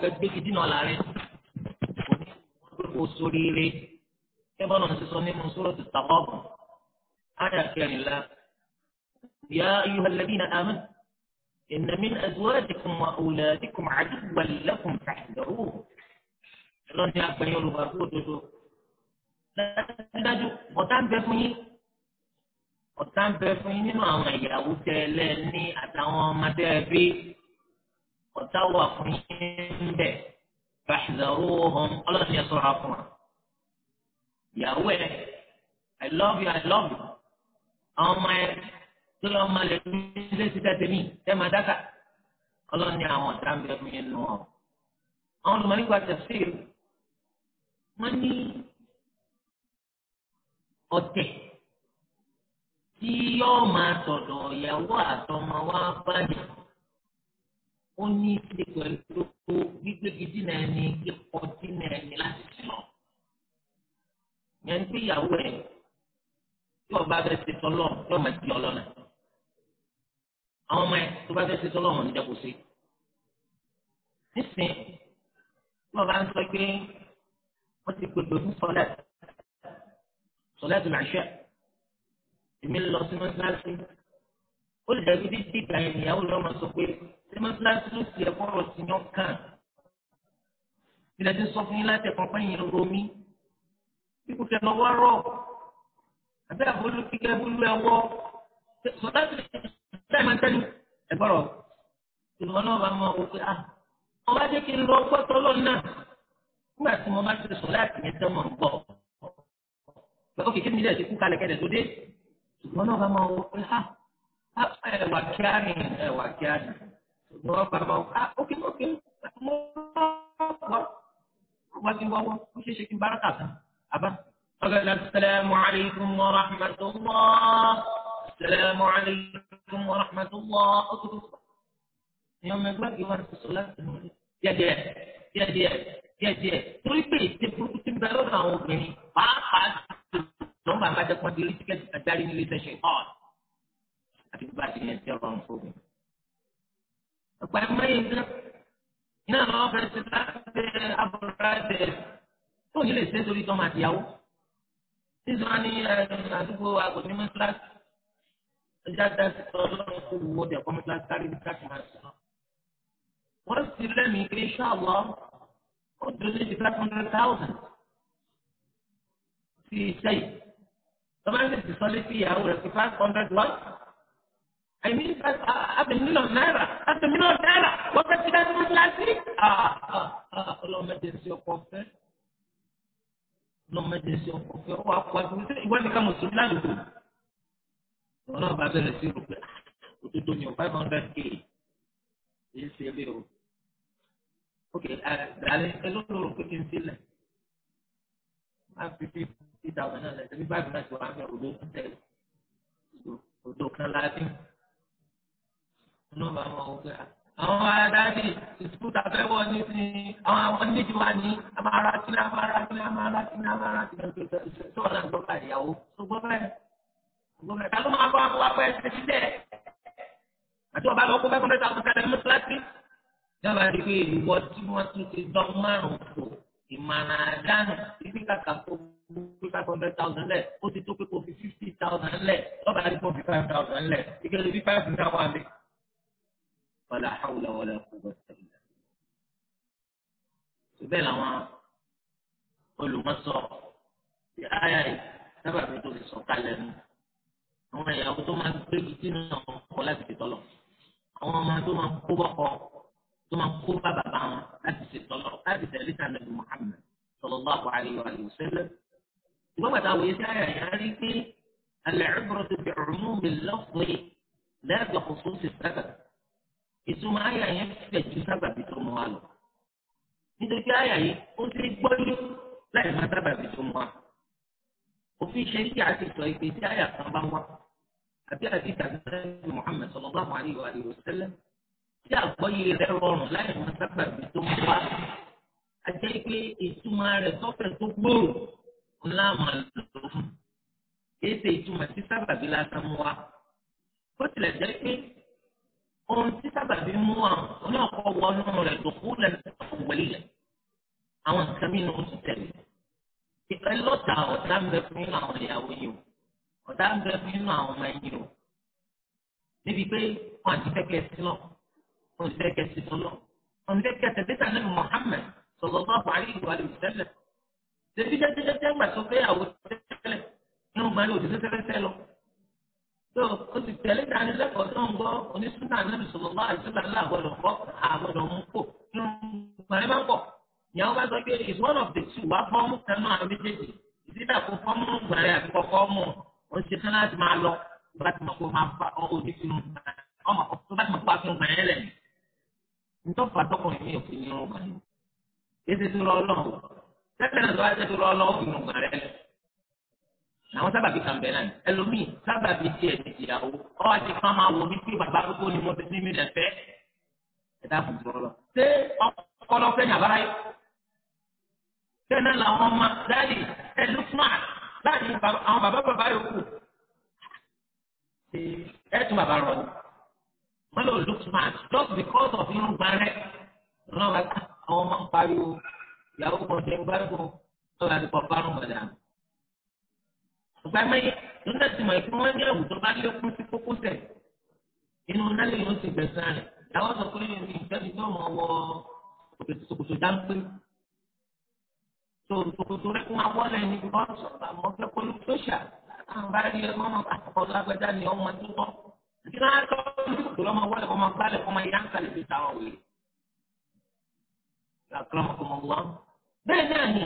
fẹ́ gbé gidina ọ̀la rẹ òní wọn pé kó sórí rẹ kẹfọn náà ti sọ nínú sọ̀rọ̀ ti tàkọ ọgbọn ayà kẹrìnlá yá ayúwa lẹbi na amẹ ìnàmí azuwájìkùn wa òwúlẹ̀dìkùn àdìgbàlẹ̀kùn fàdàrú lọ́ni agbẹ̀yìn olùbàdó òdodo dájú ọ̀tá ń bẹ fún yín ọ̀tá ń bẹ fún yín nínú àwọn ìyàwó tẹ́lẹ̀ ní àtàwọn ọmọdé ẹbí ọ̀tá wà fún yín bẹ́ẹ̀ fàṣìlẹ̀rúhùn ọlọ́sìn yẹn sọ̀rọ̀ fún wa. ìyàwó ẹ̀ i love you i love you àwọn ọmọ ẹ tó lọ́ máa lè ní ilé síta tèmi tẹ́ máa dáka ọlọ́ni àwọn ọ̀tá ń bẹ fún yín nù ọ́. àwọn olùmọ̀ nípa tafsir wọ́n ní ọ̀tẹ̀ tí yóò máa tọ̀dọ̀ ìyàwó àtọmọ wa bá yàn ó ní í ṣe pẹ̀lú gbígbégi dínà ẹni kíkọ́ dínà ẹni láti sọ. yẹn ń gbéyàwó ẹ̀ tí ọba bẹ ṣe tọ́lọ̀ yóò máa di ọlọ́nà. àwọn ọmọ ẹ tó bá fẹ́ ṣe tọ́lọ̀ wọn níjẹ́ kò sí. nísìnyí tí ọba ń sọ pé wọ́n ti pèpè fún sọ́lẹ̀ sọ́lẹ̀ tó máa ṣẹ́ èmi lọ sí mọ́ṣáláṣí ó lè dẹ́gbẹ́ dídí ìgbà ìyàwó lọ́mọ sọ pé ṣé mọ́tíláṣí ló ti ẹ̀kọ́ ọ̀rọ̀ sí yàn kàn ilẹ̀ ti sọ fún yín láti ẹ̀kọ́ pẹ́yìn romi kíkù tẹ̀ lọ́wọ́ rọ̀ àbí àbólú kíkẹ́ búlú ẹ̀wọ́ sọ̀tà ti tẹ̀ máa tẹ́lu ẹ̀gbọ́rọ̀ ìlú náà bá mọ owó pé ah wọ́n bá jẹ́ kí n lọ gbọ́tọ́ lọ́nà nígbà tí wọ́n bá ti sọ láti yẹn tẹ́ mọ̀ ń gbọ́ ó kìkì nílẹ̀ ti kú kalẹ̀ kẹ́lẹ̀ tó dé ṣùgbọ́n náà bá mọ owó pé ah, ah ẹ̀wà kíá ni ẹ̀wà kíá ni ṣùgbọ́n wọ́n padà wọ́n á ókè ókè mo wọ́ wọ́n ti wọ́wọ́ ó ṣe é ṣe kí n bára kà tán àbá. ọ̀gá assalamu alaykum wa rahmatullah assalamu alaykum wa rahmatullah ó tó tó ìyá ọmọ ẹgbẹ́ àgbẹ̀ wọn ti sọ láti mọ̀ díẹ̀díẹ̀ torí pé ètè burúkú ti ń bẹ lọ́dọ̀ àwọn obìnrin pàápàá ti lọ́mọ àbájá kan di ilé tíkẹ́tì nílé tẹ̀sán ọ̀ọ́d àti bá ti yẹn ti ọ̀rọ̀ ọ̀hún fún mi ọ̀pá mẹ́rin gan iná lọ́wọ́ fẹ́ ṣe lábẹ́ abọ́rẹ́ tó yìí lè ṣe torí tọ́ máa tìyàwó sísọ ní àdúgbò àgòní mẹ́tíláṣí ọjà dá sí tọ́ lọ́rùn tó wù ó dẹ̀ kọ́ mẹ́tíláṣí kárí bí káàkiri máa sọ. wọ́n sì lẹ́mìí pé ṣáàlọ́ ó dúró ní five hundred thousand sí iṣẹ́ yìí tọ́ba ń lè sọ létí ẹ̀mí abẹ̀mílọ̀ náírà abẹ̀mílọ̀ náírà wọ́n fẹ́ ti dájú láti. ọlọ́mọdé sí ọkọ̀ fẹ́ ọlọ́mọdé sí ọkọ̀ fẹ́ ọwọ́ akọ àti ìwé nìkan mùsùlùmí lálùkù. ọlọ́run bá bẹ̀rẹ̀ sí rògbà òdodo ní five hundred k èyí ṣe é o. ok àdàlẹ́ ẹ ló lọ rò pé kí n sílẹ̀ máa fi fi fi dàgbà náà lẹ́sẹ̀ bí báyìí náà ti wà á bẹ̀rù ló ń tẹ̀ odò kan láti ló bá wọn wò pé àwọn adáàbí ìsìnkú tàbẹ́ wọ ní sí àwọn àwọn níbi wa ní amára tí ní amára tí ní amára tí ní amára tí ní tó ọ̀nà tó ká ìyàwó tó gbọ́ bẹ́ẹ̀ gbọ́ bẹ́ẹ̀ kálọ́ máa bọ́ àwọn apẹ́ ẹsẹ̀ sílẹ̀ àti ọba lọ́kọ́ bẹ́ẹ̀ kọ́ńtẹ́tà àwọn kẹlẹ́ ní kíláàsì yàrá rí pé ìwọ tí wọ́n tún ti dán márùn-ún kò ìmọ̀ràn àdánù ibi kàkà kó five hundred thousand lẹ̀ ó ti tó pé kó fi fifty thousand lẹ̀ lọ́ba rí fi five thousand lẹ̀ ìkẹlẹ́ فلا حول ولا قوة إلا بالله سبحان الله قل ما صار في آية سبب رجل سقال هو يأخذ من تجتين ولا تطلع هو ما دوم كوبا ثم كوبا بابا أبس الطلع أبس لسان محمد صلى الله عليه وآله وسلم وما تاوي يسعي يعني العبرة بعموم اللفظ لا بخصوص السبب ìtumọ̀ àyà yẹn fẹ̀ ju sábàbí tó mọ́ wa lọ. nítorí pé àyà yìí ó ti gbọ́ yó láì má sábàbí tó mọ́ wa. òfin ṣẹ́ríkì àti sọ ìpè tí àyà kan bá wá àbí àti tàbí Muhammad sallallahu alaihi wa alihi wasallam tí àgbọ́yé rẹ̀ rọrùn láì má sábàbí tó mọ́ wa. a pé ìtumọ̀ rẹ̀ tọ́fẹ̀ tó gbòòrò ńlá màá fún. kì í ṣe ìtumọ̀ sí sábàbí lásán mọ́ wa. bó tilẹ̀ jẹ́ pé ohun tí sábàbí mú àwọn oní ọkọ wọnú rẹ̀ dòkú lẹ́nu ọ̀wẹ́lì yẹn àwọn nǹkan mìíràn ti tẹ̀lé ìfẹ́ lọ́tà ọ̀tá ń bẹ fún nínú àwọn ìyàwó yìí o ọ̀tá ń bẹ fún nínú àwọn ọmọ yìí o níbi pé wọn àti kẹ́kẹ́ sí lọ wọn àti kẹ́kẹ́ sí tó lọ wọn àti kẹ́kẹ́ tẹ̀lé tà nínú Muhammad sallallahu alaihi wa sallam tẹ̀lé tẹ̀lé tẹ̀lé tẹ̀lé tẹ̀lé tẹ̀lé tẹ̀lé tẹ̀lé tẹ̀lé tẹ̀lé tẹ̀lé tẹ̀lé tẹ̀lé tẹ̀lé tẹ̀lé tẹ̀lé tẹ̀lé tó o sì tẹ̀lé ìdánilẹ́kọ̀ọ́ tó ń gbọ́ onísúnà náà sọ̀rọ̀ bá àìsílẹ̀ ńlá àgbọ̀dọ̀ kọ́ àgbọ̀dọ̀ mú pò ìrùn bá ń pọ̀ ìyàwó bá sọ pé it's one of the two wá fọ́ọ̀mù kanú àwọn méjèèjì ìdílé àpò fọ́ọ̀mù gbàrẹ́ àti kọ̀kọ́ mọ̀ ó ṣe tán láti máa lọ bá ti máa kó máa fa òdì sínú ọmọ tó bá ti máa kó àfihàn gbàrẹ́ lẹ̀ nítorí fàtọ́kùnrin mi ò fi ní irun àwọn sábàbí kan bẹ́ẹ̀ náà ni ẹlòmíì sábàbí tiẹ̀ ní ìyàwó ọwọ́ àti kan máa wò mí bàbá gbogbo ni mo ti ní mi lẹ́fẹ́ ẹ dákun tó lọ. ṣé ọpọlọ fẹ́ ní àbáráyé? ṣé náà làwọn ọmọ dáàdì ẹlùkùnmáà láàrin àwọn bàbá bàbá yòókù ẹ tún bàbá rọ ni wọn lò lùkùnmáà just because of irun gba rẹ lọ́wọ́ àwọn ọmọ ń pariwo ìyàwó kan ṣe ń gbádùn ọgbà mẹyẹ lọ́dọ̀ tí mo ìfún wọn ní ẹ̀wù tó bá lé kún sí kókósẹ̀ inú nálẹ yóò ti gbẹ̀san rẹ̀ làwọn sọ pé mi ìfẹ́ mi tó mọ̀ wọ òkòtò dáńpé tó òkòtò rẹ̀ kún awọ́lẹ̀ ní bọ́ọ̀sì àmọ́ fẹ́ kó ló tó ṣà àǹbá rí ẹ mọ́mọ́ àkọ́kọ́ lágbẹ́dá ni ọmọ tó tọ́ kí náà tó lọ́kùnrin ọmọ wọlé ọmọ gbálẹ̀ ọmọ ìyá ń kalẹ̀ fi ta ọ̀wé. ni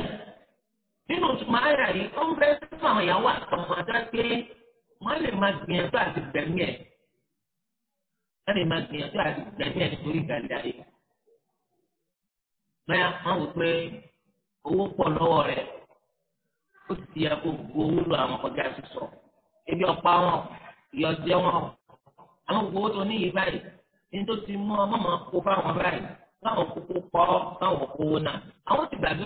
nínú ìtumọ̀ ayà yìí ó ń bẹ sínú àwọn ìyàwó a ajá wọ́n lè máa gbìyànjú àti gbẹ̀mí ẹ̀ wọ́n lè pé owó pọ̀ lọ́wọ́ rẹ̀ ó ti yẹ kó lu àwọn ebi ọ̀pá wọn wọn àwọn tó báyìí ní tó ti mú ọmọ kó fáwọn báyìí náà àwọn ti gbàgbé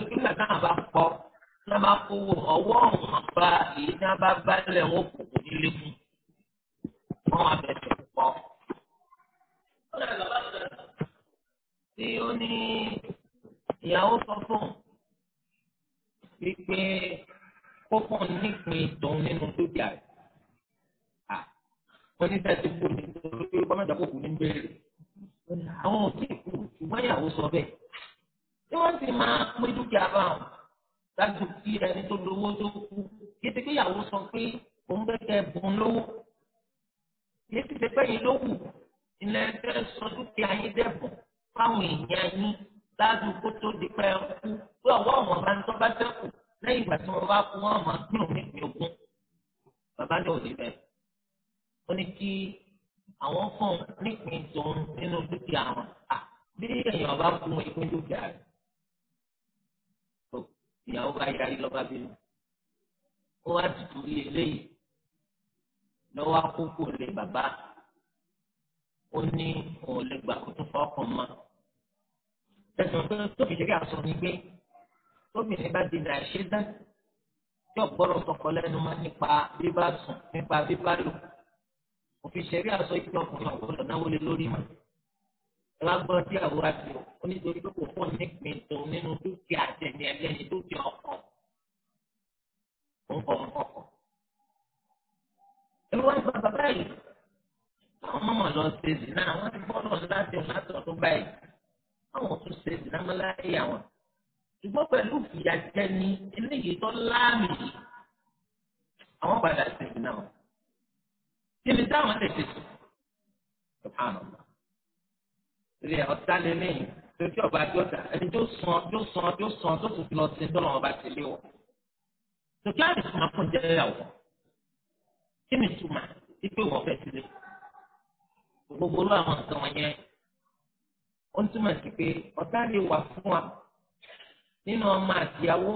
tí wọ́n bá kówó ọwọ́ ọ̀hún ọ̀gbà èyí tí wọ́n bá gbálẹ̀ wọn kò kò ní lé fún wọn wá bẹ̀rẹ̀ pọ̀. tí ó ní ìyàwó sọ fún wípé kókó nípìn tòun nínú dúkìá rẹ̀ oníṣẹ́ ti kú ní torí pé gbọ́mọ̀jà kò kú ní bẹ́ẹ̀rẹ̀ àwọn òsì kù ṣùgbọ́n ìyàwó sọ bẹ́ẹ̀ tí wọ́n ti máa pín dúkìá báwọn láti fi ẹni tó lówó tó kú kété kéyàwó sọ pé òun bẹ kẹ bùn lówó kété tẹpẹ yìí ló wù ilẹ̀ ẹgbẹ́ sọ dúkìá yín dẹ́bùn fáwọn èèyàn yín láàdùn kó tó di pẹ́ kú pé ọwọ́ àwọn ọba ń tọ́ba sẹ́kù lẹ́yìn ìgbà tí wọ́n bá kú wọ́n máa gbìn òun nípìn ogun bàbá ní òde bẹ́ẹ̀ ó ní kí àwọn fún un nípìn tòun nínú dúkìá wọn bí èèyàn bá kú ìpín dúkìá rẹ̀ ìyàwó bá yarí lọ́ba bínú ó wá tutù rí eléyìí lọ́wọ́ àkókò lè bàbá ó ní òun lè gbà kó tó fọ́ọ̀kàn mọ́ ẹ̀sùn pé tóbi ṣe kí a sọ ni pé tóbìnrin bá di dà ṣe dá tí ọ̀gbọ́rọ̀ tọkọ lẹ́nu máa nípa bíbá sùn nípa bíbá lò òfin ṣẹ̀rí àsọ ìpínlẹ̀ ọkùnrin ọ̀gbọ́dọ̀ náwó lé lórí mọ́ wá gbọ́ sí àwòrán sí o ó nítorí pé kò fún ní ìpín tó nínú dúkìá àtẹ̀mí ẹlẹ́ni dúkìá ọkọ̀ òun kọ̀ òun kọ̀kọ̀. ẹ̀rọ wá gba bàbá yìí àwọn ọmọ lọ ṣe zìnnà àwọn ti bọ́ọ̀lù láti ọ̀nà àtọ̀tún báyìí àwọn tún ṣe zìnnà mọ́láyé àwọn ṣùgbọ́n pẹ̀lú ìfìyàjẹni eléyìí tó láàmì àwọn padà ṣe zìnnà kí ni táwọn lè ṣe sùn? rí ẹ ọ̀tá lélẹ́yìn lójú ọba tí ọ̀tá ẹni tó sàn tó sàn tó sàn tó sì lọ sí tọ́lọ̀ ọba ti lé wọ̀. tòkí àdìsùn máa fún jẹ́ ìyàwó kí ni ìtumà ipe wọ́n fẹ́ sílé. gbogbo ló àwọn nǹkan wọ̀nyẹn ó ń túmọ̀ sí pé ọ̀tá lè wà fún wa nínú ọmọ àtìyàwó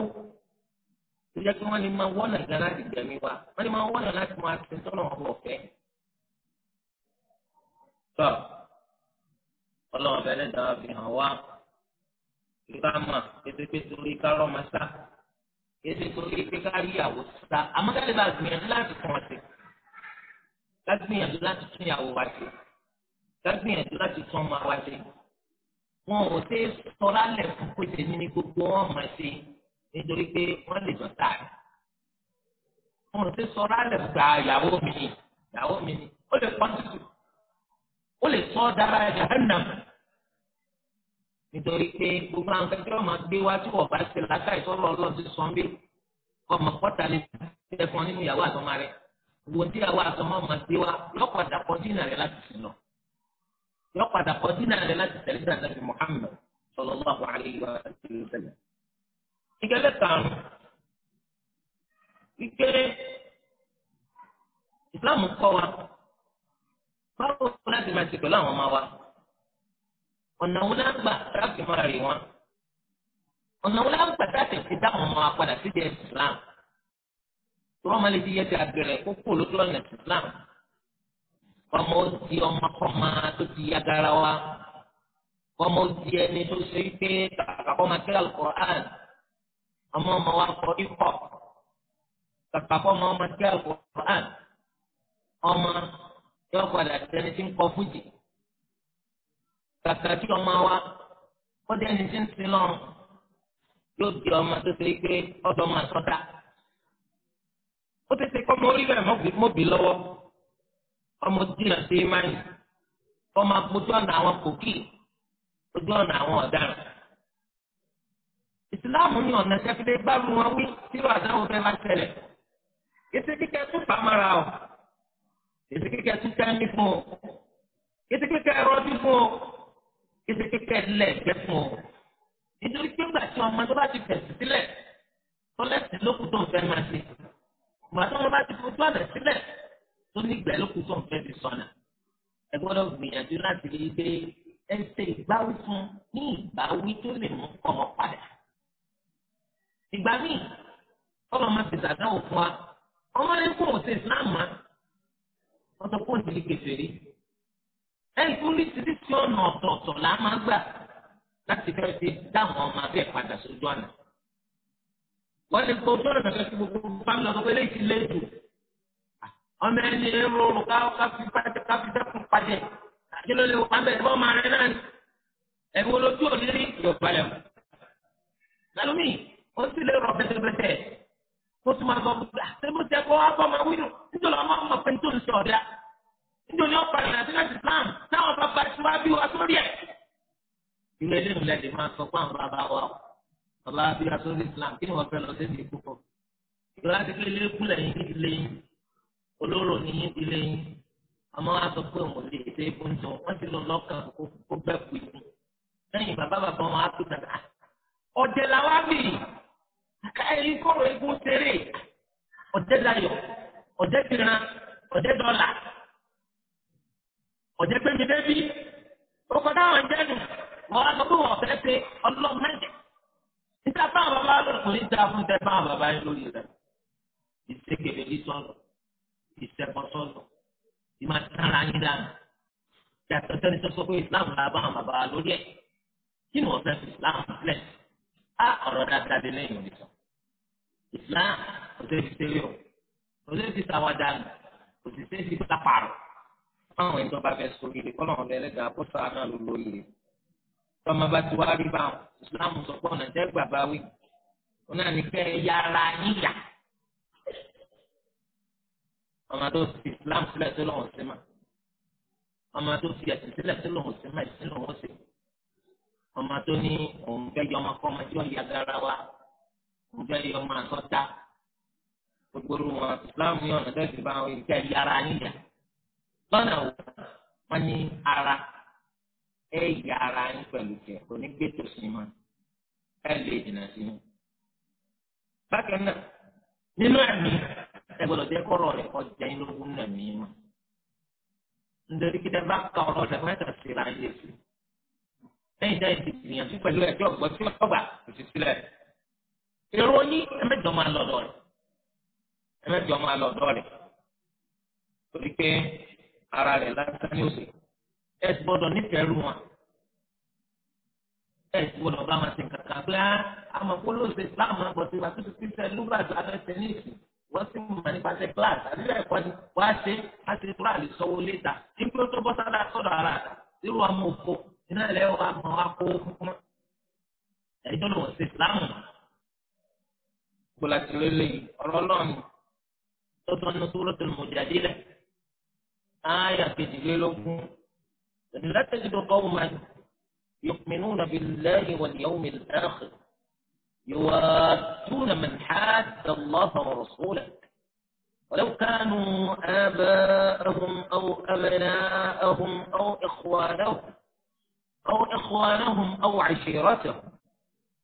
tó jẹ́ pé wọ́n lè máa wọ́nà gan láti gbẹ̀mí wa wọ́n lè máa wọ́nà láti máa sin tọ́lọ̀ ọba ọ̀fẹ́ ọlọ́run ọ̀bẹ ẹlẹ́dàá fi hàn wá ìgbà mà kété pé torí kárọ̀ máa sá kété torí pé kárí ìyàwó sá amọ́tẹ́lẹ́ bá gbìyànjú láti kàn sí ká gbìyànjú láti tún ìyàwó wá sí ká gbìyànjú láti tún ọmọ wá sí wọn ò ṣe é sọlá lẹ̀ fún pété ní gbogbo wọn máa ṣe nítorí pé wọ́n lè jọ tà ní wọn ò ṣe é sọlá lẹ̀ ah, ìyàwó mi ìyàwó mi ó lè pọ́n tuntun ó lè sọ dára jahannam nítorí pé gbogbo àwọn akẹ́kẹ́ ọmọ gbé wá tí wọ́n bá ṣe lákà ìsọ̀rọ̀ ọlọ́run ti sọ ń bí ọmọ pọ́tà lè ṣe fún ọ nínú ìyàwó àtọmọ rẹ wo tí ìyàwó àtọmọ ọmọ gbé wá lọ́padà kọ dínà rẹ láti sìn lọ lọ́padà kọ dínà rẹ láti tẹ̀lé dàda fi Muhammad sallallahu alaihi wa sallam. ìgbẹ́lẹ̀ karùn-ún ìgbẹ́ ìsìláàmù kọ́ wa báwo láti máa ṣe pẹ̀lú àwọn ọmọ wa ọ̀nà wo la ń gbà láti máa rí wọn ọ̀nà wo la ń gbà láti fi dá àwọn ọmọ wa padà sí ìdíyẹ Islam tí wọ́n máa lè fi yẹ ti àgbẹ̀rẹ̀ kókó lójú ọ̀nà Islam ọmọ ó ọmọ kọ́ máa tó ti ya gara wa ọmọ ó ẹni tó ṣe pé kàkà kọ́ máa kí Al-Qur'an ọmọ ọmọ wa kọ hip-hop kàkà kọ́ máa kí Al-Qur'an ọmọ yóò padà sẹni tí ń kọ fújì kàkà tí ọmọ wa ó dé ẹni tí ń sin lọ́rùn yóò di ọmọ tó ṣe pé ọ̀dọ̀ máa sọdá ó tètè kọ́ ọmọ orí bẹ́ẹ̀ mọ́bì lọ́wọ́ ọmọ dínà sí imáyì ọmọ ojú ọ̀nà àwọn kòkì ojú ọ̀nà àwọn ọ̀daràn ìsìláàmù ní ọ̀nà tẹ́fílẹ́ gbárùn wọn wí tí wàá dáwọ́ fẹ́ bá ṣẹlẹ̀ ètò kíkẹ́ tó fàmọ́ra ọ̀ èsì kíkẹ́ tún dání fún ọ èsì kíkẹ́ rọ́ọ̀dì fún ọ èsì kíkẹ́ fún ọ nítorí pé ńgbà tí ọmọ tó bá ti fẹ̀sì sílẹ̀ tọ́lẹ́sì lókùn tó ń fẹ́ máa ṣe ìgbà tó wọn bá ti fojú àlẹ́ sílẹ̀ tó ní ìgbà lókùn tó ń fẹ́ fi sọnà ẹ gbọ́dọ̀ gbìyànjú láti rí i pé ẹ ṣe ìgbáwí fún ní ìgbáwí tó lè mú ọmọ padà ìgbà míì ọlọ́mọ ti sàdáwò fún wa ọmọ wọ́n sọ pé ó di kèfèrí ẹ̀yìn tó rí títí ọ̀nà ọ̀tọ̀ọ̀tọ̀ là á máa gbà láti fẹ́ ti dáhùn ọmọ abẹ́ padà sójú ọ̀nà wọ́n lè kó ojú ọ̀nà kan sí gbogbo fámìlì ọ̀sán pé lè ti lé jù ọmọ ẹni rọrùn káfí dẹ́kun pàdé àti ló lè wọ́n abẹ́ ẹ̀fọ́ máa rẹ náà ni ẹ̀wọ̀n lójú ó tún máa bọ̀ gbà tẹ́gbọ́tẹ́ kọ́ wá bọ̀ máa wílò nítorí ọmọ ọmọ pẹ̀lú tó ń sọ ọ̀dà nítorí ọ̀pá nàìjíríà ti plan táwọn bàbá síwájú wa sórí ẹ̀. ìwé ilé ìlú lẹ́dí máa sọ fún àwọn bàbá wa o bàbá bí wa sórí Islam kí ni wọ́n fẹ́ lọ sí ibi púpọ̀. ìwé àti pé ilé kúlẹ̀ yín ti lé yín olóró ni yín ti lé yín ọmọ wa sọ pé òun lè ṣe oúnjẹ wọn ti lọ lọ́kàn kó bẹ́ẹ̀ ikú lẹ́yìn bàbá bàbá wọn á tó dàgbà ọ̀dẹ̀ làwọn á bì káyìí kọ̀rọ̀ igun ṣeré ọ̀jẹ́ dayọ̀ ọ̀jẹ́ tìran ọ̀jẹ́ dọ́là ọ̀jẹ́ gbẹ̀mí débi ó kọ́ dáhùn ẹ̀jẹ̀ nù wọ́n á sọ pé wọ́n fẹ́ ṣe ọlọ́run mẹ́jẹ̀ níta bá àwọn bàbá lọ kò ní ta fún tẹ bá àwọn bàbá yín lórí rẹ ìṣèkèlè ní sọ̀rọ̀ ìṣẹ́kọ̀sọ̀rọ̀ ìmọ̀ sára yín dànù yàtọ̀ sẹ́ni tó sọ pé Islam la bá àwọn bàbá lórí ẹ̀ kí ni wọ́n fẹ́ fi Islam sílẹ̀ á ọ̀rọ̀ dáadáa dé lẹ́yìn òní sọ islam òtún ti ṣe yọ òtún ti sàwọn dànù òtún ti ti bá pààrọ̀ fáwọn ẹni tó bá fẹ́ sórí rẹ kọ́ lọ́wọ́ lẹ́lẹ́dàá kó sọ àná ló lórí tọ́mọ bá ti wá rí báwọn islam sọ pé ọ̀nà jẹ́ bàbá wí òun náà ní kẹ́ ẹ yára yíyà ọmọ tó fi islam sílẹ̀ tó lọ́wọ́ sí ma ọmọ tó fi ẹ̀sìn sílẹ̀ tó lọ́wọ́ sí ma ẹ̀sìn lọ́wọ́ sí ọmọ tó ní òun fẹ́ yọ ọmọ kọ́ ọmọ tí wọ́n yà gara wa ǹjẹ́ yọ máa tọ́ ta gbogbo ru wọn islam yọ ọ̀nà tẹ́sí bá wọn ìjà yàrá níjà lọ́nà wọn ní ara ẹ yàrá yín pẹ̀lú jẹ kò ní gbé tòsí mọ́ ẹ lè jìnnà sí mi. bákan náà nínú ẹ̀mí ẹ gbọ́dọ̀ jẹ́ kọ́rọ̀ rẹ̀ kọjá yín lógún náà mí mọ́ nítorí kí dábàá ka ọ̀rọ̀ rẹ̀ mẹ́ta sí ra yé sí lẹ́yìn dáhìn ti gbìyànjú pẹ̀lú ẹ̀jọ́ ọ̀gbọ́n tí wọ́n gbà kò sí sílẹ̀ èrò ní ẹmẹjọ máa lọ dọrẹ ẹmẹjọ máa lọ dọrẹ torí pé ara rẹ lásán ní òsè ẹ ti gbọ́dọ̀ nífẹ̀ẹ́ rú wọn ẹ ti gbọ́dọ̀ bá wọn ṣe kankan pé àmọ́ ah, polóòsè láàmú àgbọ̀tì wà tó ti sẹ lúgbàdùn abẹ́sẹ̀ ní ìsìn wọ́n sì mọ̀ nípasẹ̀ kíláàsì àdúrà ẹ̀kọ́ ni wọ́n á ṣe á ṣe tóra lè sọ wọlé ta nígbà tó bọ́ sára sọ̀rọ̀ ara rà irú ọmọ òfò iná ẹ̀rẹ́ wa mọ̀ wá kó fún un ẹ̀jọ́ lòun ṣe ìsìlámù kpọlá ti rí lè ọ̀rọ̀ Ọlọ́run tó tọ́ nínú Suratul Mujadilah ayà kejìlélógún la tajidu qawman yu'minuna billahi wal yawmil akhir يوادون من حاد الله ورسوله ولو كانوا آباءهم أو أبناءهم أو إخوانهم أو إخوانهم أو عشيرتهم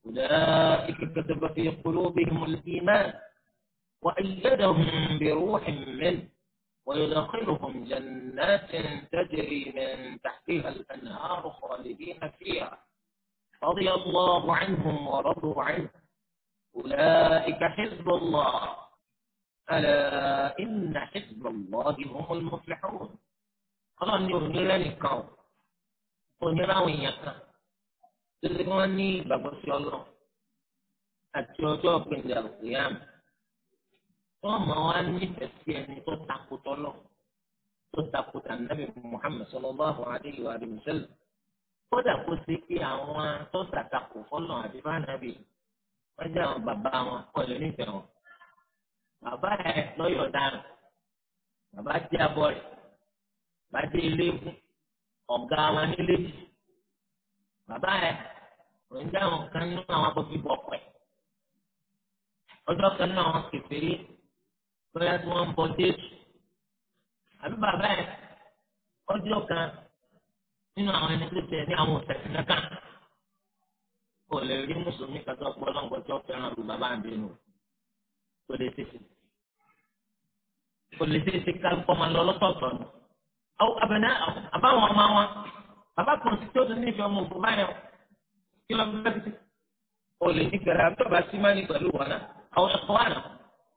أولئك كتب في قلوبهم الإيمان وأيدهم بروح منه ويدخلهم جنات تجري من تحتها الأنهار خالدين فيها رضي الله عنهم ورضوا عنه أولئك حزب الله ألا إن حزب الله هم المفلحون قال أن يغني الكون ونراوي يكتب tó ti wọ́n ní ìgbàgbọ́ sí ọlọ́run àti ọjọ́ ọ̀gbìndà òkèèyàn wọ́n mọ̀ wá nífẹ̀ẹ́ sí ẹni tó takùtọ̀ lọ tó takùtà nàbì Muhammad sallallahu alayhi wa sallam kódà kó sí pé àwọn tó tàtakù fọlọ́ àti fànàbì wọ́n jẹ́ àwọn bàbá wọn kọ́lé nífẹ̀ẹ́ wọn bàbá ẹ̀ lọ́yọ̀ dáná bàbá jẹ́ abọ́ rẹ̀ bàbá jẹ́ ilé ọ̀gá wọn nílé yìí bàbá rẹ̀ kò ń dáhùn kan nínú àwọn abọ́ bíbọ̀ pẹ̀ ọjọ́ kan nínú àwọn kẹfẹ́rí bóyá tí wọ́n ń bọ jésù àbí bàbá rẹ̀ ọjọ́ kan nínú àwọn ẹni tó tẹ̀ ní àwọn òṣèlú náà kàn kò lè rí mùsùlùmí kan tó pọ̀ lọ́ngbọ̀n tó fẹ́ràn lu bàbá àbí nù kò lè tètè kò lè tètè ká gbọ́mọ lọ lọ́tọ̀ọ̀tọ̀ ni àbẹ̀nẹ́ àbáwọn ọmọ wọn bàbá kan ti tó tún nífẹ̀ẹ́ ọmọ ògùn báyọ̀ kí ló ń bẹ́ẹ̀ bí o lè nífẹ̀ẹ́ rẹ̀ àbí ọba símánì pẹ̀lú wọn náà àwọn ẹ̀kọ́ wà náà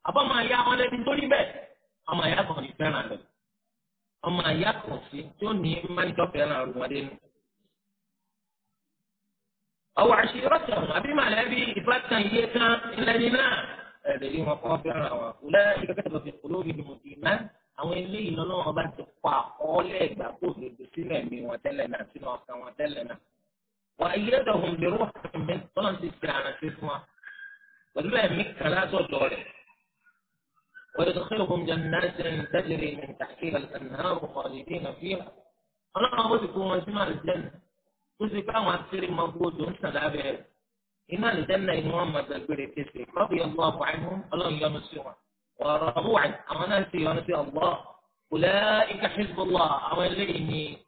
àbọ̀ máa yá wọn lẹ́ni tó níbẹ̀ ọmọ àyà kan ní fẹ́ràn rẹ̀ ọmọ àyà kan sí tó ní mánì fẹ́ràn rẹ̀ wọn dénú. ọwọ́ àṣírọ́tọ̀ àbí màlẹ́bí ìbátan iye kan lẹ́ni náà ẹ̀rẹ̀ àwọn eléyìí lọ́nà wọn bá ti pa àkọọ́lẹ̀ ìgbà kó dodo sílẹ̀ mi wọn tẹ́lẹ̀ náà sínú ọkàn wọn tẹ́lẹ̀ náà. wà á yẹ dọ̀hùn lérò àmì tọ́nà ti fi àrántí fún wa pẹ̀lú ẹ̀mí kan látọ̀dọ̀ rẹ̀. ويدخلهم جنات تجري من تحتها الأنهار خالدين فيها ọlọ́run bó ti kó wọn sínú àlùjẹ́nà tó ti ká àwọn akéré máa bó odò ń sàn lábẹ́ rẹ̀ iná àlùjẹ́nà wọn máa dàgbére tẹ̀sẹ̀ lọ́bì ọgbọ́n àbọ̀ wọn. وربوعا أو ناسي ونسي الله أولئك حزب الله أو الليني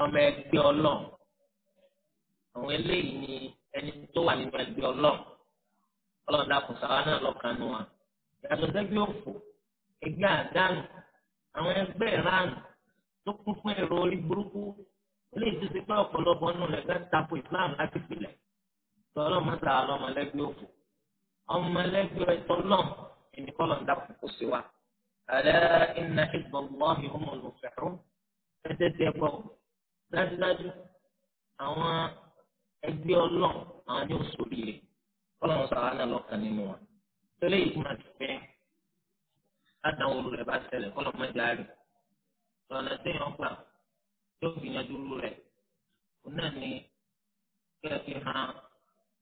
أما يكبي الله أو الليني أن يتوى لما يكبي الله الله داكو سوانا لو كانوا yàtọ̀ sẹ́gbẹ́ òfò ẹgbẹ́ àdánù àwọn ẹgbẹ́ ìranù tó kún fún èrò orí burúkú ilé ìtúsí pé ọ̀pọ̀lọpọ̀ nù lẹ́gbẹ́ tako Islam láti pilẹ̀ tọ́lọ́ mọ́ta ọlọ́mọlẹ́gbẹ́ òfò ọmọlẹ́gbẹ́ ẹ̀tọ́ lọ́mù ìní kọ́lọ̀ ń dàpọ̀ kó sí wa. ala inna hizballahi humul muflihun ẹ̀jẹ̀ tiẹ̀ gbọ́ dájúdájú àwọn ẹgbẹ́ ọlọ́run àwọn ní oṣù rírì kọ́lọ̀ sọ àwọn náà lọ́kàn nínú wọn. tẹ́lẹ̀ yìí máa ti fẹ́ ládàáwò rẹ̀ bá ṣẹlẹ̀ kọ́lọ̀ mọ́jà rẹ̀ lọ́nà téèyàn gbà yóò gbìyànjú rẹ̀ òun náà ni kí hàn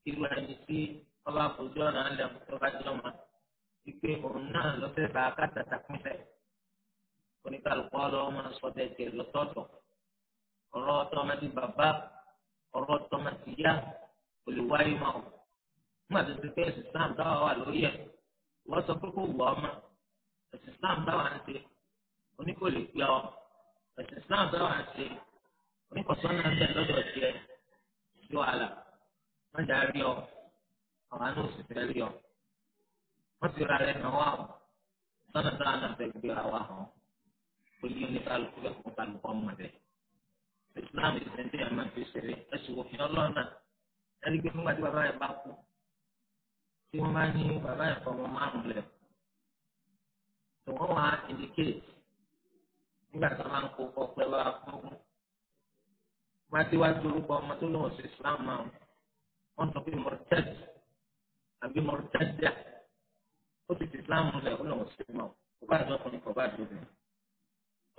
irú ẹni tí ọba ìpè òun náà lọ́fẹ́ bá akátata kúnfẹ́ oníkàlùkù ọlọ́wọ́ máa sọ dẹ́tẹ̀ lọ́tọ̀ọ̀tọ̀ ọ̀rọ̀ tọ́mọdé bàbá ọ̀rọ̀ tọ́mọdé yá olùwáyé máa wò nígbà tó ti pé ẹ̀sìn Islam táwa wà lórí ẹ̀ wọ́n sọ pé kò wù ọ́ mọ́ ẹ̀sìn táwa ń ṣe oníkò lè pè ọ́ ẹ̀sìn táwa ń ṣe oníkọ̀sọ́nà ń bẹ̀ lọ́dọ̀ tiẹ̀ sí wọ́n ti ra rẹ̀ náà wà ó lọ́nà tó àná fẹ́ gbéra wà hàn ó yí oníkálukú bẹ́ẹ̀ kó kálukú ọmọ rẹ̀ Islam ìsèǹtì ẹ̀ máa fi ṣeré ẹ̀sùn òfin ọlọ́nà ẹni pé fún gbàdúrà bàbá yẹn bá kú tí wọ́n bá ní bàbá yẹn fọmọ márùn lẹ̀ tó wá indicate nígbà tó máa ń kó kọ́ wá fún wá wá dorúkọ ọmọ tó lọ́wọ́ sí Islam máa wọ́n sọ pé mọ̀tẹ́dì àbí mọ̀tẹ́dì àti ó ti ti islam lẹ̀ ó lọ́wọ́ sí mọ́ ó bá àjọ ọkùnrin kọ̀ bá àjọ obìnrin.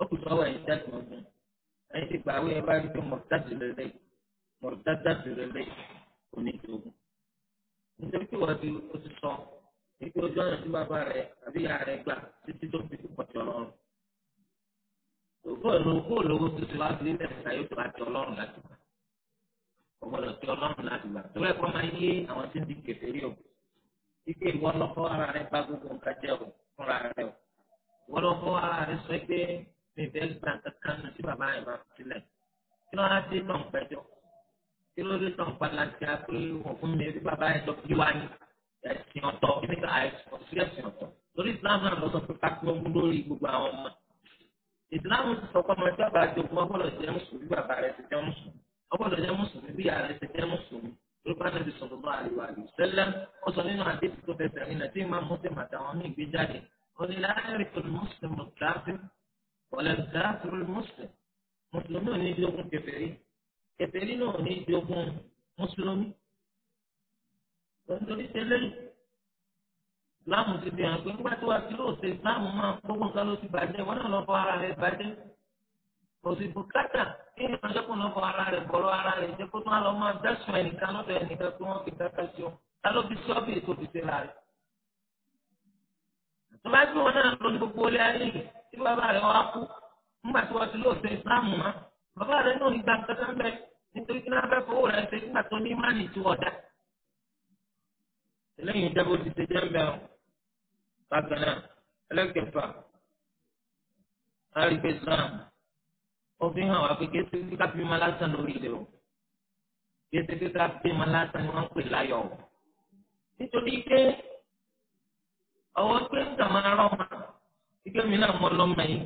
ó kù sọ́wọ́ ẹ̀yin jáde ogun ẹ̀yin ti gbà wíyẹn bá rí pé mọ̀tàdì lélẹ̀ mọ̀tàdì lélẹ̀ kò ní ti ogun. nítorí pé wọ́n ti ó ti sọ ibi ojú ọ̀nà tí bàbá rẹ̀ àbí ìyá rẹ̀ gbà títí tó fi kọ̀ ti ọlọ́run. ògbóòlù ògbóòlù tuntun wá sí ilẹ̀ ìsàyè tó àti ọlọ́run láti gbà ọgbọ́dọ̀ ọlọ́run láti gbà tó ẹ̀kọ́ máa yé àwọn tí ń di kẹfẹ́ rí òkú ike ìwọ lọ́kọ́ ara rẹ bá gbogbo nǹkan jẹ́ o fúnra rẹ o ìwọ lọ́kọ́ ara rẹ sọ pé mi fẹ́ gbà kankan nù sí bàbá rẹ bá sílẹ̀ kí ló rántí náà ń pẹjọ́ kí ló dé tán palantia pé wọ́n fún mi bí bàbá rẹ tó bí wá ní ẹ̀sìn ọ̀tọ̀ kí ní àìsàn sí ẹ̀sìn ọ̀tọ̀ lórí Islam náà lọ sọ pé kápẹ́ ọmú lórí gbogbo àwọn ọmọ Islam sọ pé ọmọ ẹgbẹ́ bàbá jogún ọgbọ́dọ̀ jẹ́ mùsùlùmí bàbá rẹ ti jẹ́ mùsùlùmí ọgbọ́dọ̀ jẹ́ mùsùlùmí nípa nàbì sọ̀rọ̀ bá àríwá àríwá sẹ́lẹ̀ ó sọ nínú àdébì tó fẹsẹ̀ rìn náà tí ìmọ̀ mùsùlùmí àtàwọn míì gbé jáde ó ní láàárín kò mùsùlùmí káfíń wọlé káfíń mùsùlùmí mùsùlùmí ò ní di ogun kèfèrí kèfèrí náà ò ní di ogun mùsùlùmí. nítorí tẹ́lẹ̀ láàmù ti fi hàn pé nígbà tó wá sí lóòótọ́ ìsìláàmù máa gbógun ká ló ti bàjẹ́ wọn náà lọ́ fọ ara rẹ̀ bàjẹ́ òsì bùkátà kí ni wọ́n ṣẹ́kùn lọ́kọ̀ ara rẹ̀ bọ̀rọ̀ ara rẹ̀ jẹ́ kó tó wọn lọ máa dẹ́sùn ẹnìkan lọ́dọ̀ ẹnìkan tó wọ́n fi dáká sí wọn ta ló fi sọ́ọ̀bì ètò òfìsè láàrẹ̀. tó bá tí wọn náà lọ gbogbo ilé ayé yìí tí bàbá rẹ̀ wá kú nígbà tí wọ́n ti lóò ṣe ìsìláàmù mọ́ bàbá rẹ̀ náà ní gbàǹkan tó ń bẹ nítorí kí náà fẹ́ fowó rẹ̀ ṣe nígbà tó ní mánì tí wọ́n dá ó fi hàn wá pé kéésì kíkà bí ma lásán lórí ilé o kéésì kíkà bí ma lásán ni wọ́n ń pè láyọ̀ o nítorí pé ọwọ́ pé ń tàn máa rọ́ ma ike mi náà mọ lọ́mọ yìí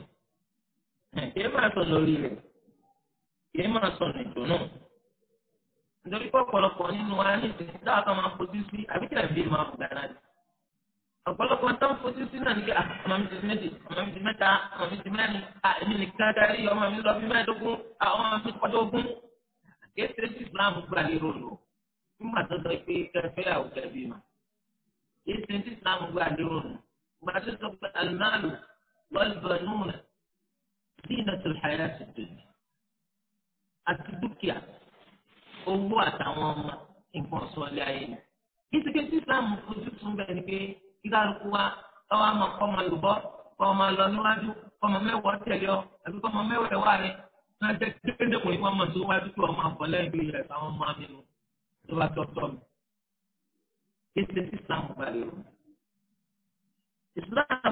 kìí máa sọ lórí rẹ̀ kìí máa sọ nìdùnnú nítorí pé ọ̀pọ̀lọpọ̀ nínú wa ní ìsìn tí kan máa fojú sí àbíkẹ́ àbí máa fò gánà jù ọ̀pọ̀lọpọ̀ tó ń fojú sí náà ní kí ah, ọmọ mi ti méjì ọmọ mi ti mẹ́ta ọmọ mi ti mẹ́rin ah, èmi nìkan darí ọmọ mi lọ bí mẹ́ẹ̀ẹ́dógún ah, ọmọ mi kọ́dógún. kéésì tí Islam gbà lérò lò nígbà tó sọ pé kẹfẹ́ àwùjọ bí ma kéésì tí Islam gbà lérò lò gbà tó pé alimáàlù wal-banūna zīnatul ḥayātid dunyā àti dúkìá owó àtàwọn ọmọ nǹkan kíkálukú wa káwọn máa kọ́ máa lùbọ́ kọ́ máa lọ níwájú kọ́ máa mẹ́wàá tẹ̀lé ọ àbí kọ́ máa mẹ́wàá wà rẹ náà jẹ́ kékeré wọn máa tó wájú kí wọ́n máa bọ̀ lẹ́yìn bí ilẹ̀ táwọn máa mi nù tó bá tọ́tọ́ mi. Kéṣe sí Ìsìlámù bá lè rò. Ìsìlámù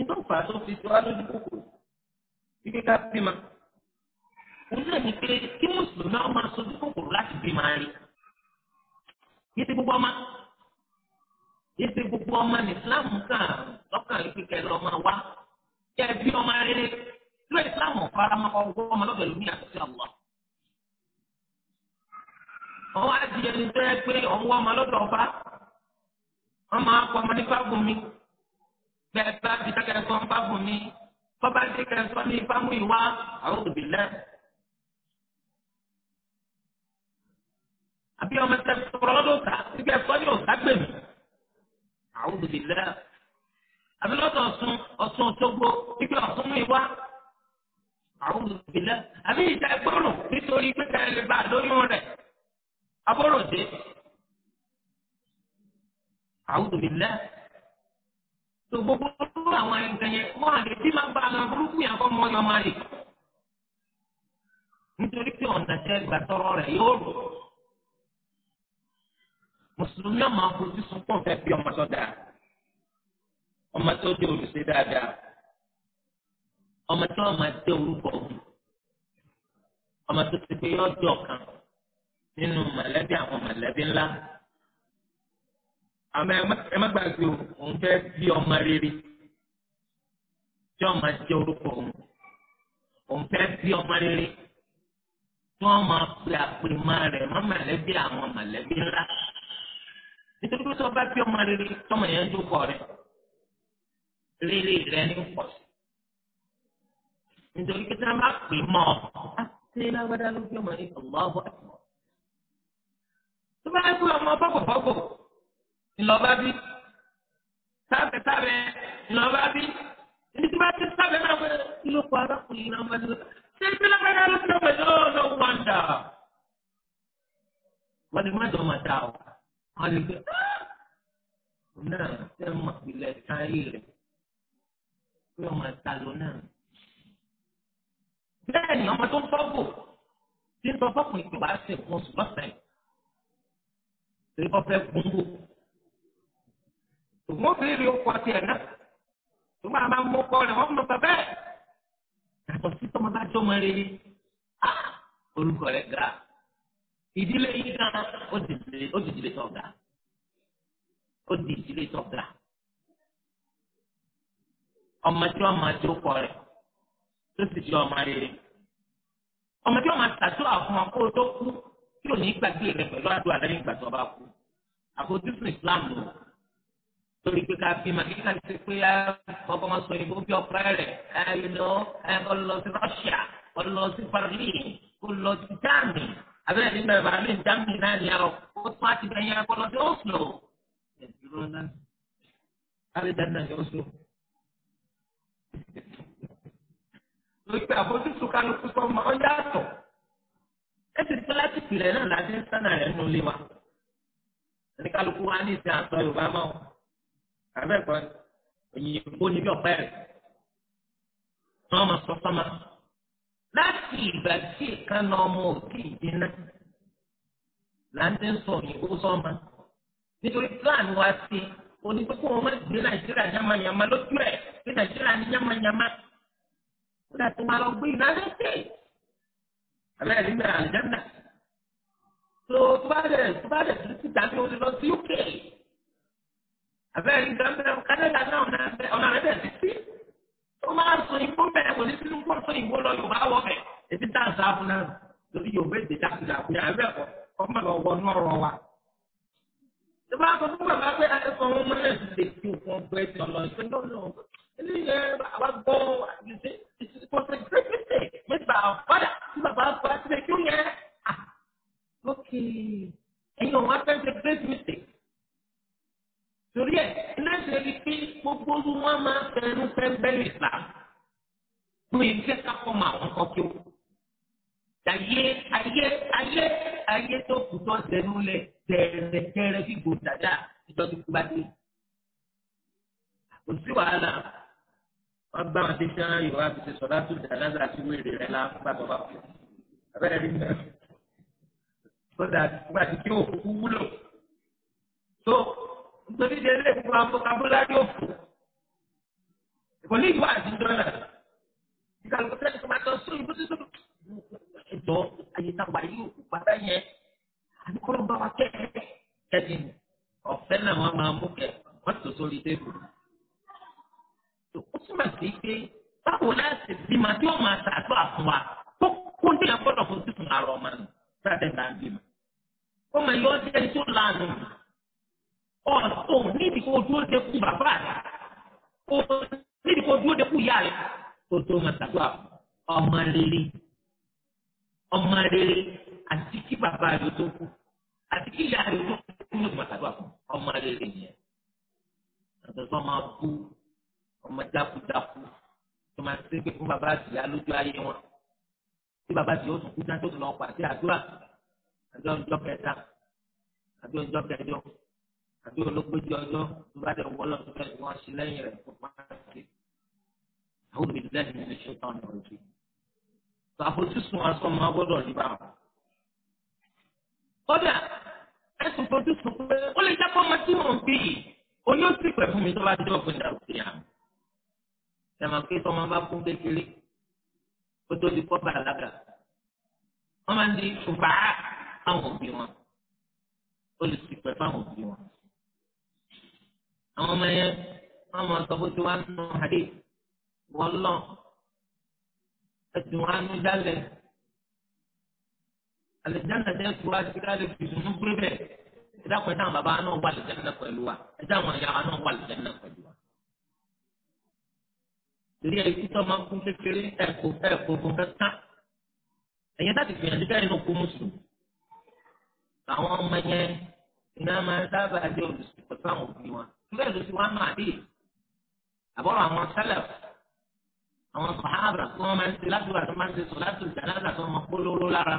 inú ìfà tó fi tó wá lójú kíkẹ́ ká bímọ. Òun náà ní pé kí Mùsùlùmí ọmọ aṣojú kòkòrò láti bímọ rí. Yé ti gbogbo ọmọ yíṣẹ́ gbogbo ọmọ ní islam kan lọ́kàn yìí kíkẹ́ lọ́ máa bí ọmọ rere tí ó islam fara máa kọ́ gbogbo ọmọ lọ́bẹ̀ lómi àti ọ̀wọ́. ọwọ́ àti ẹni tó yẹ pé ọwọ́ ọmọ lọ́dọ̀ ọba wọ́n máa kọ́ ọmọ ní fábùnmi bẹ́ẹ̀ bá ti dákẹ́ sọ fábùnmi bọ́bá ti kẹ́ sọ ní fámú ìwá àwọn òbí lẹ́nu. àbí ọmọ tẹ sọ̀rọ̀ lọ́dọ̀ ọ̀tá ti sọ ní ọ̀tá gbèmí a'udhu billah àbí lọ́tọ̀ ọ̀sùn ọ̀sùn ọ̀ṣọ́gbó ibi ọ̀sùn mú ìwá a'udhu billah àbí ìta ẹgbọ́rùn nítorí pípa ẹlẹ́ bá lóyún rẹ̀ abọ́rọ̀ dé a'udhu billah tó gbogbo fún àwọn ẹnìkan yẹn wọn àgbẹ̀ tí máa bá àwọn burúkú yẹn kọ́ mọ́ yọ rè nítorí pé ọ̀nà mùsùlùmí ọmọ àfojú sunkún fẹ́ bí ọmọ tó dáa ọmọ tó dé olùsè dáadáa ọmọ tó ọmọ dé orúkọ òun ọmọ tó ti pé yọjọ kan nínú mọ̀lẹ́bí àwọn mọ̀lẹ́bí ńlá àmọ́ ẹ má gbàgbé òun fẹ́ bí ọmọ rere tí ọmọ jẹ orúkọ òun òun fẹ́ bí ọmọ rere tí wọ́n máa pe àpèmọ́ rẹ̀ mọ́ mọ̀lẹ́bí àwọn mọ̀lẹ́bí ńlá nítorí pé sọba bí ọmọ rere tọmọ yẹn ń dúkọ rẹ rere rẹ ní pọ̀ sí nítorí pé sábà pè mọ́ ọ ah, ṣe lágbádá ló bí ọmọ yẹn ọmọ ọbọ ẹ̀gbọ́n tó bá gbé ọmọ bọgọbọgọ ńlọba bí sábẹ sábẹ ńlọba bí ẹni tó bá ti sábẹ náà wọlé kìlọ̀ kọ arákùnrin náà wọlé ṣé ṣe lágbádá ló bí ọmọ yẹn ọmọ wọnda wọn ni má dọ̀ máa dá o wọ́n lè gbé ah! náà ṣe mọ̀ ìpìlẹ̀ káyé rẹ̀ pé ọmọ ẹ̀ta ló náà. bẹ́ẹ̀ ni ọmọ tó ń fọ́gbò tí ń sọ fọ́kùnrin pé wàá ṣe nǹkan oṣù lọ́sẹ̀ torí kọ́ fẹ́ gbòǹgbò. ògùn òfin rí ọkọ tiẹ̀ náà tó máa máa mú rẹ̀ wọ́n mọ̀ bàbá yàtọ̀ sí tọmọ bá jọmọ rere ah! olùkọ́ rẹ̀ ga ìdílé yìí gan ó dìdílé ó dìdílé tọ́gà ó dìdílé tọ́gà ọmọ tí wọn máa tó kọ rẹ tó sì jẹ ọmọ rere ọmọ tí wọn máa tàtó àfọmọ kó tó kú tí ò ní gbàgbé rẹ pẹ̀lú àdúrà lẹ́yìn ìgbà tó bá kú àfojúsùn Islam lò torí pé ká fi màkì ká ti pé ah, ọkọ máa sọ ìbò bí ọpẹ rẹ ẹ lọ ẹ lọ sí Russia ọ lọ sí Paris kó lọ sí Germany abẹ́rẹ́ nígbà bàbá mi ń dá mi náà ní ọ ó tún á ti bẹ yẹn kọ́ lọ́dún ó sùn ó. ìrọ̀ náà kárí dandan ni ó sùn. lórí pé àbójútó kálukú sọ ma ọ yàtọ̀ ẹ ti tẹ́lá ti pìlẹ̀ náà láti ń sánà rẹ̀ nù lé wa. ẹni kálukú wa ní ìsìn àtọ Yorùbá mọ́ àbẹ́ẹ̀kọ́ òyìnbó ni bí ọ̀pẹ́ rẹ̀ wọ́n máa sọ fọ́nmá láti ìgbà tí ìkànnà ọmọ òkè ìdínà là ń tẹ́ ń sọ yìí ó nítorí plan wa sí onígbà kó wọn má gbé nàìjíríà yamayama lójú ẹ̀ pé nàìjíríà ní yamayama ó dà tó máa lọ gbé ìnáwó tẹ̀ abẹ́rẹ́ nígbà àjẹ́nà tó tó bá dẹ̀ tó bá dẹ̀ tó ti dàbí o lè lọ sí UK abẹ́rẹ́ nígbà Canada náà ọ̀nà rẹ̀ bẹ̀ sí ó máa sọ ìbò bẹ́ẹ̀ kò ní sínú kó sọ ìbò lọ yorùbá wọ bẹ̀ ètí dáǹsà fún náà lórí yorùbá èdè dákúdà kúdà ẹ̀rọ ẹ̀kọ́ ọmọ lọ wọ inú ọ̀rọ̀ wa. tó bá sọ fún bàbá pé ẹ̀sọ́ wọn mọ́ ẹ̀ lè fi òkun ọgbẹ́ ẹ̀sìn ọ̀nà ìpín lọ́nà eléyìí àwa gbọ́ àgbèsè ìsìnkọ́sẹ̀ gbẹ́gbẹ́sẹ̀ mẹ́ta ọ̀fọ́dà tí bàbá fọ́ àti torí ẹ̀ iná ṣe rí pé gbogbo olú wọn máa ń fẹnu fẹ́ńbẹ́lì ìlà fún ìfẹ́ kápọ̀ mọ́ àwọn kan kí ó. ayé ayé ayé ayé tó kù tó ṣẹnu lẹ tẹ̀rẹ̀tẹ̀rẹ̀ fi gbòó dáadáa ìtọ́jú tó bá dé. kò sí wàhálà wọn bá wọn ti yorùbá fi ṣe sọdá tó dáadáa láti wéèrè rẹ lápá bàbá fún abẹ́rẹ́ rí mẹ́rin kódà nígbà tí kí òkú wúlò. tó nítorí ṣe lè fún wa vocabulary òfò kò ní ìwà àtijọ́ náà ìkàlùkù tẹ́lẹ̀ tó máa tọ́ sí ìbú títún ẹ̀jọ́ àyètàgbà yìí òkú pátá yẹn àbíkọ́ ló bá wa kẹ́kẹ́ kẹ́kẹ́ ni ọ̀fẹ́ náà wọ́n máa mú kẹ́ wọ́n tó sórí tébùlù. ó túmọ̀ sí pé báwo láti bímọ tí wọ́n máa ṣàtọ́ àfún wa kó kó ní ẹ̀gbọ́dọ̀ fún títún àrọ̀ ọmọ nù sáà ọ̀sùn níbi kó dúró de kú bàbá rẹ̀ níbi kó dúró de kú ìyá rẹ̀ kó tó máa tàdúrà ọmọ rere ọmọ rere àti kí bàbá rẹ̀ tó kú àti kí ìyá rẹ̀ tó kú ló máa tàdúrà fún ọmọ rere nìyẹn. àtọ̀tọ̀ máa kú ọmọ dákúdákú tó máa ṣe pé fún bàbá àti ìyá lójú ayé wọn tí bàbá àti ìyá tún kú dáńtó tó lọ pàṣẹ àdúrà àdúrà ọjọ́ kẹta àdúrà ọjọ́ kẹjọ àbí ológbójú ọjọ́ tó bá dẹ̀ wọ́lọ́ tó fẹ́ wọ́n sí lẹ́yìn rẹ̀ tó pátá sí. àwọn olùdílé ní ilé ṣe tán lọ sí. àfojúsùn aṣọ máa gbọ́dọ̀ rí bá wọn. kódà ẹ̀sùn fojúsùn pé ó lè jápọ́ ọmọ tí mò ń bí yìí oyún ó sì pẹ̀ fún mi tó bá jẹ́ òfin dàrú sí àmì. ẹ̀mọ̀ pé tọmọ bá kún kékeré kó tó di kọ́ bàlágà wọ́n máa ń di ṣùgbọ́n àwọn òbí wọn ó àwọn ọmọ yẹn wọn máa sọ bó ti wá nù hadith wọn lọ ẹsùn wọn á nù jálẹ alìjáná tẹ fura síra lè fi sùn fún bẹ́ẹ̀ ẹ̀dá pẹ̀lú àwọn bàbá náà wà alìjáná pẹ̀lú wa ẹ̀dá àwọn ìyá náà wà alìjáná pẹ̀lú wa. torí ẹ̀ kí sọ máa kún kékeré ẹ̀kọ́ ẹ̀kọ́ fún kẹ́kẹ́ ẹ̀yẹ láti gbìyànjú bẹ́ẹ̀ nínú kó mùsùlùmí. àwọn ọmọ yẹn iná máa ń sábà dé olùsìnkú sáwọn òbí wọn bẹ́ẹ̀ ló ti wá máa dé àbọ̀rọ̀ àwọn sálẹ̀ àwọn sàhábà tí wọ́n máa ń ṣe ládùúgbà tó máa ń ṣe sọ̀láṣù ìdánáàdà tó máa polówó lára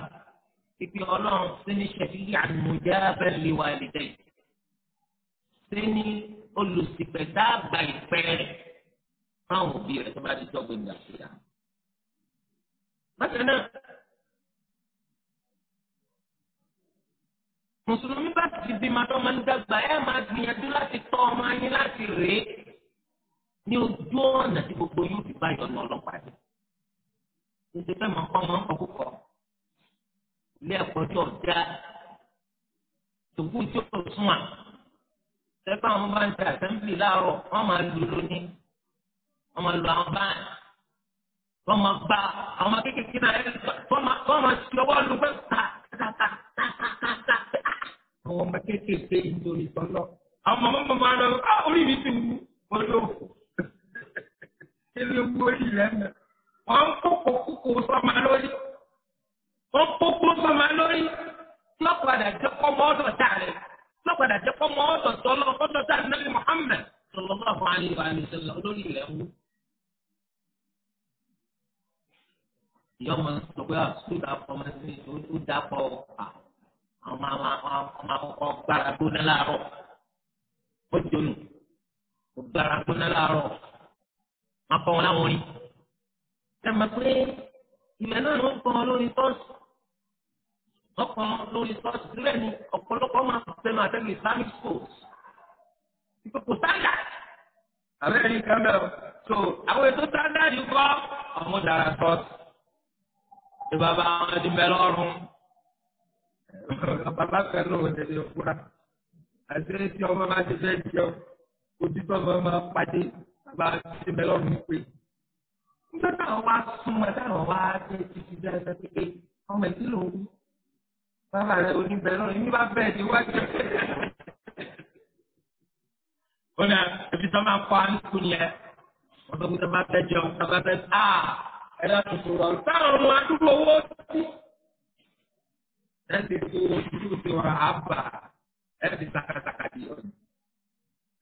pípé ọlọ́run sí ní ṣẹ̀fíyà àmújá bẹ́ẹ̀ lè wà lẹ́dẹ̀ sí ní olùsìpẹ̀ dáàbà ìpẹ́ fáwọn òbí rẹ̀ tó bá ti tọ́gbìn nàìjíríà. bákan náà mùsùlùmí bá ti di ma tó máa ń dàgbà ẹ máa gbìyànjú láti tọ́ ọmọ yín láti rèé ní ojú ọ̀nà tí gbogbo yóò fi báyọ̀ ní ọlọ́pàá dé. Ṣé fẹ́ máa kọ́ ọmọ ọkọ̀ púpọ̀? Ilé ẹ̀kọ́ tí ọ̀dá tòkú tí ó sún à. Ṣẹ́fẹ́ àwọn bá ń ṣe àṣẹ́mbìlì láàárọ̀, wọ́n máa lù lónìí. Wọ́n máa lu àwọn báyìí. Wọ́n máa gba àwọn kékeré náà ẹ̀ àwọn ọmọ kéékèèké nítorí tọ́lọ́ àwọn ọmọ mọ̀ máa lọ ah, orí mi ti wú ọdọ kí ló wú orí rẹ mẹ wọn kókò kókò sọmọ lórí wọn kókò sọmọ lórí lọ́padà jẹ́ kọ́mọ ọ̀dọ̀ tá rẹ̀ lọ́padà jẹ́ kọ́mọ ọ̀dọ̀ tọ́lọ́ ọ̀dọ̀ tá nàbí Muhammad sallallahu alaihi wa sallam olórí rẹ̀ wú. ìyá ọmọ sọ pé àsùnwòn ah, dàpọ̀ ọmọ sí i ó dàpọ̀ ọ̀pá ọmọ ọmọ ọkọ gbára gbóná láàárọ̀ ó jónù ó gbára gbóná láàárọ̀ wọn kọ wọn láwọn orin ẹ mọ̀ pé ìmọ̀ náà ló ń kọ́ ọ lórí tọ́sí ọkọ lórí tọ́sí sílẹ̀ ni ọ̀pọ̀lọpọ̀ máa fẹ́ máa tẹ́lẹ̀ islamic schools ìkókò sáńdà àbẹ́rẹ́ ní kámẹ́ o tó àwọn ètò sáńdà yìí kọ́ ọmọ dára tọ́sí ìbàbá àwọn ẹ̀dínbẹ̀ lọ́rùn babaláka náà wọ́n tẹ̀lé fúra àti tí ọmọ bá ti fẹ́ jẹ òtítọ́ ọmọ máa pàdé bàbá ti mẹ́lọ́ mi pé nítorí táwọn wá súnmọ́ táwọn wá ṣe títí bí ẹsẹ̀ pé ọmọ ìdí ló ń bàbá rẹ oníbẹ̀ náà ní bá bẹ́ẹ̀ ni wájú ó ní ẹbí tó máa kọ́ àánú yẹn wọ́n tó kí tó máa fẹ́ jẹun tó máa fẹ́ ah ẹ̀dá tuntun wọn táwọn ọmọ àdúgbò owó sí ẹ ti tó ojú ti ọ̀rọ̀ àbà ẹ ti sakasaka di ọ̀nà.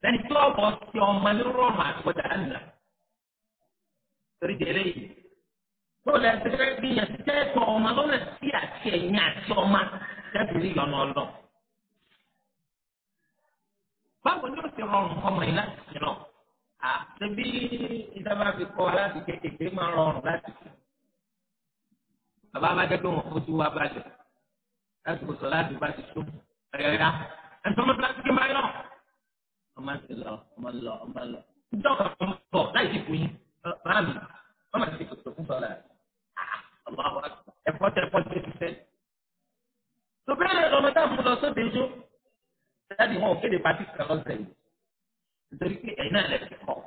lẹ́ni tí ọ̀bọ̀ ti ọmọ ní rọ́ọ̀mù àtọ́jà ńlá. torí délé yìí tó lẹ ti fẹ́ gbìyànjú tẹ́tọ̀ ọmọ lọ́nà sí àti ẹ̀yìn àti ọmọ tẹ́tù rí yọ̀nà ọlọ́. báwo ni ó ti rọrùn ọmọ yìí láti ṣe lọ? àtẹ̀bí ìjọba fi kọ́ láti kékeré máa rọrùn láti ṣe. bàbá bá jẹ́ pé fojú wa bàjẹ́ lásìkò sọ láti bá ti tó ẹ̀yà ẹ̀sọ́ mọ́tò láti ké máa lọ. ọmọ ti lọ ọmọ lọ ọmọ lọ ìjọ kan fún bọ láì sí fún yín báà mi ọmọ ti kòtò fún sọlá ọmọ àwọn ẹ̀fọ́ tẹ ẹ̀fọ́ tẹ ti sẹ́yìn. tó bẹ́ẹ̀ lọ́mọ táà fún lọ sóde ijó dáàdi wọn ò kéde pàtí kan lọ́sẹ̀ nítorí pé ẹ̀yin náà lẹ̀ ti kọ̀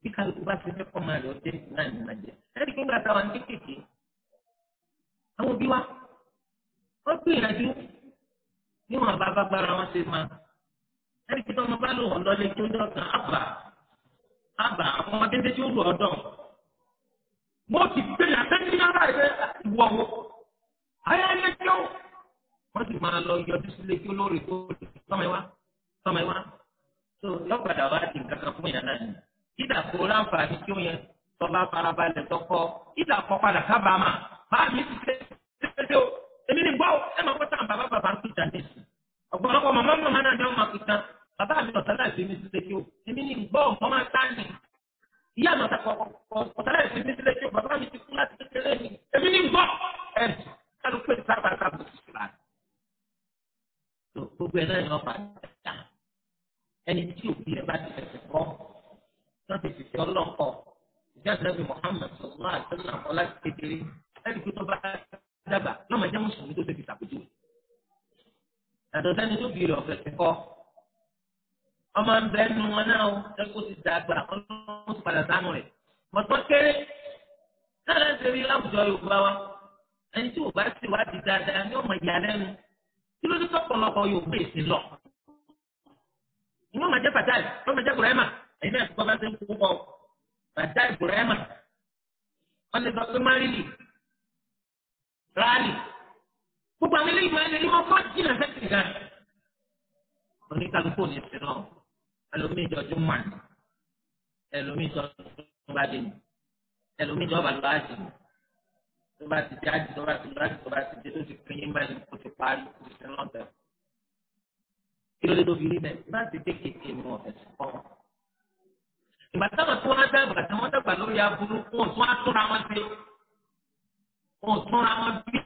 bí kálukú bá ti fẹ́ kọ́ máa lọ jẹ́ náà ní máa jẹ́ ẹ̀rí wọ́n gbìyànjú níwọ̀n bá bágbára wọn ṣe máa ẹni tí ọmọ bá lò wọ́n lọ́lé kí ó dọ̀tàn àbà àbà àwọn ọmọdé tí ó lù ọ́ dàn mo ti gbé àtẹ́jú náírà rẹ wọ̀ wọ́ ayé ẹni tí ó wọ́n sì máa lọ yọjú sílé kí olóore tó tọ́mọ ẹ wá tọ́mọ ẹ wá tó yọ padà wá di nǹkan kan fún yàrá ni ìdà kó láǹfààní tí ó yẹ tọ́ba farabalẹ̀ tọkọ ìdà kọ padà kábàámà bá mi ti ṣe é ṣe é ṣe o èmi ni bọ́ ẹ máa kọ́ tán bàbá bàbá ń pìtà ní ìsìn ọ̀pọ̀lọpọ̀ màmá màmá náà ni wọ́n máa pìtà bàbá mi ọ̀sálà ìfẹ́ mi sílẹ̀ kí o èmi ni bọ́ ọ̀pọ̀ máa tá ní ìyá mi ọ̀sálà ìfẹ́ mi sílẹ̀ kí o bàbá mi ti kú láti kékeré mi èmi ni bọ́ ẹ kálù pé sábà sábà sílá gbogbo ẹ̀ náà ni wọ́n bá dá ẹni tí òbí ẹ bá ti fẹsẹ̀ dàgbà yóò máa jẹ́ mùsùlùmí tó ṣe fi ṣàpèjúwe. Àtọ̀ sẹ́ni tó bìrì ọ̀fẹ́ ti kọ́. Ọmọ ń bẹ nu wọn náà ó ẹkú ti dàgbà ọlọ́run ti padà sánú rẹ̀. Mọ̀tọ́ kéré sára ń ṣeré láwùjọ Yorùbá wa. Ẹni tí Yorùbá sì wádìí dáadáa ni ó mọ ìyá lẹ́nu. Kí ló dé tọ́pọ̀lọpọ̀ Yorùbá èsì lọ? Ìwọ́n máa jẹ́ Fatai, wọ́n máa jẹ́ Burema, ẹ̀yin náà ti kọ́ bá ṣe ń kú pọ̀. Fatai Burema, wọ́n ti sọ pé Marili, Rali, gbogbo àwọn eléyìí máa ń lè máa fọ́ jìnnà sẹ́sìn gan. oníkàlùkù ní ìsìn náà ẹlòmíì jọjú mà ní ẹlòmíì jọjú bá dé ní ẹlòmíì jọba lọ àjì ní tó bá ti dé àjì tó bá ti lọ àjì tó bá ti dé tó ti pín in báyìí kó ti parí kó ti sin lọ́dọ̀ kí ló dé tó fi rí bẹ́ẹ̀ bá ti dé kéèké ni wọ́n fẹ́ sọ ìgbà táwọn tí wọ́n dàgbà tí wọ́n dàgbà lórí aburú wọn tún á túnra wọn sí wọn ò túnra wọn bí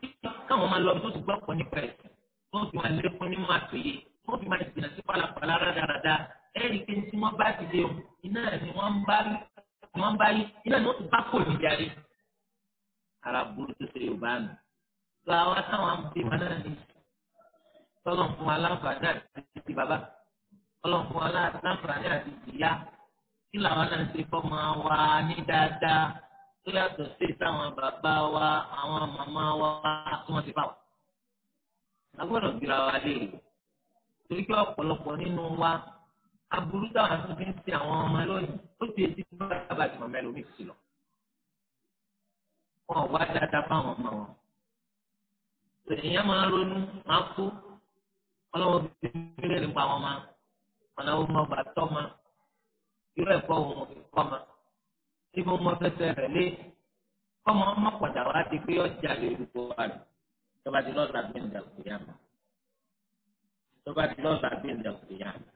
káwọn máa lọ bí ó ti gbọ́pọ̀ nípa ẹ̀sìn wọn fi máa lékún nínú àtòyè wọn fi máa jìnnà sí pàlàpàlà rádaràda ẹ̀rí pé tí wọ́n bá ti lé o iná ni wọ́n bá rí wọ́n bá rí iná ni wọ́n ti bá kò níjà rí. ara burú tó ṣe yorùbá nù tó àwa táwọn àmì máa náà ní tọ́lọ̀ fún wa láǹfààní àti ti bàbá tọ́lọ̀ fún wa láǹfààní àti ìyá kí làwọn náà ṣe fọ́ máa wà ní dáadáa tó yàtọ̀ sí táwọn bàbá wa àwọn màmá wa tí wọ́n ti fà wá. a gbọ́dọ̀ gbéra wa léèrè e. torí pé ọ̀pọ̀lọpọ̀ nínú wa aburú táwọn àti fi ń ti àwọn ọmọ lónìí ó ti di bàbá àti màmá ẹlòmíì sí lọ. wọn ò wá dáadáa fáwọn ọmọ wọn. èèyàn máa ronú máa kú ọlọ́wọ́ bí ìbílẹ̀ nípa àwọn ọmọ ọ̀nà ọmọ ọgbà ma irú ẹ̀kọ́ òun ò fi kọ́ ma tí mo mọ fẹsẹ̀ lé ọmọ ọmọ padà wá di pé ọjà lè rúkọ wa rẹ̀ tọ́ba ti lọ́ọ̀dà bí ǹda kò yá ma tọ́ba ti lọ́ọ̀dà bí ǹda kò yá ma.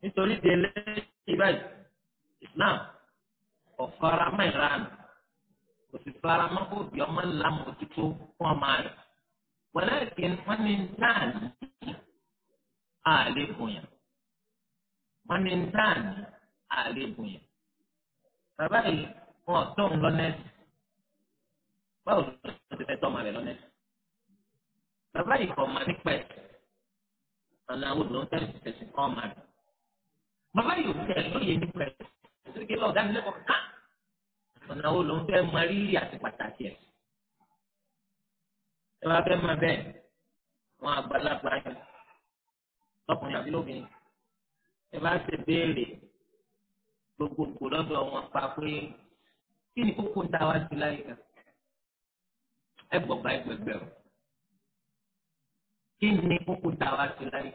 nítorí délé ìbáyìí Islam ọ̀faramọ́ ìranù kò sì faramọ́ kó bí ọmọ ńlá mọ̀tútù fún ọmọ rẹ̀ wọlé kìí wọ́n ní ntáàní àlébùyàn wọ́n ní ntáàní àlébùyàn bàbá yìí wọn tó ń lọ nẹ́ẹ̀sì báwo ló ti fẹ́ tọ́mọ rẹ̀ lọ nẹ́ẹ̀sì bàbá yìí kọ̀ ọmọ nípa ẹ̀ ọ̀nà àwọn olùdó ń tẹ̀sí tẹ̀sí kọ́ ọmọ rẹ̀ bàbá yìí ò tẹ̀ lóye nípa ẹ̀ sígi lọ dánilẹ́kọ̀ọ́ ká ọ̀nà àwọn olùdó ń fẹ́ mọ rírì àti pàtàkì ẹ̀ ẹ bá fẹ́ mọ bẹ́ẹ̀ wọn àgbàlagbà yẹn lọkùnrin àbí gbogbogbò lọ́dọ̀ wọn pa pé kí ni kókó ń wá sí láyé kan ẹ gbọ̀gbà ẹ gbẹgbẹ́ o kí ni kókó ń ta wá sí láyé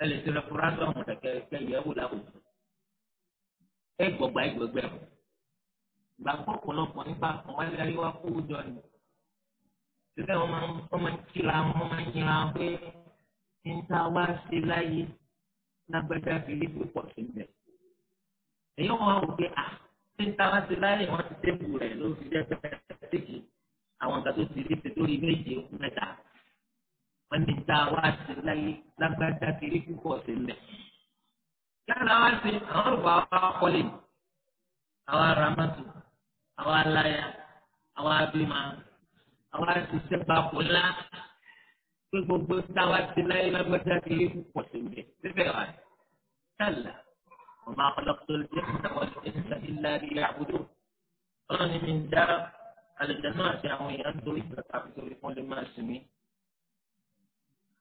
ẹ lè ṣe rẹfúrásọ̀mù kẹ̀kẹ́ kẹ́ ìyẹ́wò láwùjọ ẹ gbọ̀gbà ẹ gbẹgbẹ́ o gbàgbọ́ ọ̀pọ̀lọpọ̀ nípa ọ̀wálé ayéwá kó jọ ni síbẹ̀ wọ́n máa ń kíra wọ́n máa ń yíra pé níta wá sí láyé lágbájá fi lè pọ̀ sí bẹ́ẹ̀ èyí wọn wò pé à ah, ṣé ń ta wá sí láyé wọn ti tẹ́kù rẹ̀ ló fi jẹ́ pẹ́ẹ́tẹ́kì àwọn nǹkan tó ti rí ṣe lórí méje mẹ́ta wọn ní ta wá sí láyé lágbájá kiri púpọ̀ sí mẹ́. yàrá wá sí àwọn olùkọ́ àwọn akọ́lé àwọn aramátò àwọn aláya àwọn abimá àwọn aṣiṣẹ́ bàbá ńlá pé gbogbo táwa ti láyé lágbájá kiri púpọ̀ sí mẹ́ síbẹ̀ wá sálà. وما خلقت الجن والإنس إلا ليعبدون ọlọ́ni mi ń dá àlejò náà ṣe àwọn èèyàn torí ìgbàgbọ́ àti torí wọn lè máa sinmi.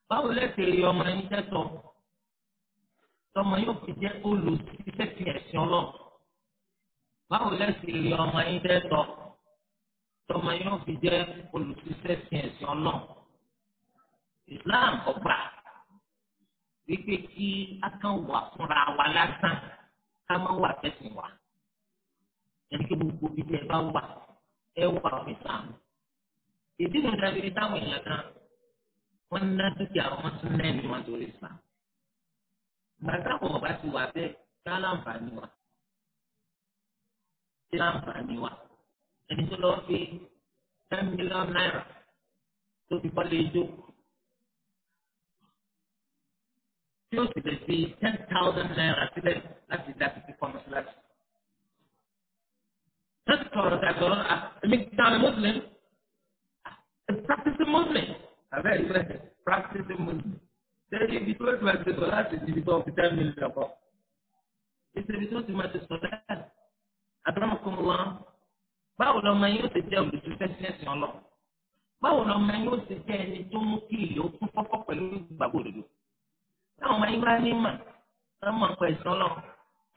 báwo lẹ́sẹ̀ rí ọmọ ẹni tẹ́tọ̀ tọmọ yóò fi jẹ́ olùsíṣẹ́ ti ẹ̀sìn ọlọ́run báwo lẹ́sẹ̀ rí ọmọ ẹni tẹ́tọ̀ tọmọ yóò fi jẹ́ olùsíṣẹ́ ti ẹ̀sìn ọlọ́run Islam ọgbà wípé kí a kàn wà fúnra wa lásán ká má wà fẹsùn wa ẹni kí gbogbo ibi ẹ bá wà ẹ wà fún ìsàmù ìdí mi dábí ní táwọn èèyàn kan wọn ná dúkìá wọn tún náà wọn torí ìsàmù gbàtà wọn bá ti wà bẹ́ẹ̀ ká láǹfààní wa ṣé láǹfààní wa ẹni tó lọ fi ten million naira tó fi bọ́lé ijó. tí ó sì lè fi ten thousand naira sílẹ̀ láti dá títí kọ́ mọ́ṣáláṣí. láti sọ̀rọ̀ dàgbọ́n àmì dáná muslim practicing muslim àbẹ́ ìgbẹ́ practicing muslim tẹ́lẹ̀ ibi tó ti máa ti sọ láti di ibi tó fi ten million kọ́ ètò ibi tó ti máa ti sọ láti àdámọ́kọ́mọ́lá báwo lọ́mọ yóò ti jẹ́ olùsúfẹ́ sí ẹ̀sìn ọlọ́ báwo lọ́mọ yóò ti jẹ́ ẹni tó mú kí ìlú kún fọ́fọ́ pẹ̀lú ìgbàgbọ́ òdodo táwọn ọmọ yín bá ní mà wọn mọ̀ pẹ̀ sí ọlọ́run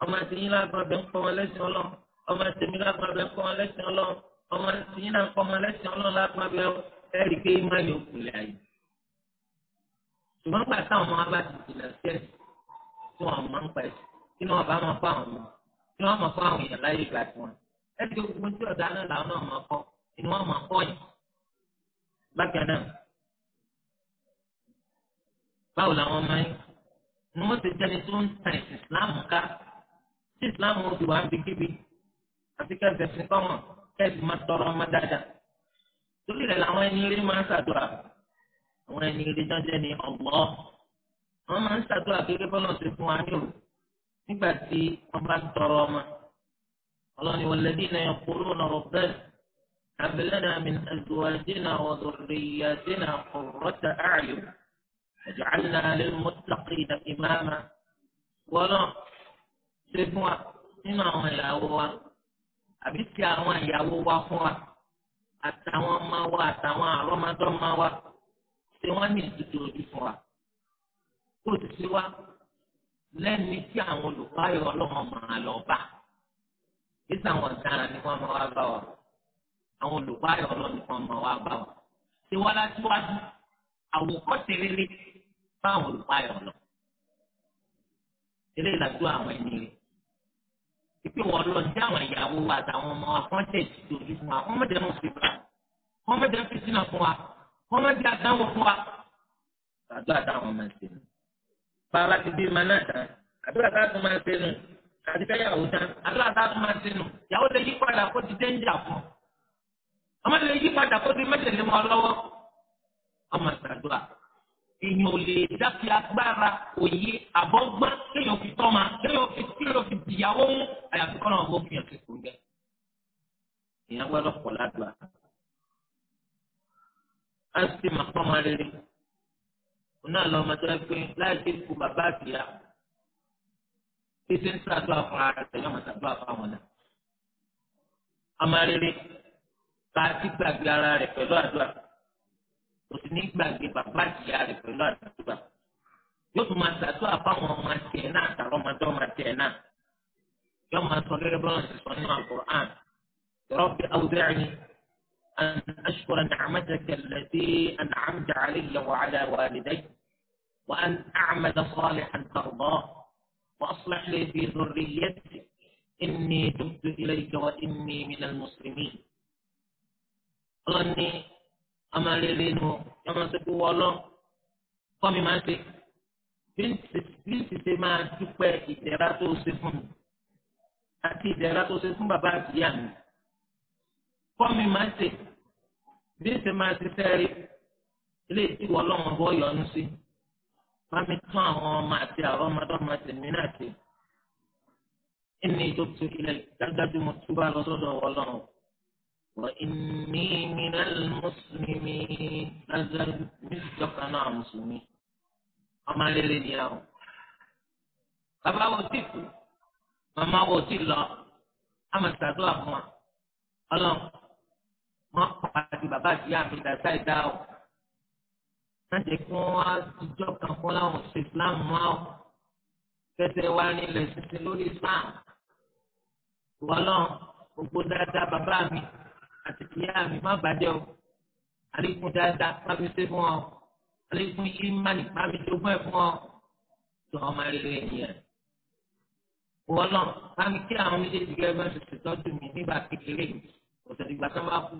ọmọ àtìyín lágbọ́n abẹ́ ń kọ́ wọn lẹ́sìn ọlọ́run ọmọ àtìyín lágbọ́n abẹ́ ń kọ́ wọn lẹ́sìn ọlọ́run ọmọ àtìyín náà ń kọ́ wọn lẹ́sìn ọlọ́run lágbọ́n abẹ́ ẹ̀rí pé má yóò kúlẹ̀ ayé. ṣùgbọ́n gbà táwọn ọmọ bá ti jìnnà sí ẹ̀sìn tí wọ́n mọ̀ ń pẹ̀ sí kí wọ́n bá máa kọ́ àwọn ọmọ kí wọ́n máa kọ́ àwọn èèyàn láyé ìgbà tiwọn. ẹ̀sìn ogun tí ọ̀dà náà làwọn náà máa kọ́ ni wọ́n máa kọ́ yìí. bákan náà báwo làwọn máa ń ni wọ́n ti jẹ́ni tó ń tan ẹ̀sìn islam ká tí islam ó ti wà ń bikíbi àti kẹsẹ̀ sí kọ́mọ̀ kẹsì máa tọrọ ọmọ dáadáa torí rẹ̀ làwọn ẹni rí máa ń ṣàdúrà àwọn ẹni rí jọ́jẹ́ ni ọ̀gbọ́ wọ́n máa ń ṣàdúrà gẹ́gẹ́ bọ́lá ṣe fún wa nírò nígbà tí wọ́n bá tọrọ ọmọ ọlọ́ni walladhina yaquluna rabbana hab lana min azwajina wa dhurriyyatina qurrata a'yun. واجعلنا للمتقين إماما ولا سيفوا إما ويأوا أبيك أوا يأوا وفوا أتوا ما وأتوا رمضان ما و سوى من تدور فوا قلت سوى lẹ́ni tí àwọn olùkọ́yọ̀ ọlọ́run máa lọ bá nígbà wọn dára ni wọ́n máa wá bá wa àwọn olùkọ́yọ̀ ọlọ́run ni wọ́n máa wá bá wa tiwọ́lá tiwájú àwòkọ́ṣe rere fáwọn olùpáyọ̀ lọ. ilé ìdájọ́ àwọn ẹni rẹ̀ ìpè wọ́n lọ sí àwọn ìyàwó àtàwọn ọmọ akọ́ńtẹ̀tì lójú fún wa ọmọdé mọ̀ sí wa ọmọdé fìtínà fún wa ọmọdé àdánwò fún wa. àdúrà táwọn máa ń ṣe nù. bàbá ti bí maná tán àdúrà táwọn máa ń ṣe nù àti fẹ́ yàwó tán àdúrà táwọn máa ń ṣe nù yàwó lè yí padà kó ti dẹ́ńjà fún. ọmọdé lè yí padà kó ti mẹ́tẹ̀lẹ́mọ́ lọ́wọ́. ọmọ ìgbàdúrà èèyàn ò lè dáfi agbára òye àbọ̀gbọ́n kéèyàn fi tọ́ ma kéèyàn fi kéèyàn fi dìyàwó mú àyàfi kọ́ náà wọ́n fi hàn kékeré bẹ́ẹ̀. èèyàn gbọ́dọ̀ pọ̀ ládùá. a ń sè máa pọ́n máa rere. òun náà lọ́ọ́ máa tẹ́lẹ̀ láì sí ikú bàbá àtìyá. ṣíṣe ń ṣàdúrà fún ara rẹ̀ yọ̀ọ́ máa ṣàdúrà fáwọn náà. a máa rere ká ti gbàgbé ara rẹ̀ pẹ̀lú àdúrà. o ti ní gbàgbé bàbá àtìyá rẹ̀ pẹ̀lú àdúrà yóò tún máa ṣàtúwà fáwọn ọmọ tiẹ̀ náà àtàwọn ọmọdé ọmọ tiẹ̀ náà yóò máa sọ gẹ́gẹ́ bọ́lá ti sọ nínú àkùrán رب أوزعني أن أشكر نعمتك التي أنعمت علي وعلى والدي وأن أعمل صالحا ترضاه وأصلح لي في ذريتي إني تبت إليك وإني من المسلمين. الله ọmọ rere nu ọmọ sọpé wọlọ kọ́ mi máa ń ṣe bí n sì se máa dúpẹ́ ìdẹ̀ra tó ṣe fún mi àti ìdẹ̀ra tó ṣe fún bàbá àti ìyá mi kọ́ mi máa ń ṣe bí n sì máa ṣe sẹ́rí ilé tí wọlọ́wọ́n bọ́ yọnu sí bá mi tún àwọn ọmọ àti àwọn ọmọdọ́mọ tèmi náà ṣe ẹni tó tu ilẹ̀ dájú mo túbà lọ sọ́dọ̀ wọlọ́wọ́n. وإني من المسلمين أزل مثلك أنا مسلمين أما للديار bàbá wo ti kú màmá wo ti lọ àmọ́ ṣàdúrà fún wa Ọlọ́run wọn pa àti bàbá àti ìyá mi dàtà ìdá o wọn jẹ kí wọn wá ìjọ kan fún láwọn ṣe Islam wá o fẹsẹ̀ wá nílẹ̀ ṣiṣẹ́ lórí Islam Ọlọ́run gbogbo dáadáa bàbá mi. àti ìyá mi má bàjẹ́ o àlékún dáadáa má mi ṣe fún ọ àlékún ìmánì má mi jogún ẹ̀ fún ọ tó ọmọ rere nìyẹn. wọ́n lọ bá mi kí àwọn méjèèjì gẹ́gẹ́ bá ṣe tọ́jú mi nígbà kékeré ọ̀sẹ̀ ìgbà tó bá kú.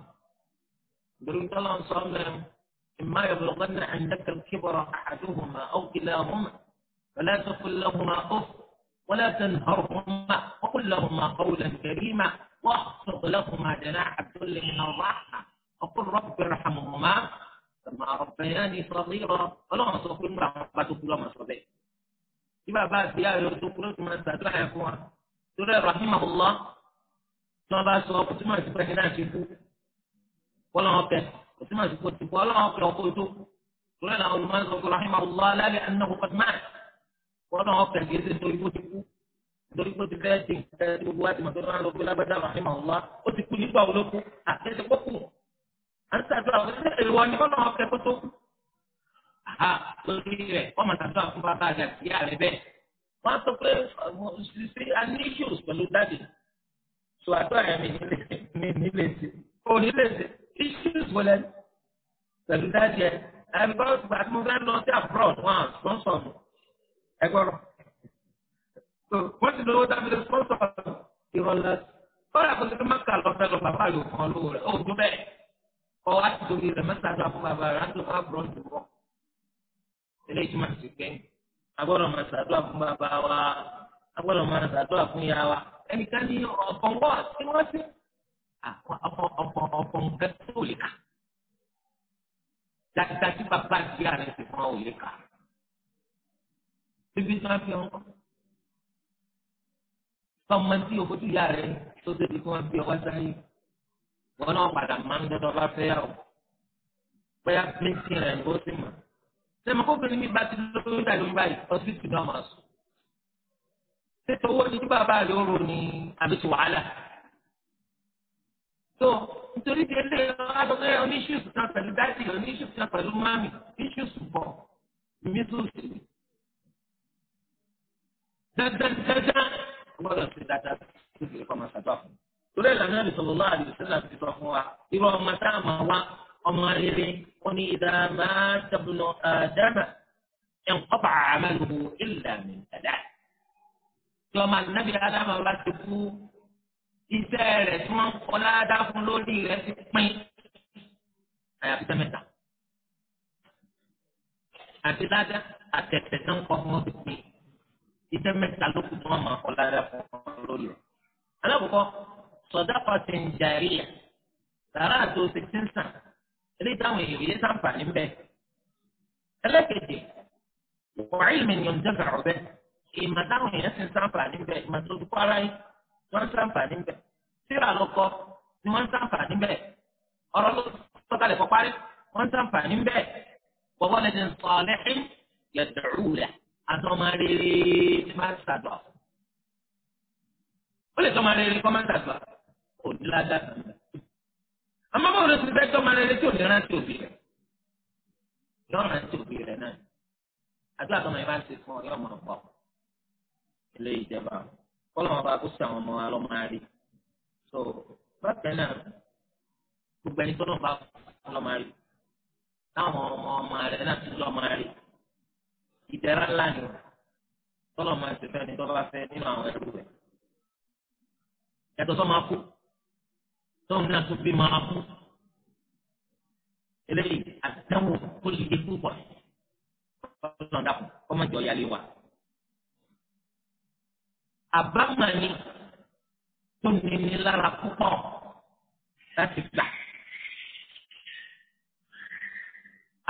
ìgbèrú tó lọ sọ mẹ́rin إما يبلغن عندك الكبر أحدهما أو كلاهما فلا تقل لهما أف ولا تنهرهما وقل لهما قولا lẹ́ واخفض لهما جناح الذل من الرحمة وقل رب ارحمهما كما ربياني صغيرا ولو نصفهم رحمة كل ما صبيت إذا بعد يا يوسف رجل من الزهدان يكون ترى رحمه الله ثم بعد سواك ثم سبا هنا شفو ولا أكي ثم سبا شفو ولا أكي أقولتو ترى لأول من رحمه الله لا لأنه قد مات ولا أكي يزد ويبو شفو torí pé ti fẹ́ẹ́ dín kẹ́kẹ́ tí gbogbo wa ti mọ̀ tó máa ń lọ pé lágbàdá rahim allah ó ti kú nígbà wo ló kú àtẹ̀sí pọ́kù à ń sàdúrà wọ́n ṣe èrò ọ̀nì kọ́nà ọ̀kẹ́ kó tó kú. a lórí rẹ̀ wọ́n máa sàdúrà fún bàbá rẹ̀ àti ìyá rẹ̀ bẹ́ẹ̀ wọ́n á sọ pé ṣíṣe a ní issues pẹ̀lú dáàdì so àdúrà yẹn mi nílé ṣe kò nílé ṣe issues wọlé pẹ̀lú dáàdì ẹ̀ ẹ̀ wọ́n ti lówó dábìlì sponsor ìrọ̀lẹ́ kọ́lá kò sí mọ́kà lọ́fẹ́ lọ bàbá yóò kàn lówó rẹ̀ ó dún bẹ́ẹ̀ kọ́ wá ti tóbi rẹ̀ mẹ́ta dá fún bàbá rẹ̀ àti wọ́n bọ̀ ọ́n bọ̀ eléyìí túmọ̀ sí pé agbọ́dọ̀ máa ṣàdúrà fún bàbá wa agbọ́dọ̀ máa ṣàdúrà fún ìyá wa ẹnìkan ní ọ̀pọ̀ngbọ́ tí wọ́n ti ọ̀pọ̀ngbẹ́ tó lè kà dájúdájú bàbá àti ìyá rẹ̀ ti fún ọ tọ́mọ tí o ya rẹ tó débi kí wọ́n bí ọwọ́ sáyé wọn náà padà máa ń dọ́dọ́ bá fẹ́ yà wò bóyá bíntì rẹ̀ ń bó sí mà sẹ́mi kókòrò mi bá ti lóyún dà lóyún báyìí ọsibítù náà máa sùn tètè owó ni bàbá rẹ̀ ó rò ní àbí ti wàhálà tó nítorí ti ẹlẹ́ adọ́gbẹ́ oníṣùsù kan pẹ̀lú dájì oníṣùsù kan pẹ̀lú mami oníṣùsù bọ̀ mísùsù dandan dandan gbọ́dọ̀ ṣe dáadáa síbi ìfọ̀ máa ṣàdúrà fún un. torí ẹ̀ lànà ìṣòro náà àdìsí là ti sọ fún wa irú ọmọ tá a máa wá ọmọ rere ó ní ìdá máa tẹ̀bùnà àdámà ẹ̀ ìlànà ìdàdà. tí ọmọ ànábì ádámà bá ti kú iṣẹ́ rẹ̀ tí wọ́n ń ládàá fún lórí rẹ̀ ti pín àyàfi sẹ́mẹ̀ta àti ládàá àtẹ̀tẹ̀ tó ń kọ́ fún ó pín iṣẹ́ mẹ́ta ló kù tí wọ́n máa kọ́ lára fún lórí rẹ̀. alákòókò sọ̀dáfà ti ń jarí ẹ̀ sàrà àti oṣù tí ń sàn eléyìí táwọn èèyàn yé sàǹfààní ń bẹ. ẹlẹ́kẹ̀dẹ̀ wàá ìmọ̀ ènìyàn jẹ́gà ọ̀bẹ ìmọ̀ táwọn èèyàn sì ń sàǹfààní ń bẹ ìmọ̀ tó dúpọ̀ ara yìí wọ́n ń sàǹfààní ń bẹ síra lọ́kọ́ ni wọ́n ń sàǹfààní ń bẹ ọ̀rọ̀ ló sọ̀kalẹ̀ kọ́ parí wọ́n ń sàǹfààní ń bẹ wọ́n wọ́n lè àtọ́mọ rere tí máa ń ṣàdúrà fún ó lè tọ́mọ rere kọ́ máa ń ṣàdúrà kò ní ládàá kan lọ. àmọ́ báwo ló ti fẹ́ tọ́mọ rere tí ò ní rántí òbí rẹ̀ yọ rántí òbí rẹ̀ náà àdúrà tọ́mọ yẹn bá ń ṣe fún ọ yọ ọmọ ọ̀pọ̀ ilé ìjọba kọ́lọ́mọ bá kó sàwọn ọmọ wa àárí so bákan náà gbogbo ẹni tọ́lọ́mọ bá kọ́ lọ́mọ àárí táwọn ọmọ ọmọ rẹ̀ náà ti lọ́mọ àárí ìdẹ̀ra ńlá ni tọ́lọ̀ máa ń ṣe fẹ́ni tọ́lọ́ bá fẹ́ nínú àwọn ẹrú rẹ̀ yàtọ̀ sọ́mà kú tóun náà tún bí máa kú eléyìí àtẹ̀wò kó lè dé púpọ̀ ọ̀sán dàpọ̀ kọ́mọ̀jọ yálé wa. àbámọ̀ni tó níní lára púpọ̀ láti gbà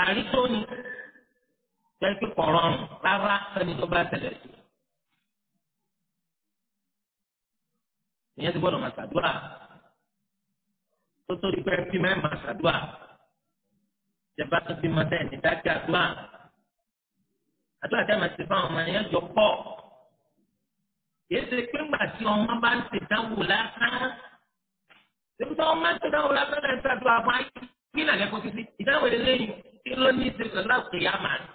àrítóni sẹ́ni pé kọ̀ rọrùn rárá sẹ́ni tó bá tẹ̀lé sí. ìyẹn ti gbọ́dọ̀ máa tó tó di pé bí mẹ́rin máa ṣàdúrà ìjọba tó bí máa tẹ̀lé dákẹ́ àdúrà àdúrà tẹ́ máa ti fáwọn ọmọ yẹn jọ pọ̀ kìí ṣe pé ńgbà tí ọmọ bá ń ṣèdánwò lásán ṣé bí ọmọ ń ṣèdánwò lásán náà ń ṣàdúrà fún ayé kí nàlẹ́ kó títí ìdánwò eléyìí kí ló ní í ṣe pẹ̀lú àkùyàmà ni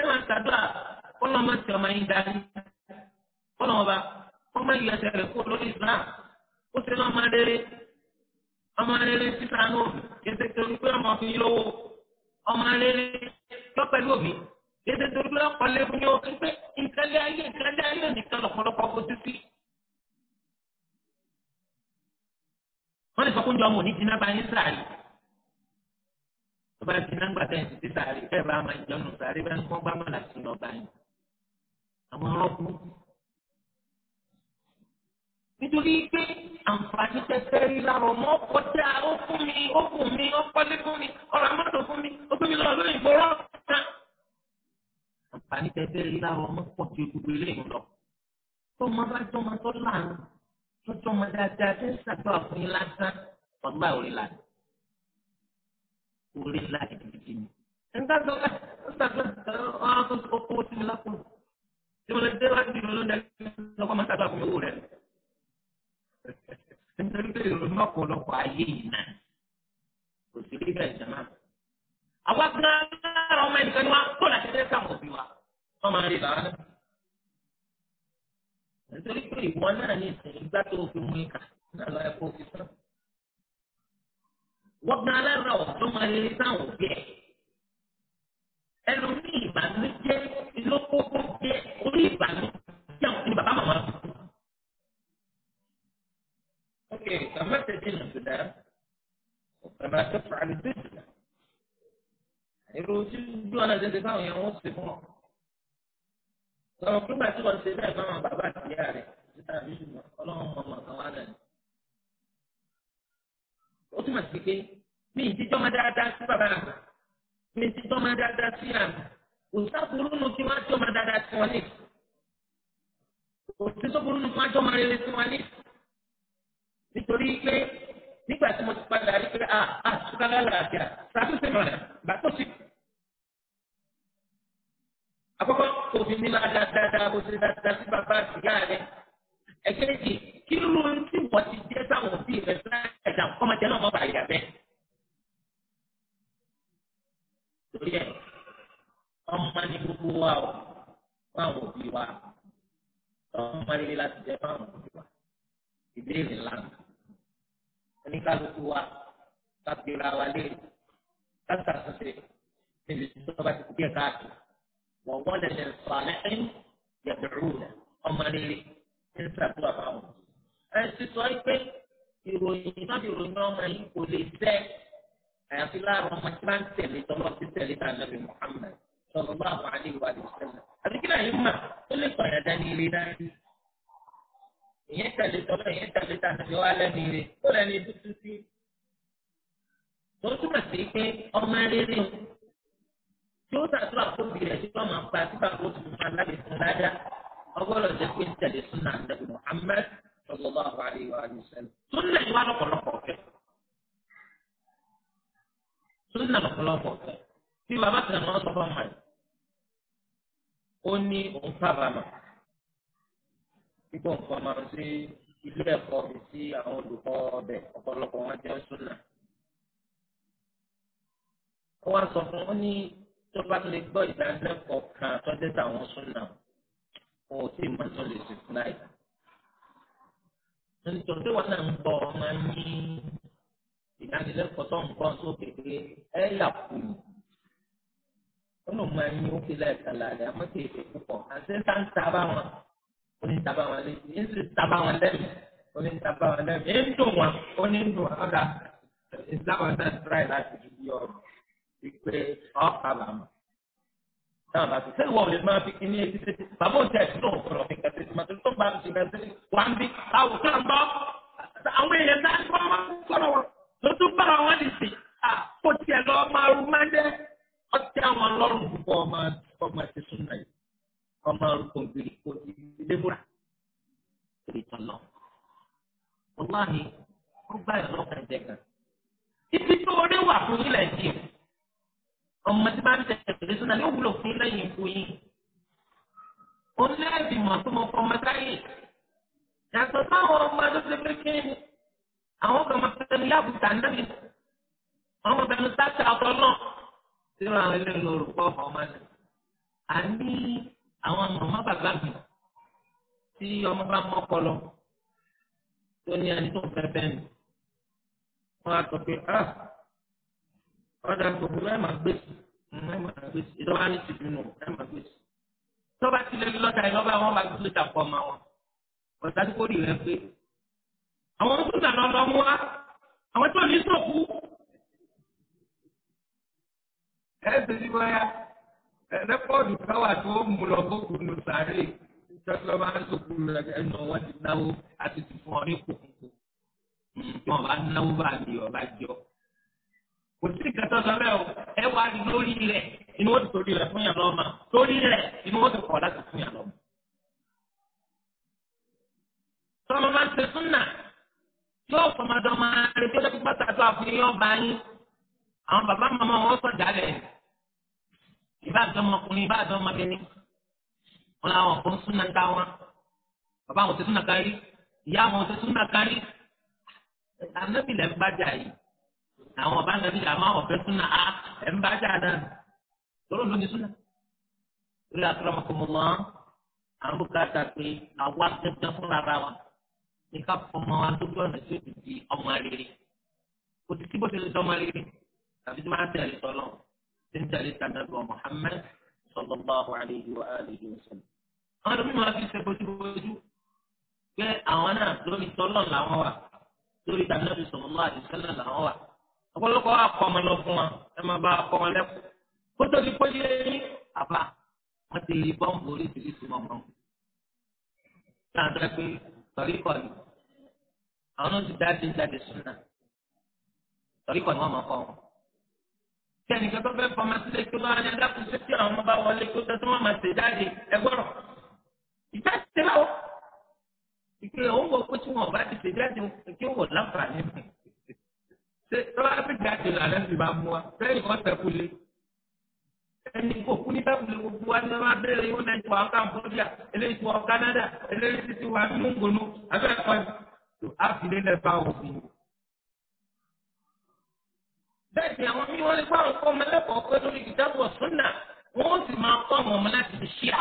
ẹ máa ṣàdúrà kọ́nà ọmọ tí ọmọ yín darí kọ́nà ọba wọ́n máa yọ ẹsẹ̀ rẹ̀ kó lórí Islam ó ṣe ní ọmọ rere ọmọ rere sísá ní òbí kété torí pé ọmọ fi lówó ọmọ rere lọ pẹ̀lú òbí kété torí pé ọkọ̀ lẹ́kùn ní òbí pé nǹkan lé ayé nǹkan ayé nìkan lọ́pọ̀lọpọ̀ fojú sí. wọ́n lè sọ pé oúnjẹ ọmọ ò ní bá yín sáà yìí tó bá ti nọ́mbà tẹ̀ sí sàárì ẹ̀ bá máa jọ nù sàárì bá ń kọ́ bá mọ̀lá sí lọ́ba yìí àwọn ọlọ́kù. nítorí pé àǹfààní tẹ́tẹ́ rí lára ọmọ ọkọ̀ tí a ó fún mi ó fún mi ó kọ́lé fún mi ọ̀rọ̀ amọ́tò fún mi ó fún mi lọ́wọ́ lórí ìgboro kan. àǹfààní tẹ́tẹ́ rí lára ọmọ pọ̀ ju gbogbo eléyìí lọ. tó máa bá tó tó láàánú tó tó dáadáa tẹ́sí àgbà fún yín ọgbà òrìlànà orí ńlá gidigidi ni. nígbà tó ká ṣàgbà ọ̀hún tó tó kó sí mi lápò tí mo lè dé wá sí ìrònú ní ọkọ̀ máa ṣàgbà fún owó rẹ̀. nítorí pé ìrònú ọ̀pọ̀lọpọ̀ ayé yìí náà kò sí rí bẹ́ẹ̀ jẹ́ máa. àwa gan lára ọmọ ẹnìkan ni wá kó láti dé sáwọn òbí wa wọ́n máa rí bàbá náà. nítorí pé ìwọ náà ní ìsìn ìgbà tó fi mú ìkà náà lọ ẹ̀kọ́ òfin wọ́gbọ́n alára ọ̀dọ́ máa lè sáwọn òbí ẹ̀. ẹlòmíì ìbànújẹ́ ìlókókó jẹ́ orí ìbànújẹ́ àwọn ní bàbá màmá. ok kàmá tẹ̀sí nà sódà kàmá tó fàánù tó sódà. èrò tí ojú ọ̀nà tẹ̀sí fáwọn yẹn wọ́n sì fún ọ. sọ̀rọ̀ pé bàtí wọ́n ṣe bẹ́ẹ̀ fáwọn bàbá àti ìyá rẹ̀ títà bí ọlọ́run mọ̀ọ́mọ̀ kan wá náà ó túmọ̀ sí pé mi ì jíjọ́ máa dáadáa sí bàbá àgbà mi ì jíjọ́ máa dáadáa sí àgbà òṣìṣàbùrù nu kí wọ́n á jọ máa dáadáa sí wọn ní òṣìṣàbùrù nu kí wọ́n á jọ máa rere sí wọn ní nítorí pé nígbà tí mo ti padà rí pé a a túká lálàáfíà ṣàtúnṣe mọ̀nà bàtò sí. àkọ́kọ́ òfin nílá dáadáa bó ṣe dáadáa sí bàbá àti ìyá rẹ̀ ẹ̀kẹ́jì kí ló ń tí wọ́n ti jẹ́ sáwọn òbí rẹ̀ sáyẹ̀dá ọmọdé náà má bàa yà bẹ́ẹ̀. torí ẹ ọmọ ní gbogbo wa o fáwọn òbí wa ọmọ nílé láti jẹ fáwọn òbí wa ìbéèrè lánàá oníkálukú wa kápẹ́ra wa lé kásàkásẹ̀ níbi tí wọ́n bá ti kú díẹ̀ káàkiri wọ́n wọ́n lẹ́nu sọ̀rọ̀ ẹ̀ ń yàgbẹ̀rù ọmọ nílé ń sàdúrà fáwọn ẹ ti sọ pé ìròyìn náà ìròyìn ọmọ yìí kò lè tẹ́ àyàfi láàrọ ọmọ tí bá ń tẹ̀lé tọ́lọ́ ti tẹ̀lé tàbí Muhammad sọ̀rọ̀ bá àwọn àdéhùn àdéhùn sẹ́lẹ̀ àti kí náà yìí mà ó lè pààyàn dání ilé dání ìyẹn tẹ̀lé tọ́lọ́ ìyẹn tẹ̀lé tàbí wà lẹ́nu ilé ó lẹ́nu ibi títí tó túmọ̀ sí pé ọmọ rere o tí ó sàtúrà fóbi rẹ̀ tí wọ́n máa pa tí bàbá ó ti máa lábẹ́ ọgbọ́dọ̀ jẹ́ pé ń tẹ̀lé sunnah Muhammad sallallahu alaihi wa sallam. súnà ìwà lọ́pọ̀lọpọ̀ fẹ́. súnà lọ́pọ̀lọpọ̀ fẹ́. bí bàbá kan náà sọ fún mi ó ní òun kábàámà pípọ̀ nǹkan máa ń ṣe ilé ẹ̀kọ́ mi sí àwọn olùkọ́ ọbẹ̀ ọ̀pọ̀lọpọ̀ wọn jẹ́ súnà. ó wá sọ fún ó ní tó bá lè gbọ́ ìdánilẹ́kọ̀ọ́ kan tọ́jú táwọn súnà ó sì máa tó lè sùn láìpẹ́ nítorí pé wọn náà ń bọ ọmọ ní ìdánilẹ́kọ̀ọ́ tó ń bọ̀ sókè pé ẹ yà kù ọlọ́run máa ń ókè láìka láàrin àmọ́ kì í ṣe púpọ̀ àti ń ta ń ta bá wọn ó ní ta bá wọn létí ń sì ta bá wọn lẹ́nu ó ní ta bá wọn lẹ́nu ń dùn wọn ó ní dùn wọn ọ̀dà ìsìláwọ̀ náà tíráì láti fi bí ọ̀rọ̀ wípé ọ̀pá bàmọ́ táwọn bá ti sẹ́yìn wọ́n lè máa fi kíní etí títí bàbá òjì àìsàn náà kọ̀ọ̀rọ̀ fi kàtẹ́ sí màtí tó ń bá mi ṣe kàtẹ́ sí wà ń bí àwọn tá ń bọ́ àwọn èèyàn tá ń bọ́ wọn kọ̀rọ̀ wọn ló tún bá wọn lè sè à kó tiẹ̀ lọ máa ru máa jẹ́ ọtí àwọn ọlọ́run púpọ̀ ọmọ ti sùn náà yìí ọmọ orúkọ ìbílẹ̀ kò ti dé múra torí tán lọ. ọláhìn ó gbá ìlọ́kàn jẹ gan. ibi tó orí wà fún ilẹ̀ jìn ọmọ tí bá ń tẹ̀lé súnà yóò wúlò fún lẹ́yìn ikú yìí. ó lẹ́ẹ̀dì mọ̀ pé mo fọmọ táyè. yàtọ̀ sáwọn ọmọ tó ṣe pé kí ni àwọn kan máa fẹ́ ní àbùtà nábì. wọ́n máa fẹnu sáṣà ọkọ náà. sínú àwọn ilé olórúkọ ọmọ náà. a ní àwọn màmá bàbá mi tí ọmọ bá mọ́ ọpọlọ tó ní ẹni tó fẹ́ bẹ́ẹ̀ ni. wọ́n á sọ pé ah ọ̀dà gbogbo ẹ̀ máa gbèsè ẹ̀ máa gbèsè ìjọba ní ti bínú ẹ̀ máa gbèsè. tọ́ba tilẹ̀ lọ́tà ìlọ́ba wọn máa gbé ìtàkọ́ ọmọ wọn ọ̀tá tí kò rí rẹ pé. àwọn tó dà lọ lọ mú wa àwọn tó ní sọ̀kú. ẹ ṣe ní wáyà rẹ́pọ̀dù káwà tó mú lọ gbókù nù sàárè ìtọ́jú ọba sọ̀kú rẹ ẹnu wọn ti ti náwó kò sí nǹkan tó lọ bẹ́ẹ̀ o ẹ wá rí lórí rẹ̀ inú wọn ti torí rẹ̀ fún yàn lọ́mọ torí rẹ̀ inú wọn ti kọ̀ láti fún yàn lọ́mọ. sọlọ máa ń ṣe súnà yóò fọmọdọ máa rí tó dẹ́kun pátá tó àfúnyé yóò bá yín àwọn bàbá màmá wọn sọ jálẹ̀ ìbá àdọ́mọkùnrin ìbá àdọ́mọbìnrin wọn làwọn kò ń súnà ká wọn bàbá wọn ti súnà kárí ìyá wọn ti súnà kárí ànábìlẹ̀ ń àwọn ọba nàbí àmọ́ àwọn ọ̀fẹ́ súnà á ẹ̀ ń bá jà náà lọ́rọ̀ ló ní súnà. lórí àtúrọ̀mọkùnmọ́ àwọn bùkátà pé àwa gẹ́gẹ́ fúnra ra wa ní ká fọmọ wa tó gbọ́nà tí ó ti di ọmọ rere kò sí bó ti lè tọ́ ọmọ rere tàbí tí wọ́n á tẹ̀lé tọ́lọ́ tí ń tẹ̀lé tàdàbọ̀ Muhammad sallallahu alayhi wa alihi wa sallam. àwọn ọ̀dọ́ mi máa fi ṣe bójúbójú pé àwọn náà lórí tọ́lọ́ làwọn wà lórí tàbí náà fi sọ̀rọ̀ lọ́wọ́ àdìsẹ́lẹ̀ làwọn wà ọ̀pọ̀lọpọ̀ wa kọ́ ọmọ lọ fún wa ẹ máa bá akọ wọn lẹ́kọ̀ọ́ kó tó di pọ́jú ẹyin àbá wọn ti yí bọ́ǹbù oríṣiríṣi wọn mọ́. sáńtà pé tọ́ríkọ̀ ni àwọn náà ti dáadé jáde súnà tọ́ríkọ̀ ni wọ́n máa kọ́ wọn. kí ẹnìkan tó fẹ́ fọmọ sílé kí wọ́n á ní adákùn sí tí àwọn ọmọ bá wọlé kó tó tó wọ́n máa tẹ̀ jáde ẹ gbọ́dọ̀ ìjà ti tẹ̀ báwọ̀ ìpè òun wò pé tí wọn ò bá ti tẹ̀ jáde kí ó wò ṣe tọ́lá fi jáde lànà ti máa mú wa sẹ́yìn kan sẹ́kù lé ẹni kò kú ní sẹ́kù gbogbo wa ní wọ́n bẹ̀rẹ̀ yóò náà ti wà ọ́kà eléyìí ti wà Canada eléyìí ti ti wà nùgbònú abẹ́rẹ́ kan àfìlẹ́ lẹ́ bá wò fún un. bẹ́ẹ̀ ni àwọn mímọ́ ní báwọn kọ́ ọmọ ẹlẹ́kọ̀ọ́ pé lórí ìjábọ̀ súnà wọ́n sì máa kọ́ àwọn ọmọ láti fi ṣíà.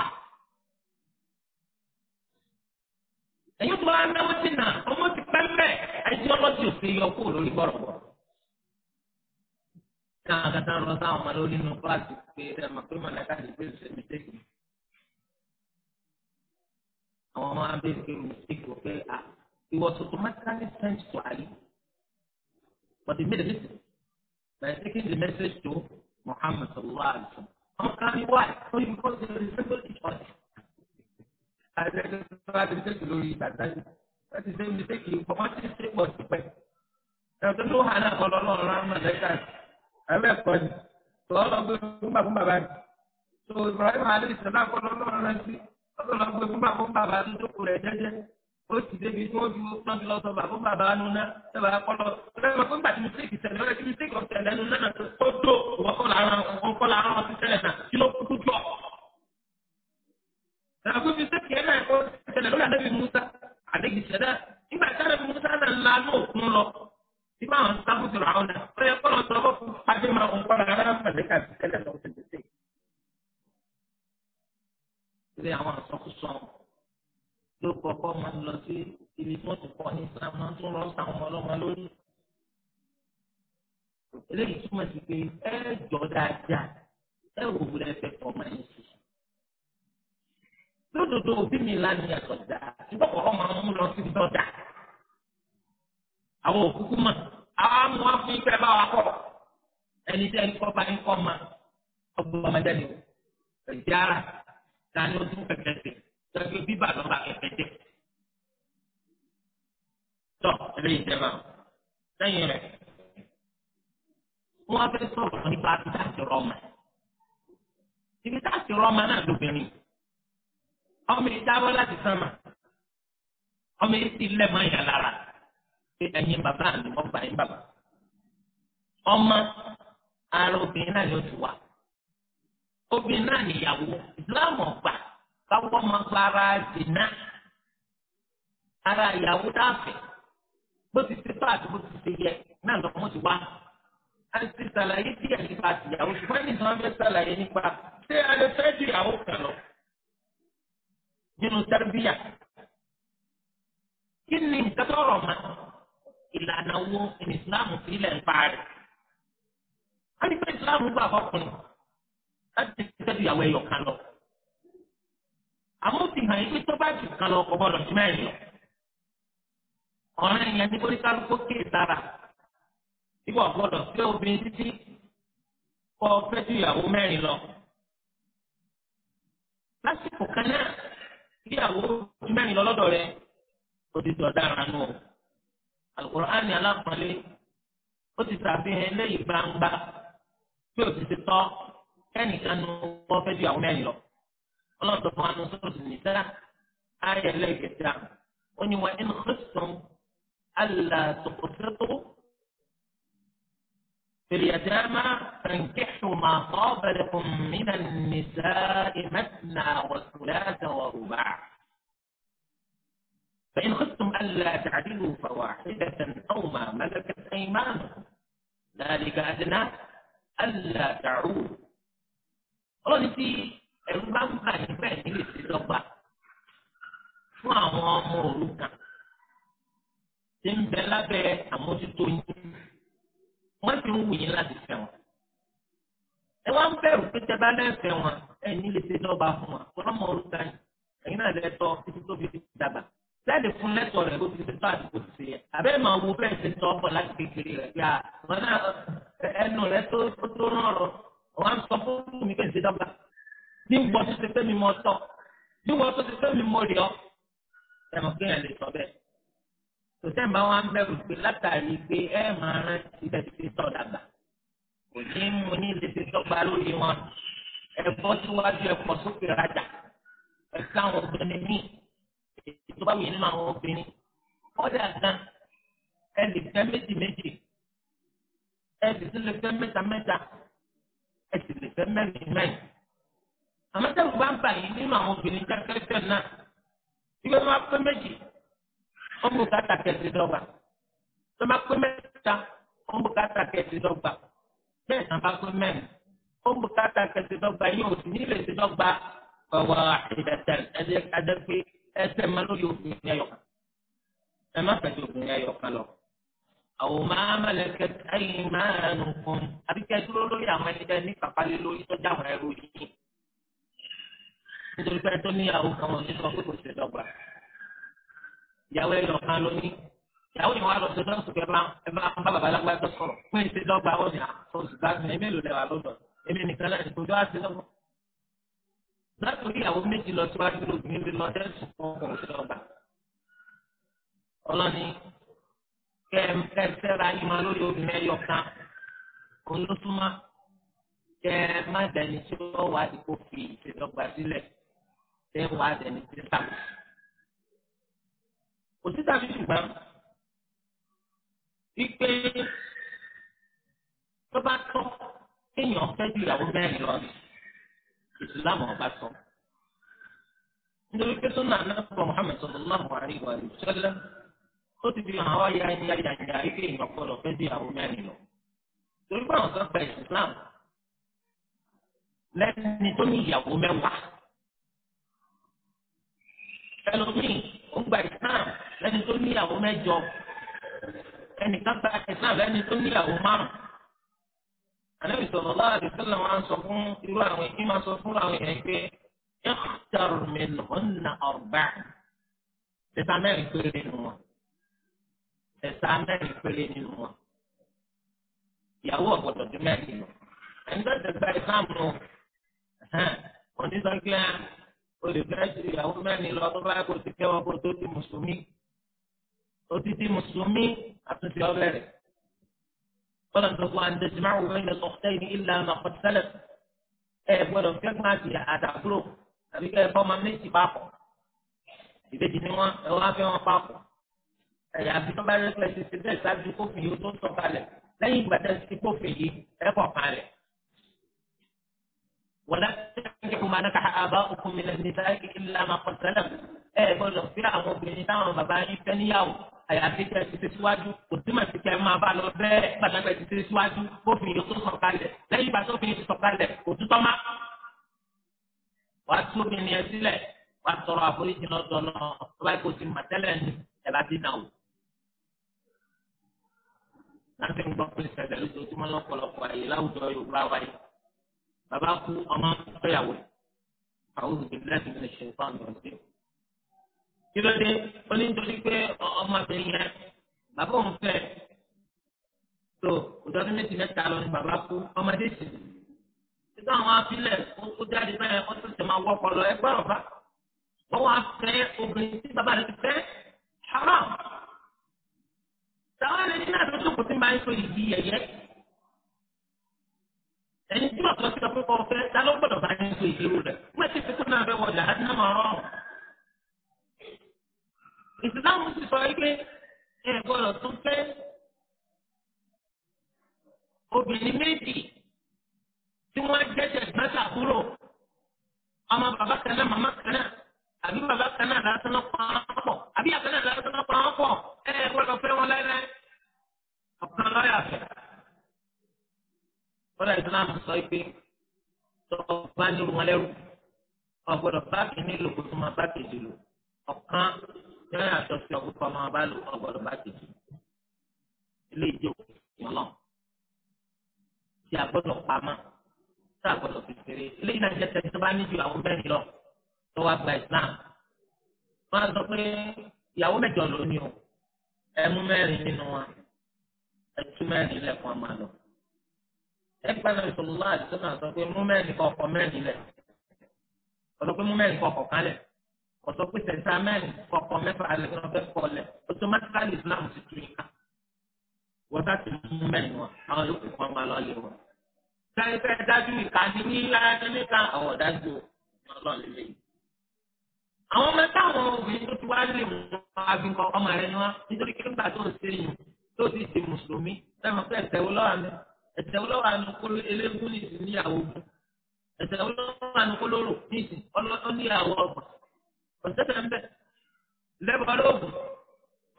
ẹ̀yin tó wá náwó ti nà ọmọ ti pẹ́ mẹ́ àìsí ọlọ́sì òfin yọ kúrò lórí bọ̀rọ̀bọ̀rọ̀ táwọn kan tán lọ sáwọn ọmọ lórí inú kíláàsì pé ẹ mọ̀ pé mọ̀lẹ́ká ti pé ṣe mí tẹ́kì. àwọn ọmọ abẹ́rẹ́ pé mistake wọ pé ah it was automatically sent to Ali but he made a mistake by taking the message to Muhammad sallallahu alaihi wa sallam. ọmọ kan ní why only because they resemble each other. àìsàn tó bá ti tẹ́kì lórí bàtà yìí wọ́n ti ṣe mistake yìí wọ́n ti ṣe pọ̀ sí pẹ́. ẹ̀sùn tó hàn náà kọ́ lọ́lọ́run ẹlẹ́kọ̀ọ́ ni tọ́ lọ gbé fún bàbá bàbá rẹ̀ tó Ibrahim alayhi salam kọ́ lọ́nà rẹ̀ sí ọ̀tọ̀ lọ gbé fún bàbá bàbá tó jókòó rẹ̀ jẹ́jẹ́ ó sì débi tí wọ́n fi tọ́jú lọ sọ bàbá bàbá nuná sábà kọ́lọ́ lẹ́nu fún gbàtí mistake tẹ̀lé ọ̀rẹ́ kí mistake ọ̀ tẹ̀lé nuná náà tó tó ọkọ̀ làárọ̀ ọ̀sìn tẹ̀lẹ̀ náà kí ló kú jọ. Ẹ̀kú mistake yẹn náà kọ́ tẹ̀lé lórí àdébí Musa àdébí sẹ́dá nígbà tí àdébí Musa náà ń la lóòkun lọ tí bá wọn sábà sọ̀rọ̀ àwọn náà ó yẹ kọ́ lọ sọ fún fún fájúmọ́ òun kọ́ lára náà pàdé kàbí tẹ́lẹ̀ lọ sí tètè. ilé àwọn àsọkúsọ ló kọ́kọ́ máa ń lọ sí ibi tí wọ́n ti kọ́ ní islam náà tó ń lọ sí àwọn ọlọ́mọ lórí. eléyìí túmọ̀ sí pé ẹ jọ dáadáa ẹ wò wúlò ẹ fẹ́ fọ́ máa ń sè. lódodo òbí mi lánìí ẹ̀sọ̀ dáa ṣùgbọ́n kọ́ àwọn òkúkú mà àwọn amú wọn fún ìfẹ́ bá wa kọ ẹni tẹ́ ń kọ́ bá ń kọ́ ma ọgbọ́n ọmọdé ni ẹ̀jẹ̀ ara ta ni ó tún kẹ̀kẹ́ sí tọ́jú bíbà lọ́ba kẹ̀kẹ́ jẹ́ tọ́ ẹ̀rẹ́ ìjẹba lẹ́yìn rẹ̀ wọ́n fẹ́ sọ̀rọ̀ nípa àti rọ́mà ibi tá a ti náà lóbìnrin ọmọ ìdáwọ́ láti sánmà ọmọ ìdílé máa yà lára pé ẹ̀yin bàbá mi wọ́n gbà yín bàbá ọmọ ara obìnrin náà ni ó ti wà obìnrin náà nìyàwó ìsìláàmù ọgbà káwọ́ ọmọ gba ara dènà ara ìyàwó dáàfẹ́ bó ti ti tó àti bó ti ti yẹ náà lọ́mọ ti wá a ti ṣàlàyé díẹ̀ nípa àtìyàwó ṣùgbọ́n ní ìsọ̀rọ̀ fẹ́ ṣàlàyé nípa ṣé a lè fẹ́ ju ìyàwó kan lọ nínú tẹ́rbíyà kí ni ìtẹ́tọ̀rọ̀ máa ìlànà wo ní ìsìláàmù fi ilẹ̀ ń parí. a ní pé Islam gbà fọkùnrin láti tẹ́tẹ́ ìyàwó ẹ̀yọ̀ kan lọ. àmọ́ fi hàn yín pé tó bá jù kan lọ kò gbọ́dọ̀ jù mẹ́rin lọ. ọ̀rẹ́ yẹn ní kóríkálukó kéè sára ìwọ gbọ́dọ̀ fẹ́ obìnrin títí kọ́ fẹ́ ju ìyàwó mẹ́rin lọ. lásìkò kan náà ìyàwó mẹ́rin lọ lọ́dọ̀ rẹ̀ òdìdọ̀ dára nù. alukur'ani alákùnrin ó ti sàfihàn eléyìí gbangba bí ó ti ti tọ́ kẹ́nìkan nu wọ́n fẹ́ ju àwọn mẹ́rin lọ ọlọ́dọ̀ fún anu sọ́ọ̀tù nìta ayé ẹlẹ́gẹ̀ta ó ní wọn ẹnu kristian alàtòkòtòtò fìrìyàtàmà fẹ̀ǹkẹ́hù máa kọ́ bẹ̀rẹ̀ fún mi nà nìsa ìmẹ́tìnà wọ̀sùlẹ̀ àtàwọ̀rùbá. فإن خفتم ألا تعدلوا فواحدة أو ما ملكت أيمانكم ذلك أدنى ألا تعودوا قلت ẹ̀rù bá ń bà yín bẹ́ẹ̀ ní lè ṣe dọ́gba fún àwọn ọmọ òrukàn tí ń bẹ lábẹ́ àmójútó yín wọ́n ti ń wù yín láti fẹ́ wọn. ẹ wá ń bẹ̀rù pé tẹ bá lẹ́ẹ̀fẹ́ wọn ẹ̀ ní lè ṣe dọ́gba fún wọn ọlọ́mọ òrukàn yìí ẹ̀yin náà lẹ́tọ́ títí tó fi dàgbà jáde fún lẹ́tọ̀ rẹ̀ lóbi tó àti kò sí ẹ̀. àbẹ́ màá wo bẹ́ẹ̀ ṣe tọ́ ọ̀pọ̀ láti kékeré rẹ̀ yá wọn náà ẹnu rẹ̀ tó tó rán ọ̀rọ̀ wọn á sọ fún mi pé ṣe dọ́gba. bí wọ́n tó ti fẹ́ mi mọ tọ́ bí wọ́n tó ti fẹ́ mi mọ rí ọ́ ẹ̀mọ̀ kí yẹn lè sọ bẹ́ẹ̀. tòtẹ́ bá wọn bẹ̀rù pé látàrí pé ẹ máa rántí bẹ́ẹ̀ ti tọ́ dàgbà. kò ní mo ní lè ti tọ́gba lórí wọn. ẹ̀fọ́ tí wàá tó bá wù yín nínú àwọn obìnrin ọ̀dà gan ẹ lè fẹ́ méjì méjì ẹ sì tún lè fẹ́ mẹ́ta mẹ́ta ẹ sì lè fẹ́ mẹ́rin mẹ́rin àmọ́ tẹ́lẹ̀ bá ń bà yín nínú àwọn obìnrin kẹ́kẹ́kẹ́ náà tí wọ́n máa pé méjì wọ́n bò káta kẹ̀sì dọ́gba wọ́n máa pé mẹ́ta wọ́n bò káta kẹ̀sì dọ́gba bẹ́ẹ̀ náà bá pé mẹ́rin wọ́n bò káta kẹ̀sì dọ́gba yóò sì nílè sí dọ́gba wàwà ìdàtà ẹ̀dẹ́gbẹ́ ẹsẹ̀ máa lórí obìnrin ẹyọkan ẹ má fẹ̀sẹ̀ obìnrin ẹyọkan lọ. àwọn máa mẹlẹkẹ ẹyin máa ẹnu fún abíkẹ́ dúró lórí àwọn ẹni tẹ ní kàpálẹ́ lórí sọ́jà àwọn ẹrú yìí. nítorí pé tó níyàwó kan wọn ní sọ pé kò sí dọ́gba. ìyàwó ẹyọkan ló ní ìyàwó yìí wà lọ sí dọ́sùn pé ẹ bá bá bàbá lágbàdo sọ̀rọ̀ pé ìṣèdọ́gba ó látòrí ìyàwó méjì lọ síwájú lóbìnrin bí lọ́dẹ sùn fún ọkùnrin sí ọgbà. ọlọ́ni kẹ́ẹ̀fẹ́ra yín máa lórí obìnrin ẹyọ kan òun ló súnmọ́ kẹ́ẹ̀ má dẹni tí ó wà dípò fi ìṣèdọ́gba sílẹ̀ tẹ́ wà dẹni tí sàmù. kò sí tàbí ṣùgbọ́n wípé tó bá tọ́ kéèyàn fẹ́ ju ìyàwó mẹ́rin lọ ìsìlámù ọba sọ nítorí pé tó náà náà fọ Muhammad sallallahu alaihi wa sallam ó ti fi hàn wá ya ẹni ayàjà ike èèyàn gbọ́dọ̀ fẹ́ bí àwọn mẹ́rin lọ torí pé àwọn kan gba ìsìlámù lẹ́ni tó ní ìyàwó mẹ́wàá ẹlòmíì ó gba ìsìlámù lẹ́ni tó ní ìyàwó mẹ́jọ ẹnìkan gba ìsìlámù lẹ́ni tó ní ìyàwó márùn anabi sọlọ lọ́wọ́ àti sọlọ máa ń sọ fún irú àwọn èyí máa sọ fún àwọn èèyàn pé ikhtar minhunna arba'a ẹ̀sà mẹ́rin péré nínú wọn ẹ̀sà mẹ́rin péré nínú wọn ìyàwó ọ̀gbọ̀dọ̀ ju mẹ́rin lọ ẹ̀ńdọ́ dẹ̀gbà ìsáàmù onídọ́gbẹ́ olùfẹ́ ju ìyàwó mẹ́rin lọ tó bá kó ti kẹ́wọ́ kó tó di mùsùlùmí ó ti di mùsùlùmí àtúntì ọ̀bẹ̀rẹ̀. فلن تطلع أن تجمعوا بين الأختين إلا ما قد سلف أي أبوال أختك ما في هذا أفلوك إيه، يعني أبي كي يبقى ما منيش يباقوا إذا جنوا أوافي ما باقوا أي أبي كما يقول لك سيدي سابت في يوتون سوكالي لا يبقى تنسي في يبقى فعلي ولا تنجحوا ما نكح آباؤكم من النساء إلا ما قد سلف أي أبوال أختك ما في النساء وما باقي التنياوه àyàfi tẹ ti ṣe síwájú òtúmọ̀ sí kẹ́ máa bá lọ bẹ́ẹ̀ gbàgbà tẹ ti ṣe síwájú bófin yóò tó sọ̀kalẹ̀ lẹ́yìn ìgbà tó fi sọ̀kalẹ̀ òtútọ́ má. wà á tún obìnrin yẹn sílẹ̀ wà á tọrọ àforíjì lọ́dọ̀ náà tó bá kó ti mà tẹ́lẹ̀ ní ẹ̀bá ti nà o. láti ń gbọ́ pé ìṣẹ̀lẹ̀ lójoojúmọ́ lọ́pọ̀lọpọ̀ àyè láwùjọ Yorùbá wa yìí bàbá kú ọmọ kí ló dé ó ní nítorí pé ọmọbìnrin yẹn bàbá òun fẹ́ tó ìdọ́dún méjì mẹ́ta lọ ní bàbá kú ọmọdé sì títí àwọn afílẹ̀ ó jáde bẹ́ẹ̀ ó tún ti máa wọ́pọ̀ lọ ẹgbẹ́ ọ̀fà wọ́n wá fẹ́ obìnrin tí bàbá rẹ̀ ti fẹ́ haram táwọn ẹni náà tó tó kò sí máa ń sọ ìdí yẹ̀yẹ́ ẹni tí wọ́n sọ sí ọkọ̀ fẹ́ ta ló gbọ́dọ̀ bá ń sọ ìdí rẹ̀ wọ́n ti fi kún náà fẹ́ wọ ìsìláàmù sì sọ wípé ẹ gbọ́dọ̀ tún fẹ́ obìnrin méjì tí wọ́n jẹ́jẹ́ gbẹ́sà kúrò ọmọ bàbá kan náà màmá kan náà àbí bàbá kan náà lásán náà pa wọ́n pọ̀ àbí àkan náà lásán náà pa wọ́n pọ̀ ẹ gbọ́dọ̀ fẹ́ wọn lẹ́rẹ́ ọ̀kan lọ́ọ̀yà fẹ́. kọ́lá ìsìláàmù sọ wípé tọ́ bá nílùú wọn lẹ́rù ọ̀gbọ́dọ̀ bá kìíní lò kó tó máa bá kejì lò ọ̀kan tẹ́lẹ̀ àtọ́sí ọkọ̀ ọmọ bá lò wọ́n gbọ́dọ̀ bá kejì ilé ìjókòó ìyọ́lọ̀ tí a gbọ́dọ̀ pamọ́ tí a gbọ́dọ̀ fi ṣeré ilé ìlànà ìjẹsẹ̀ tó bá níjú àwọn mẹ́rin lọ tó wá gba Islam wọ́n á sọ pé ìyàwó mẹ́jọ ló ní o ẹ mú mẹ́rin nínú wa ẹ tú mẹ́rin lẹ́kọ̀ọ́ máa lọ ẹ gbọ́dọ̀ ìṣòro láti sọ pé mú mẹ́rin kọ̀ọ̀kan mẹ́rin lẹ̀ lẹ̀ ọ̀sọ́ pé sẹ̀ńtà mẹ́rin kọ̀ọ̀kọ̀ mẹ́fà alẹ́ kan fẹ́ kọ́lẹ̀ automatically Islam ti tún yín ká wọ́n sá ti mú mẹ́rin wọn àwọn yòókù kan máa lọ lé wọn. sáré fẹ́ dájú ìkàdí nílá níta àwọn ọ̀dájú ọlọ́ọ̀lẹ́ lẹ́yìn. àwọn ọmọ táwọn obìnrin tó ti wá lè mú abinkọ ọmọ rẹ ni wọn nítorí kí nígbà tó ń ṣe yìí tó ti ṣe mùsùlùmí sẹ́wọ̀n pé ẹ̀tẹ̀wó ọ̀sẹ̀sẹ̀ ń bẹ̀ lẹ́bọ̀ lóògùn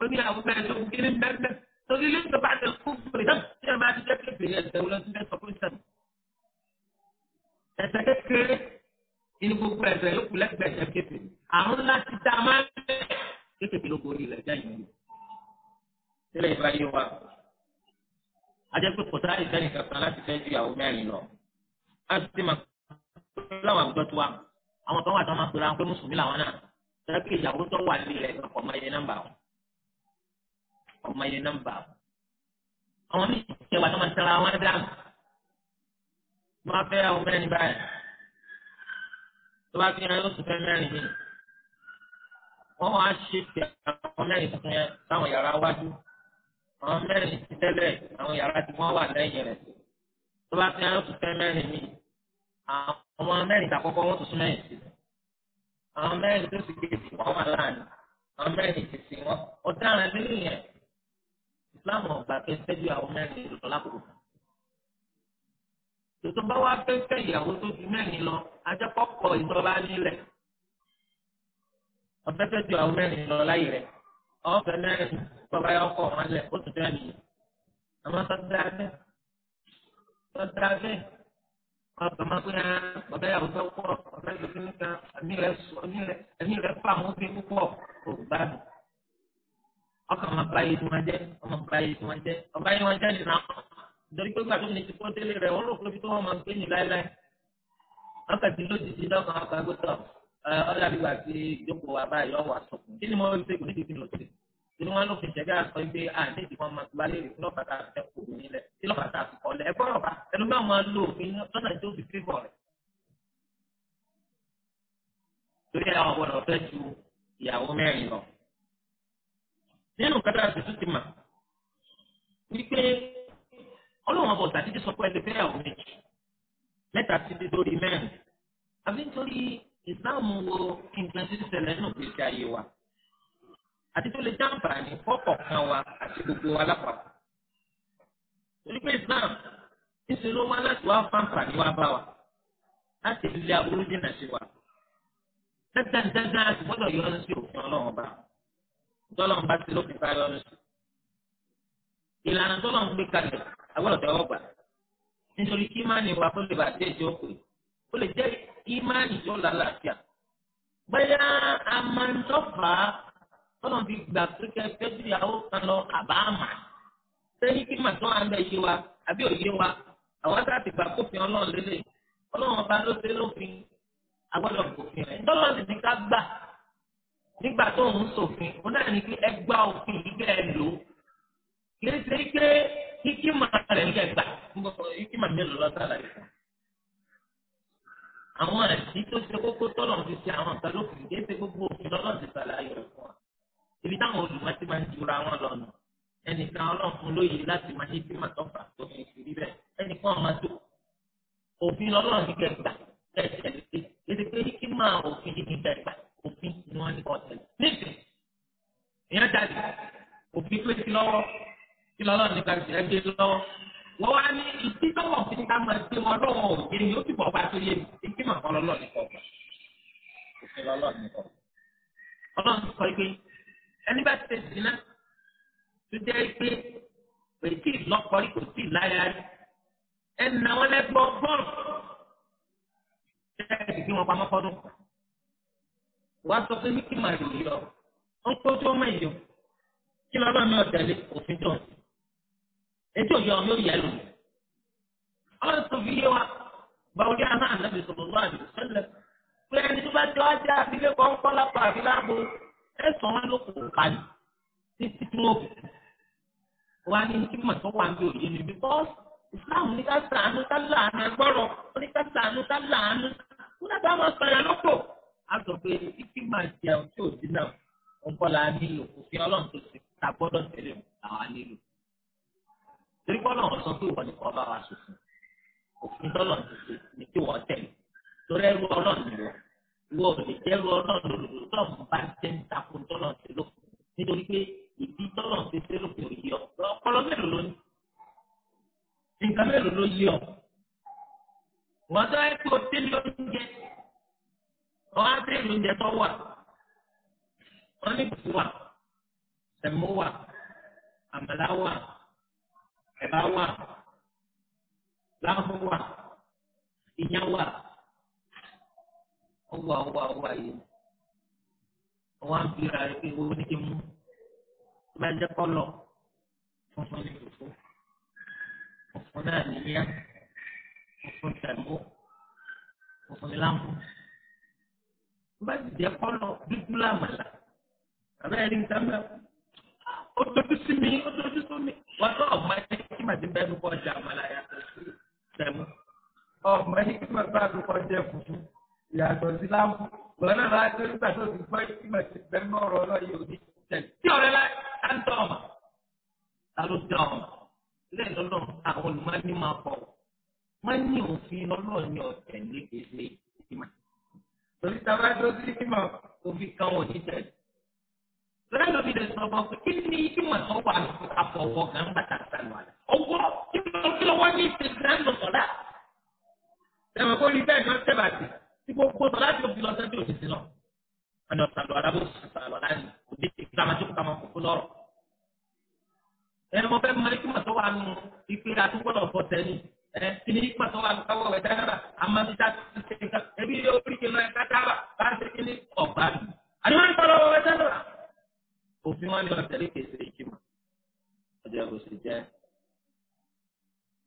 ó ní àwọn bẹ́ẹ̀ lóògùn kí ní bẹ́ẹ̀ bẹ́ẹ̀ torí ilé ìjọba àti ẹ̀kú fèrè náà tí ẹ̀ máa ti jẹ́ kébèrè ẹ̀sẹ̀ wọlé ọdún bẹ́ẹ̀ sọ fún ìsẹ̀mù. ẹ̀sẹ̀ kékeré inú gbogbo ẹ̀sẹ̀ yókù lẹ́gbẹ̀ẹ́ ẹ̀sẹ̀ kébèrè àwọn ńlá ti dá a máa ń bẹ̀ kékeré ló borí rẹ̀ jẹ́ ìlú. sílẹ̀ ìbáyé wa a jẹ́ pé kòtà ìfẹ́ nìkan kan láti fẹ́ ju ìyàwó mẹ́rin lọ. láti ti máa láwọn àwùjọ tó wa àwọn kan wà tó máa pera pé mùsùlùmí làwọn náà tàbí ìyàwó tó wà nílẹ̀ ọmọ yẹn nọ́mbà wọn ọmọ yẹn nọ́mbà wọn. àwọn míì ṣe wà lọ́mọ tẹ́lá wọn dáàmú máa fẹ́ àwọn mẹ́rin báyìí tó bá fi hàn yóò tún fẹ́ mẹ́rin mi. wọ́n wá ṣe fi àwọn mẹ́rin tuntun yẹn sáwọn yàrá wájú àwọn mẹ́rin ti tẹ́lẹ̀ àwọn yàrá tí wọ́n wà lẹ́yìn rẹ̀ tó bá fi hàn yóò tún fẹ́ mẹ́rin mi. àwọn mẹ́rin tàkọ́kọ́ wọ́n tún sún mẹ́rin sí i àwọn mẹ́rin tó sì kéde wọ́n wà láàánú àwọn mẹ́rin ti sìn wọ́n ọ̀daràn lẹ́yìn yẹn islam ọ̀gbà pé sẹ́jú àwọn mẹ́rin lọ lákòókò. tòtò bá wá fẹ́ fẹ́ ìyàwó tó ju mẹ́rin lọ ajẹ́kọ̀ọ́kọ̀ ìjọba nílẹ̀ ọ̀fẹ́ fẹ́ ju àwọn mẹ́rin lọ láyé rẹ̀ ọ̀fẹ́ mẹ́rin bàbá yà ọkọ̀ wọn lẹ̀ ó tún fẹ́ nìyẹn àwọn sọ́dọ̀ abẹ́ sọ́dọ̀ abẹ́ wọn kàn máa pé ọbẹ̀ yàwó fẹ́ pọ̀ ọbẹ̀ yàwó fẹ́ níta ẹ̀mí rẹ̀ fà wọ́n fi púpọ̀ kò gbà mí. ọkàn máa bá yé wọn jẹ́ ọmọ bá yé wọn jẹ́ ọba yé wọn jẹ́ nìyà nítorí pé gbàdúrà ní ti pọ́n délé rẹ̀ wọ́n rò pé bí wọ́n máa ń gbé ní láéláé. ọkàn ti lójijì lọ́kàn ọkàn gbọ́dọ̀ ọ̀làbíwá ti jókòó wa báyìí ọ̀wà sọ̀kùn kí ni mo rí pé kò ní inú wọn ló fi ṣẹ̀dá sọ pé a ní ìdí wọn máa gba léèrè kí lọ́ọ̀bà tá a fẹ́ kó mi nílẹ̀ kí lọ́ọ̀bà tá a fi kọ́lẹ̀ ẹ gbọ́dọ̀ bá ẹnu bá wọn lò òfin lọ́nà tó fi fífọ̀ rẹ̀. torí àwọn gbọ́dọ̀ fẹ́ ju ìyàwó mẹ́rin lọ. nínú kátà tuntun ti mà wípé ọlọ́wọ́n bọ̀ tàbí sọ pé ẹgbẹ́ ìyàwó méjì mẹ́ta ti di lórí mẹ́rin àbí nítorí ìsáàmù wo nǹkan ti ṣẹlẹ̀ àti tó lè jàǹfààní fọ́pọ̀ kan wa àti gbogbo wa lápapọ̀. torí Islam ìṣe ló wá láti wá fáǹfààní wá bá wa láti ilé aburú dènà sí wa. dáadáa dáadáa àti gbọ́dọ̀ yọnu sí òfin ọlọ́run bá tọ́lọ́run bá ti lófin bá yọnu sí. ìlànà tọ́lọ́run gbé kalẹ̀ agbọ́dọ̀ tẹ́wọ́ gbà nítorí kí má ní wa tó lè bàtẹ́ ìjókòó ó lè jẹ́ ìmáàní tó lálàáfíà bóyá amantọ́fà tọ́nà fi gbà pípẹ́ fẹ́jú ìyàwó kan lọ àbáàmà sẹ́yìn kí màtọ́ à ń bẹ̀ yé wa àbí òye wa àwọn sáàtì gbà kófin ọlọ́run lélẹ̀ ọlọ́run ọba ló ṣe lófin agbọ́dọ̀ kófin rẹ̀ tọ́lọ́ sì ní ká gbà nígbà tó ń ṣòfin ó náà ní kí ẹ gbá òfin yìí kẹ́ ẹ lò ó kì í ṣe pé kíkí màá rẹ̀ ní ẹgbà kíkí màá mélòó lọ́sà láyé fún àwọn ẹ̀sìn tó ṣe kókó tọ́lọ̀ ti ṣe àwọn ìtàlófin kì í ṣe gbogbo òfin lọ́lọ́ ti ṣàlàyé rẹ̀ fún wa ibi táwọn olùmọ̀ ti máa ń jura wọn lọ́nà ẹnìkan ọlọ́run fún lóye láti máa ṣe tí màá tọ́fà tó fi fi rí bẹ́ẹ̀ ẹnìkan máa tó òfin ọlọ́run ní kẹgbà kẹsẹ̀ lé kété pé kí máa òfin ní kẹgbà òfin ni wọ́n ní kọ̀ọ̀tẹ̀ níbi ìyẹn jáde òfin pé sí lọ́wọ́ sí lọ́lọ́run ní kàṣẹ ẹgbẹ́ lọ́wọ́ wọ́n wá ní ìdí tọ́wọ́ òfin ká máa gbé wọn lọ́wọ́ òye ni ó ẹni bá ti ṣe náà tó jẹ́ pé kò tí ì lọ́kọ̀ọ́rí kò tí ì láyà rí ẹnì náà wọ́n lẹ́gbọ́ bọ́ọ̀lù ṣẹ́ ẹ̀ sì kí wọ́n pamọ́ fọ́dún. wàá sọ pé mí kí màá lò yọ ó ń kó tó mọ̀ èyí o kí lọ́dọ̀ náà tẹ̀lé òfin tó ń sìn ètò ìyá ọmọ yẹ lò ọ̀rọ̀ tó fi yé wa báwo ni àwọn ànábì sọ̀rọ̀ lọ́wọ́ àdìsọ́lẹ̀ pé ẹni tó bá jọ ajá àbílẹ̀ kan kọ́ lápá àbílẹ̀ àbò ẹ̀sán wọn ló kò parí títí tí wọ́n fi wá ní ìmọ̀ tó wà ní òye ni because Islam ní ká sàánú ká láàánú ẹgbọ́rọ̀ ní ká sàánú ká láàánú kúndà bá wọn sọ̀rọ̀ lọ́pọ̀ a sọ pé kíkí máa jẹun tí ò dín náà ń bọ́ la nílò òfin ọlọ́run tó ti ta gbọ́dọ̀ tẹ̀lé àwa nílò torí bọ́lá wọn sọ pé ìwọ ni kò bá wa sòfin òfin tọ́lọ̀ ti ṣe ni kí wọ́n tẹ̀lé torí ẹrú ọlọ́run ni wọ́n wọ́n ò lè jẹ́rú ọlọ́run lọ́run bá jẹ́ ń takò tọ́lọ̀ sí lò nítorí pé ìdí tọ́lọ̀ sí sí lò kò yí ọ ọpọlọ mélòó ló ní nǹkan mélòó ló yí ọ. wọ́n tọ́ ẹ́ kó délé oúnjẹ wọ́n á délé oúnjẹ tó wà wọ́n ní kùtù wà sẹ̀mú wà àmàlà wà ẹ̀bà wà láhùn wà ìyá wà ọwọ́ ọwọ́ ọwọ́ ayé ọwọ́ à ń fi ra rẹ pé owó ní kí n mú tó bá jẹ́ kọ́ lọ funfun ní fòfó funfun náà níyà funfun tẹ̀gbó funfun ní láǹkó tó bá jẹ́ kọ́ lọ dúdú làmàlà àbẹ́rẹ́ nǹkan bẹ́ẹ̀ ó dojú sí mi ó dojú sí mi wọ́n tó ọ̀gbọ́n ẹni kí màdí bẹ́ẹ̀ ló kọjá àmàlà yàtọ̀ sí tẹ̀gbó ọ̀gbọ́n ẹni kí màdí bẹ́ẹ̀ ló kọjá ẹ̀fúnfún ìyàtọ̀ sí láàmú ìwọ náà láti tó nígbà tó ti gbọ́ ìgbìmọ̀ ti bẹ́ẹ̀ mọ́ ọ̀rọ̀ ọlọ́yẹ òní tẹ̀lé tí ọ̀rẹ́ láì á ń tọ̀ ọ̀mà ta ló dá ọ̀mà ilé ìtọ́nà àwọn olùmọ́ni máa pọ̀ wọ́n ní òfin ọlọ́ọ̀ni ọ̀tẹ̀ ní kéde ìgbìmọ̀ torí tàbá tó sí ìgbìmọ̀ òfin kan wọ̀ ní tẹ̀lé lọ́dọ̀ lóbi ni ìgbìmọ̀ tó wà ní àfọwọ́ gan bàtà sálọ àlẹ́ tí gbogbo sọ láti òbí lọ sẹ́bí òṣìṣẹ́ náà wọn ni ọ̀sán lọ arábò sọ̀rọ̀ lọ láti òbí ti kí káma tó kó káma kókó lọ́rọ̀. ẹnu mo fẹ́ mọ ní kíma tó wà nù ipe àtúgbọ́dọ̀ fọ sẹ́ni ẹ kí ni kíma tó wà nù káwọ́ ẹ̀ dáhàrà amánitá ti ṣe ká ẹbí yóò rí kí lọ́ọ̀ ká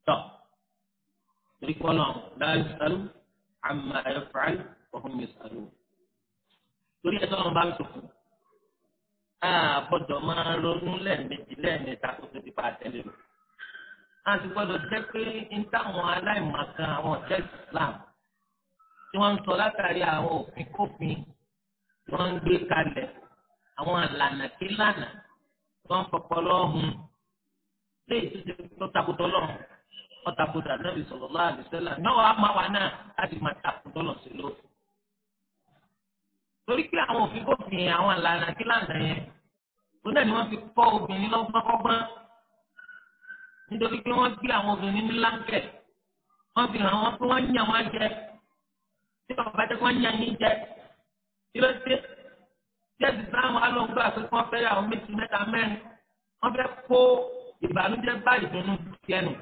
tọ́ torí kọ́ náà láì sálú àmà ẹ̀fọ́n ọ̀hún mi sàlù. torí ẹ̀ tọ́lọ́ bá ń sòkò a gbọ́dọ̀ máa ronú lẹ́ẹ̀mejì lẹ́ẹ̀mẹ́ta kó tó ti pa àtẹ́lẹ̀ lọ. a ti gbọ́dọ̀ jẹ́ pé ń táwọn aláìmọ̀kan àwọn ọ̀jẹ́ Islam tí wọ́n ń sọ látàrí àwọn òfin kófin tí wọ́n ń gbé kalẹ̀ àwọn àlànà kí lànà tí wọ́n fọpọ́ lọ́hùn-ún lè tún tó takùtọ̀ lọ́hùn-ún ọ̀tàkùtà nàbì sallallahu alaihi wasallam náà wàá máa wà náà láti máa takùn tọ́lọ̀ sí ló. torí pé àwọn òfin kò fi àwọn àlànà kí lànà yẹn ó náà ni wọ́n fi kọ́ obìnrin lọ́gbọ́ngbọ́n nítorí pé wọ́n gbé àwọn obìnrin ní láńkẹ̀ wọ́n fi hàn wọ́n pé wọ́n yàn wọ́n jẹ tí bàbá jẹ́ wọ́n yàn yín jẹ tí ló dé tí ẹ̀sìn sáwọn alóńgbò àti wọ́n fẹ́ yà wọ́n méjì mẹ́ta mẹ́rin wọ́n fẹ́ kó ìbànújẹ́ bá ìdùnnú tiẹ̀ nù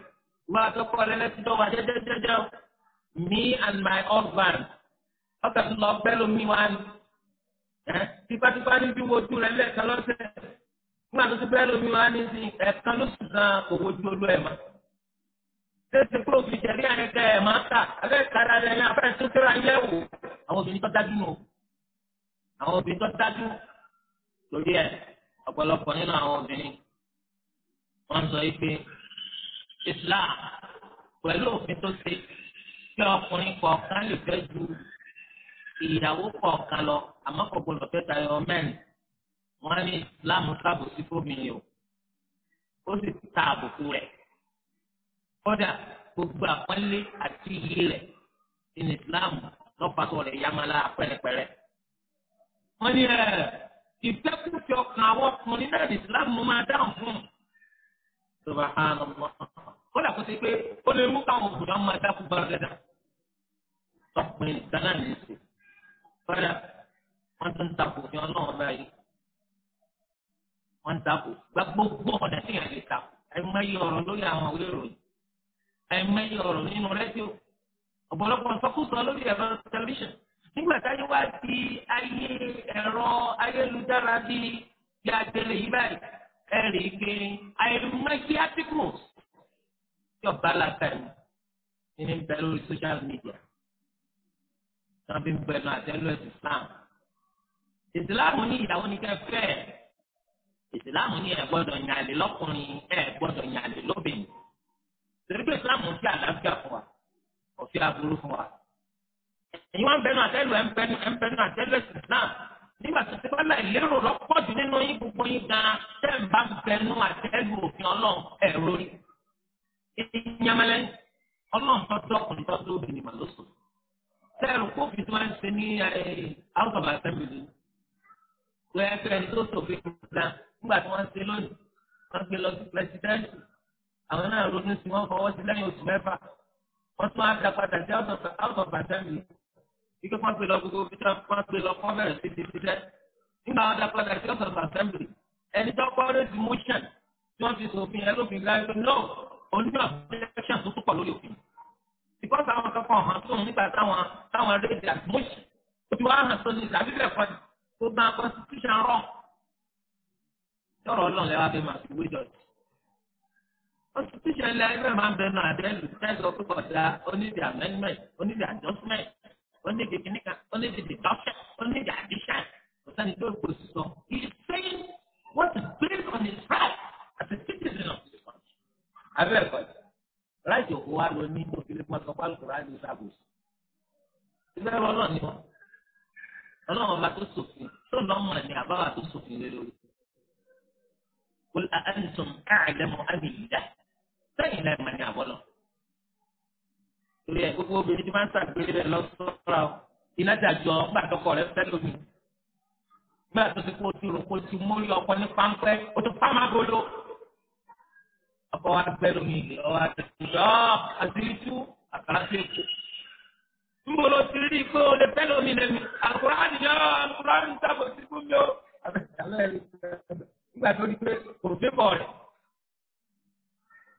máa tọkọ rẹ lẹ́sìn tó jẹ́jẹ́jẹ́jẹ́ me and my husband ọkàn tó lọ bẹ́ẹ̀ lómi wá ní tipátipá ní bí wojú rẹ lẹ́ẹ̀kan lọ́sẹ̀ nígbà tó ti bẹ́ẹ̀ lómi wá ní sí ẹ̀ẹ̀kan lóṣù gan kò wojú olú ẹ̀ mọ́ tẹsí kúrò fi jẹrí àyè kẹ ẹ máa kà abẹ kára rẹ ní abẹ sotera yẹ wò àwọn obìnrin tó dájú nù àwọn obìnrin tó dájú lórí ẹ ọ̀pọ̀lọpọ̀ nínú àwọn obìnrin wọn sọ yìí pé Islam pẹ̀lú òfin tó ṣe kí ọkùnrin kọ̀ọ̀kan lè fẹ́ ju ìyàwó kọ̀ọ̀kan lọ àmọ́ kò gbọdọ̀ fẹ́ tayọ mẹ́rin wọ́n ní Islam sábòsí fómìnì o ó sì ta àbùkù rẹ̀ kódà gbogbo àpọ́nlé àti iyì rẹ̀ ní Islam lọ́pàṣọ rẹ̀ yamala pẹ̀lẹ́pẹ̀lẹ́ wọ́n ní ẹ̀ ìfẹ́kùfẹ́ ọkàn àwọn ọkùnrin náà ní Islam máa dáhùn fún un. subhanallah kódà kó ti pé ó lè mú káwọn òkùnrin ọmọ dákú bá gẹ́dà ọkùnrin gánà ní ìsìn kódà wọ́n tún ń takò ní ọlọ́run báyìí wọ́n ń takò gba gbogbo ọ̀nà tí yàrá lè ta àìmọye ọ̀rọ̀ lórí àwọn òwe ìròyìn àìmọye ọ̀rọ̀ nínú rédíò ọ̀pọ̀lọpọ̀ sọkúsọ lórí ẹ̀rọ tẹlifíṣàn nígbà táyé wá di ayé ẹ̀rọ ayélujára bíi yàtẹ̀lẹ̀ yìí báyìí ẹ̀rì gbé àìmọye articles tí ọba làkà yìí ní bẹ lórí social media náà fi ń bẹnu àtẹlù ẹsẹ islam ìsìláàmù ní ìyàwó ní kẹfẹ ìsìláàmù ní ẹ gbọ́dọ̀ nyàlè lọ́kùnrin ẹ gbọ́dọ̀ nyàlè lóbìnrin torí pé ìsìláàmù ń fi àlàáfíà fún wa kò fi aburú fún wa èyí wọn bẹnu àtẹlù ẹ ń bẹnu ẹ ń bẹnu àtẹlù ẹsẹ islam nígbà tó ti bá láì lérò lọ́pọ̀ jù nínú yín gbogbo yín gan-an tẹ́ bá bẹnu àtẹ́lù òfin ọlọ́run ẹ̀rọ rí ìyàmẹlẹ ọlọ́run tọ́jú ọkùnrin tọ́jú obìnrin mà ló sọ sẹ́ẹ̀rù kófin tí wọ́n ń ṣe ní house of assembly tó yẹ kí ẹni tó sòfin kúta nígbà tí wọ́n ń ṣe lónìí wọ́n gbé lọ sí president àwọn náà ronú sí wọ́n fọwọ́ sí lẹ́yìn oṣù mẹ́fà wọ́n tún á da padà sí house of assembly ike kó gbé lọ gbogbo fíjọ kó gbé lọ kó bẹ̀rẹ̀ sí ti fíjẹ́ nígbà wọn da padà sí house of assembly ẹni tó kọ́ ló ti motion tí wọ́n fi sòfin ẹ lófin láì tó náà onígbà protection tó púpọ̀ lórí òfin because àwọn kankan hàn tó ń nípa táwọn táwọn rédíò àtúnṣe ojú wa hàn tó ní ìsàbílẹ̀ kan tó bá constitution rọ̀ tọrọ ọlọ́run lẹ́wọ́ abẹ́ máa fi wé dọ̀tí constitution ilẹ̀ ẹgbẹ́ máa ń bẹnu àdẹ́lù tẹ́sán púpọ̀ dá onídìí amendment onídìí adjustment onídìí kìnnìkan onídìí deduction onídìí addition ọ̀sán ìgbẹ́ òkú sísọ he is saying what is based on his right as a citizen of the abẹ́ẹ̀kọ́ ráìtì òkú wa ló ní òkèlè pọ́n sọ pálukù ráìtì sàbòsì ìgbẹ́ wọn náà ni wọn ọlọ́run ọba tó sòfin tó lọ́mọ ni àbáwá tó sòfin lé lórí. قل أأنتم أعلم أم الله sẹ́yìn lẹ́yìn mọ̀ ní àbọ̀lọ̀. torí ẹ gbogbo obìnrin tí máa ń sàgbére rẹ lọ́sọ̀rọ̀ ọ iná dàjọ́ gbàdọ́kọ rẹ fẹ́ lómi. gbàdọ́ kó o ti rò kó o ti mórí ọkọ ní páńpẹ́ o ti pa máa ọkọ wa gbẹ lómi ìlẹ ọwọ àtẹkù yọ àtìrìtù àtàlàtìrìtù nbọ ló ti rí i pé o lè fẹ lómi lẹmi àkùránì yọ àkùránì sábò sí fún mi o ani, tó di pé kò dé bọ̀ rẹ̀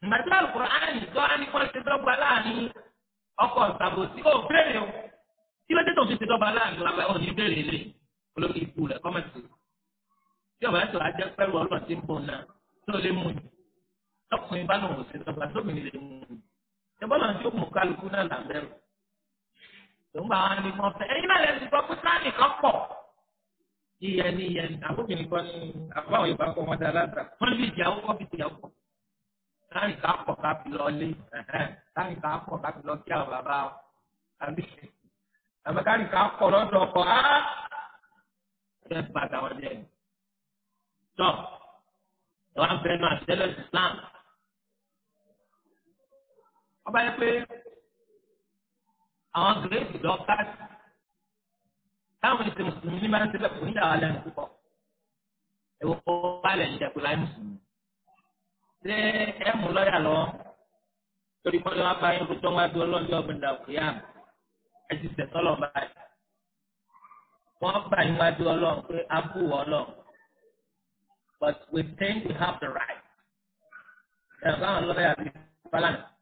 màtí àkùránì tó á ní kọ́ńtì dọ́gba láàrin ọkọ̀ sábò sí o béèrè o tí wọ́n tètè òfin ti dọ́gba láàrin ọ̀la ọ̀ ní béèrè lè olórí ikú rẹ̀ kọ́mẹ̀tì tí ọ̀bá tó a jẹ́ pẹ́rù ọlọ́ọ̀tì ń bọ̀ náà tó lè mú yìí tọkùnrin bá lòun ò sí dọ́gba tómìnì lè mú un ṣe bọ́lá tí ó mú kálukú náà là ń bẹ̀rù tòun bá wọn ni wọn fẹ́ ẹ̀yin náà lẹ́nu gbọ́ pé sáà nìkan pọ̀ ìyẹn ni ìyẹn ni àbóbìnrin kan ní àbáwọn ìbá kọ́ wọn dára dà wọ́n lè jẹ́ àwọn kọ́bí jẹ́ ọkọ̀ sáà nìkan pọ̀ kábí lọ lé sáà nìkan pọ̀ kábí lọ kí àwọn bàbá àbí àbẹ̀ká nìkan pọ̀ lọ́dọ̀ ọkọ̀ á ẹ̀ bàtà wọn jẹ́ fẹ́ẹ́ máa tẹ́lẹ̀ Islam wọ́n bá yẹ pé àwọn gírèdì dọ́kítàsì táwọn ètò mùsùlùmí ní máa ń síbẹ̀ kò ní dàwọn lẹ́nu púpọ̀ ẹ̀wọ̀n kó balẹ̀ ní ìdẹ́kùn láì mùsùlùmí. ṣé ẹ mú lọ́ọ̀yà lọ torí kọ́ ló wá bá yín rújọ́ wá bí ọlọ́ọ̀dẹ́ ọ̀gbìn dàkúyà ẹ ti tẹ̀ sọ́lọ̀ báyìí. wọ́n bá yín wá bí ọlọ́ọ̀ pé abú ọlọ́ọ̀ but we think we have the right. ẹ̀rọ báwọn lọ́ọ̀yà bíi balance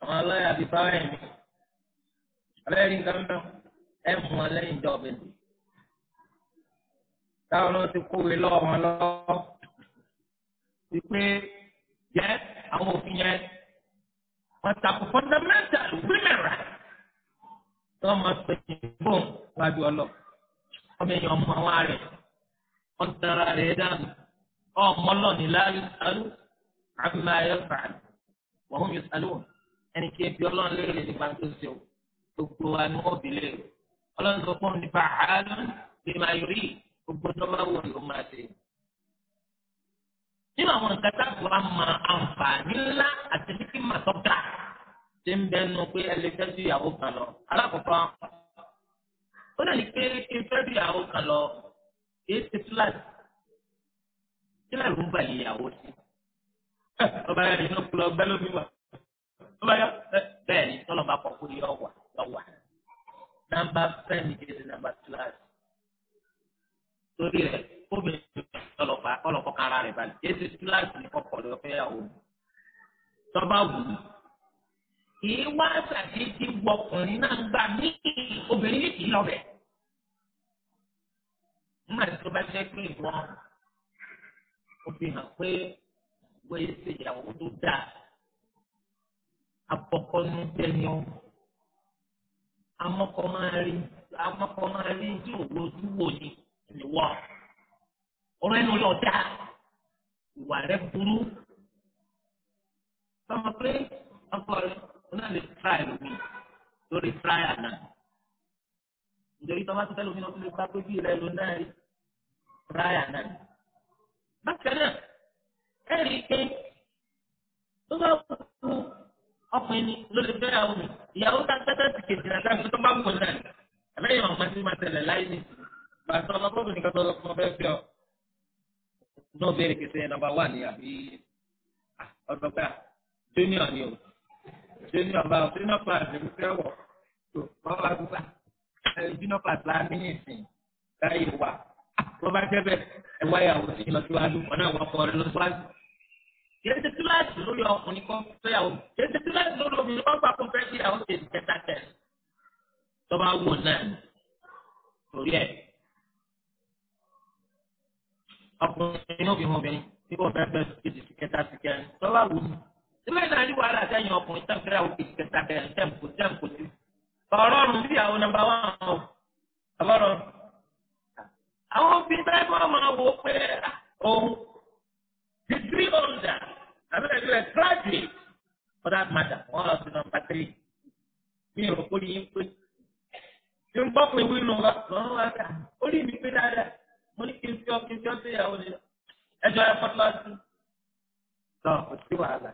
àwọn aláya ti fáwọn ẹ̀mí abẹ́rẹ́ nǹkan mọ́ ẹ̀ mú wọn lẹ́yìn ìjọba ẹ̀dùn táwọn náà ti kówé lọ́wọ́ lọ́wọ́ ti pé jẹ́ àwọn òfin yẹn wọ́n takò fundamental women right tó máa pè é bóun wájú ọlọ ọmọ èèyàn ọmọ àwọn ààrẹ wọn tara rẹ dànù ọmọ ọlọ́ọ̀ni láàrú àmì máa yẹ fàánù wọ́n mú mi sálúwọ̀n ẹni tí ebi ọlọ́run léèrè nípa tó ṣe o gbogbo wa ni wọ́n bi léèrè ọlọ́run sọ fún mi nípa àánú bí máa rí gbogbo tó bá wù ló máa ṣe. nínú àwọn nǹkan tá a fọ àmà àǹfààní ńlá àti fífi mà tó ga ṣe ń bẹnu pé ẹ lè fẹ́ ju ìyàwó kan lọ alákọ̀ọ́kọ́ ó dàbí pé kí n fẹ́ ju ìyàwó kan lọ kì ṣe fúláṣí kí láì rúbà ìyàwó sí. ọba yẹn ní tó bá yá bẹ́ẹ̀ ni tọ́lọ̀ bá kọ̀ kúrò yọ wà yọ wà. nàmbà fẹ́ẹ̀mì jẹ́sẹ̀ nàmbà kíláàsì. torí rẹ̀ obìnrin ọlọ́pàá ọlọ́pàá kan ara rẹ̀ balẹ̀ jẹ́sẹ̀ kíláàsì ní kọ̀kọ̀ lọ fẹ́ yàwó mi. tọ́ba wù mí. kì í wá sàdéjì wọ ọkùnrin náà gbà mí obìnrin ní kì í lọ bẹ̀. nígbà tó bá jẹ́ pé ìwọ obìnrin pé wọ́n yé abọ́kọ́nú tẹ́ni ọ́ amọ́kọ́ máa rí amọ́kọ́ máa tí òwò túwò ni ìwọ ọ̀rọ̀ ẹnu lọ dá ìwà rẹ burú sọmọ pé ọkọ rẹ náà lè tíráì lómi lórí tíráì àná nítorí tọ́ba tó fẹ́ lómi náà tó lè gba pé bí rẹ ló náà rí tíráì àná bákan náà ẹ̀rí pé tó bá wù ú ọkùnrin ni ló lè fẹ́ àwọn mi ìyàwó tá a tẹ́tẹ́ ti kejì náà káàkiri tó bá ń kó náà ni àbẹ́yẹ̀ ọmọ tí ma tẹ̀lẹ̀ láyé ni bàtà ọmọ bọ́ọ̀lù nìkan tó lọ́kọ́ fẹ́ fi ọ. náà béèrè kìsẹ́ yẹn nọ́mbà wà ní àbí ọ̀dọ́gbà junior ni o junior bá junior pass ní fẹ́ wọ̀ wọ́n wá gbà junior pass la ní ìsìn káyé wà wọ́n bá jẹ́ bẹ́ẹ̀ ẹ̀ wáyà kìí ṣe kíláàsì lórí ọkùnrin kan fẹ́yàwó kìí ṣe kíláàsì lórí obìnrin kan gbà fún fẹ́ẹ́ fẹ́yàwó kìí ṣe kẹta tẹ̀ tọ́ba wò náà torí ẹ̀ ọkùnrin ní obìnrin obìnrin tí wọ́n fẹ́ fẹ́ kìí ṣe kẹta sí kẹrin tọ́ba wò ní. síbẹ̀ náà ní wàhálà sẹ́yìn ọkùnrin tán fẹ́yàwó kìí ṣe kẹta kẹrin tẹ̀ kò tẹ̀ kò sí. ọ̀rọ̀ ọ̀run sí àwọn nàmbà wà àwọn àwọn obìnrin bẹ́ẹ̀ máa wò pé ah, òun dìgírí ọ̀dà àbẹ̀rẹ̀ ìlú ẹ̀ graduate for that matter wọ́n lọ sí nọmba three mi ò kó ní pé tí n bọ́ pé wí nù wá lọ́wọ́ wá dà ó lè mí pé dáadáa mo ní kí n fi ọ kí n fi ọ sí ìyàwó ni ẹjọ́ ẹ fọ́tọ́ sí lọ kò sí wàhálà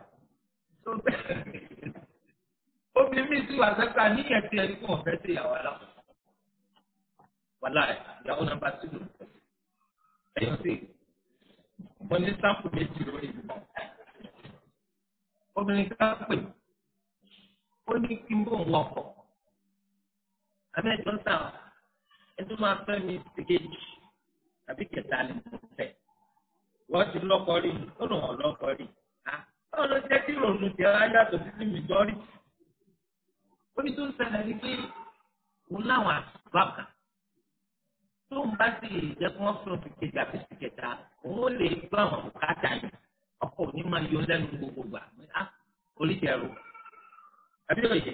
obìnrin mi sí wàhálà ká níyẹn ti ẹni kó ọ̀fẹ́ sí ìyàwó àlọ́ wàhálà ìyàwó nọmba two ẹ̀yọ́ sí mo ní sáǹpù méjì lórí ìbọn obìnrin kan pè ó ní kí n bò ń wọkọ̀ àbí ẹjọ́ ń tàn ẹjọ́ máa fẹ́ mi sí kejì àbí kẹta lè mú fẹ́ wọ́n ti lọ́kọ̀ rí ó lò wọ́n lọ́kọ̀ rí báwo ló jẹ́ kí ròònù tẹ̀ ọ́ yàtọ̀ títí mi dọ́rí ó ní tó ń ṣẹlẹ̀ ní pé òun láwọn àtúbà tó ń bá sì jẹ́ kí wọ́n fún un sí àbí sí òun ó lè gbọ́ àwọn bùkátà yìí ọkọ òní máa yọ lẹ́nu gbogbo gbà á ah, oríṣi ẹ̀rọ àbí òye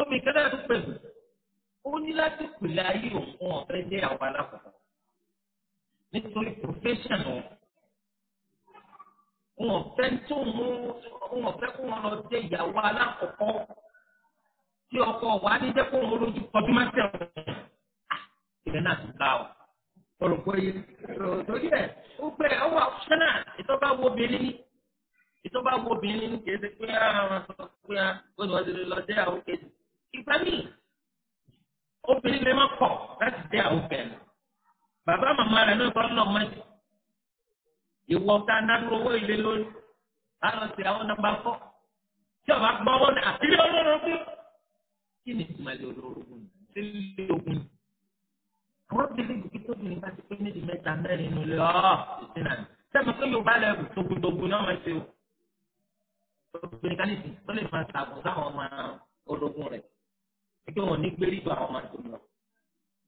omi kẹ́lá tó pẹ̀lú ó ní láti pèlè ayé òun ọ̀fẹ́ jẹ́ àwọn alákọ̀ọ́ nítorí profession wọn wọn ọ̀fẹ́ tó mú wọn ọ̀fẹ́ kó wọn lọ jẹ́ ìyàwó alákọ̀ọ́ tí ọkọ wa ní jẹ́ kó wọn lójú kọjú máa tẹ̀ wọ́n ah, ìrẹ́ ti bá wọn ọ̀rọ̀pọ̀ yìí torí ẹ̀ ó pẹ́ ọwọ́ ṣẹ́nà ìtọ́ba wo obìnrin ní ìtọ́ba wo obìnrin ní kì í ṣe pé ara wọn sọ pé ó ní wọ́n ti lọ dé àwọn kejì ìgbà míì obìnrin lè má kọ̀ láti dé àwọn bẹ̀rẹ̀ bàbá màmá rẹ̀ náà gbọ́dọ̀ mọ̀ jù ìwọ ta nádúró owó ilé lórí á lọ sí àwọn nàmbà fọ́ tí ọba gbọ́ wọn àti ilé olórogún kí ni ìtumọ̀ ilé olórogún sílé ogun yìí àwọn bìlì bìkì tó bìlì bá ti pé ní di mẹ́ta mẹ́rin nù lọ títí náà sẹ́mi pé yorùbá lẹ́wù tókùtókù náà máa ṣe o obìnrin kan nìsín tó lè máa ṣàbùn sáwọn ọmọ ológun rẹ̀ pé wọn ní gbérí ju àwọn ọmọ tó lọ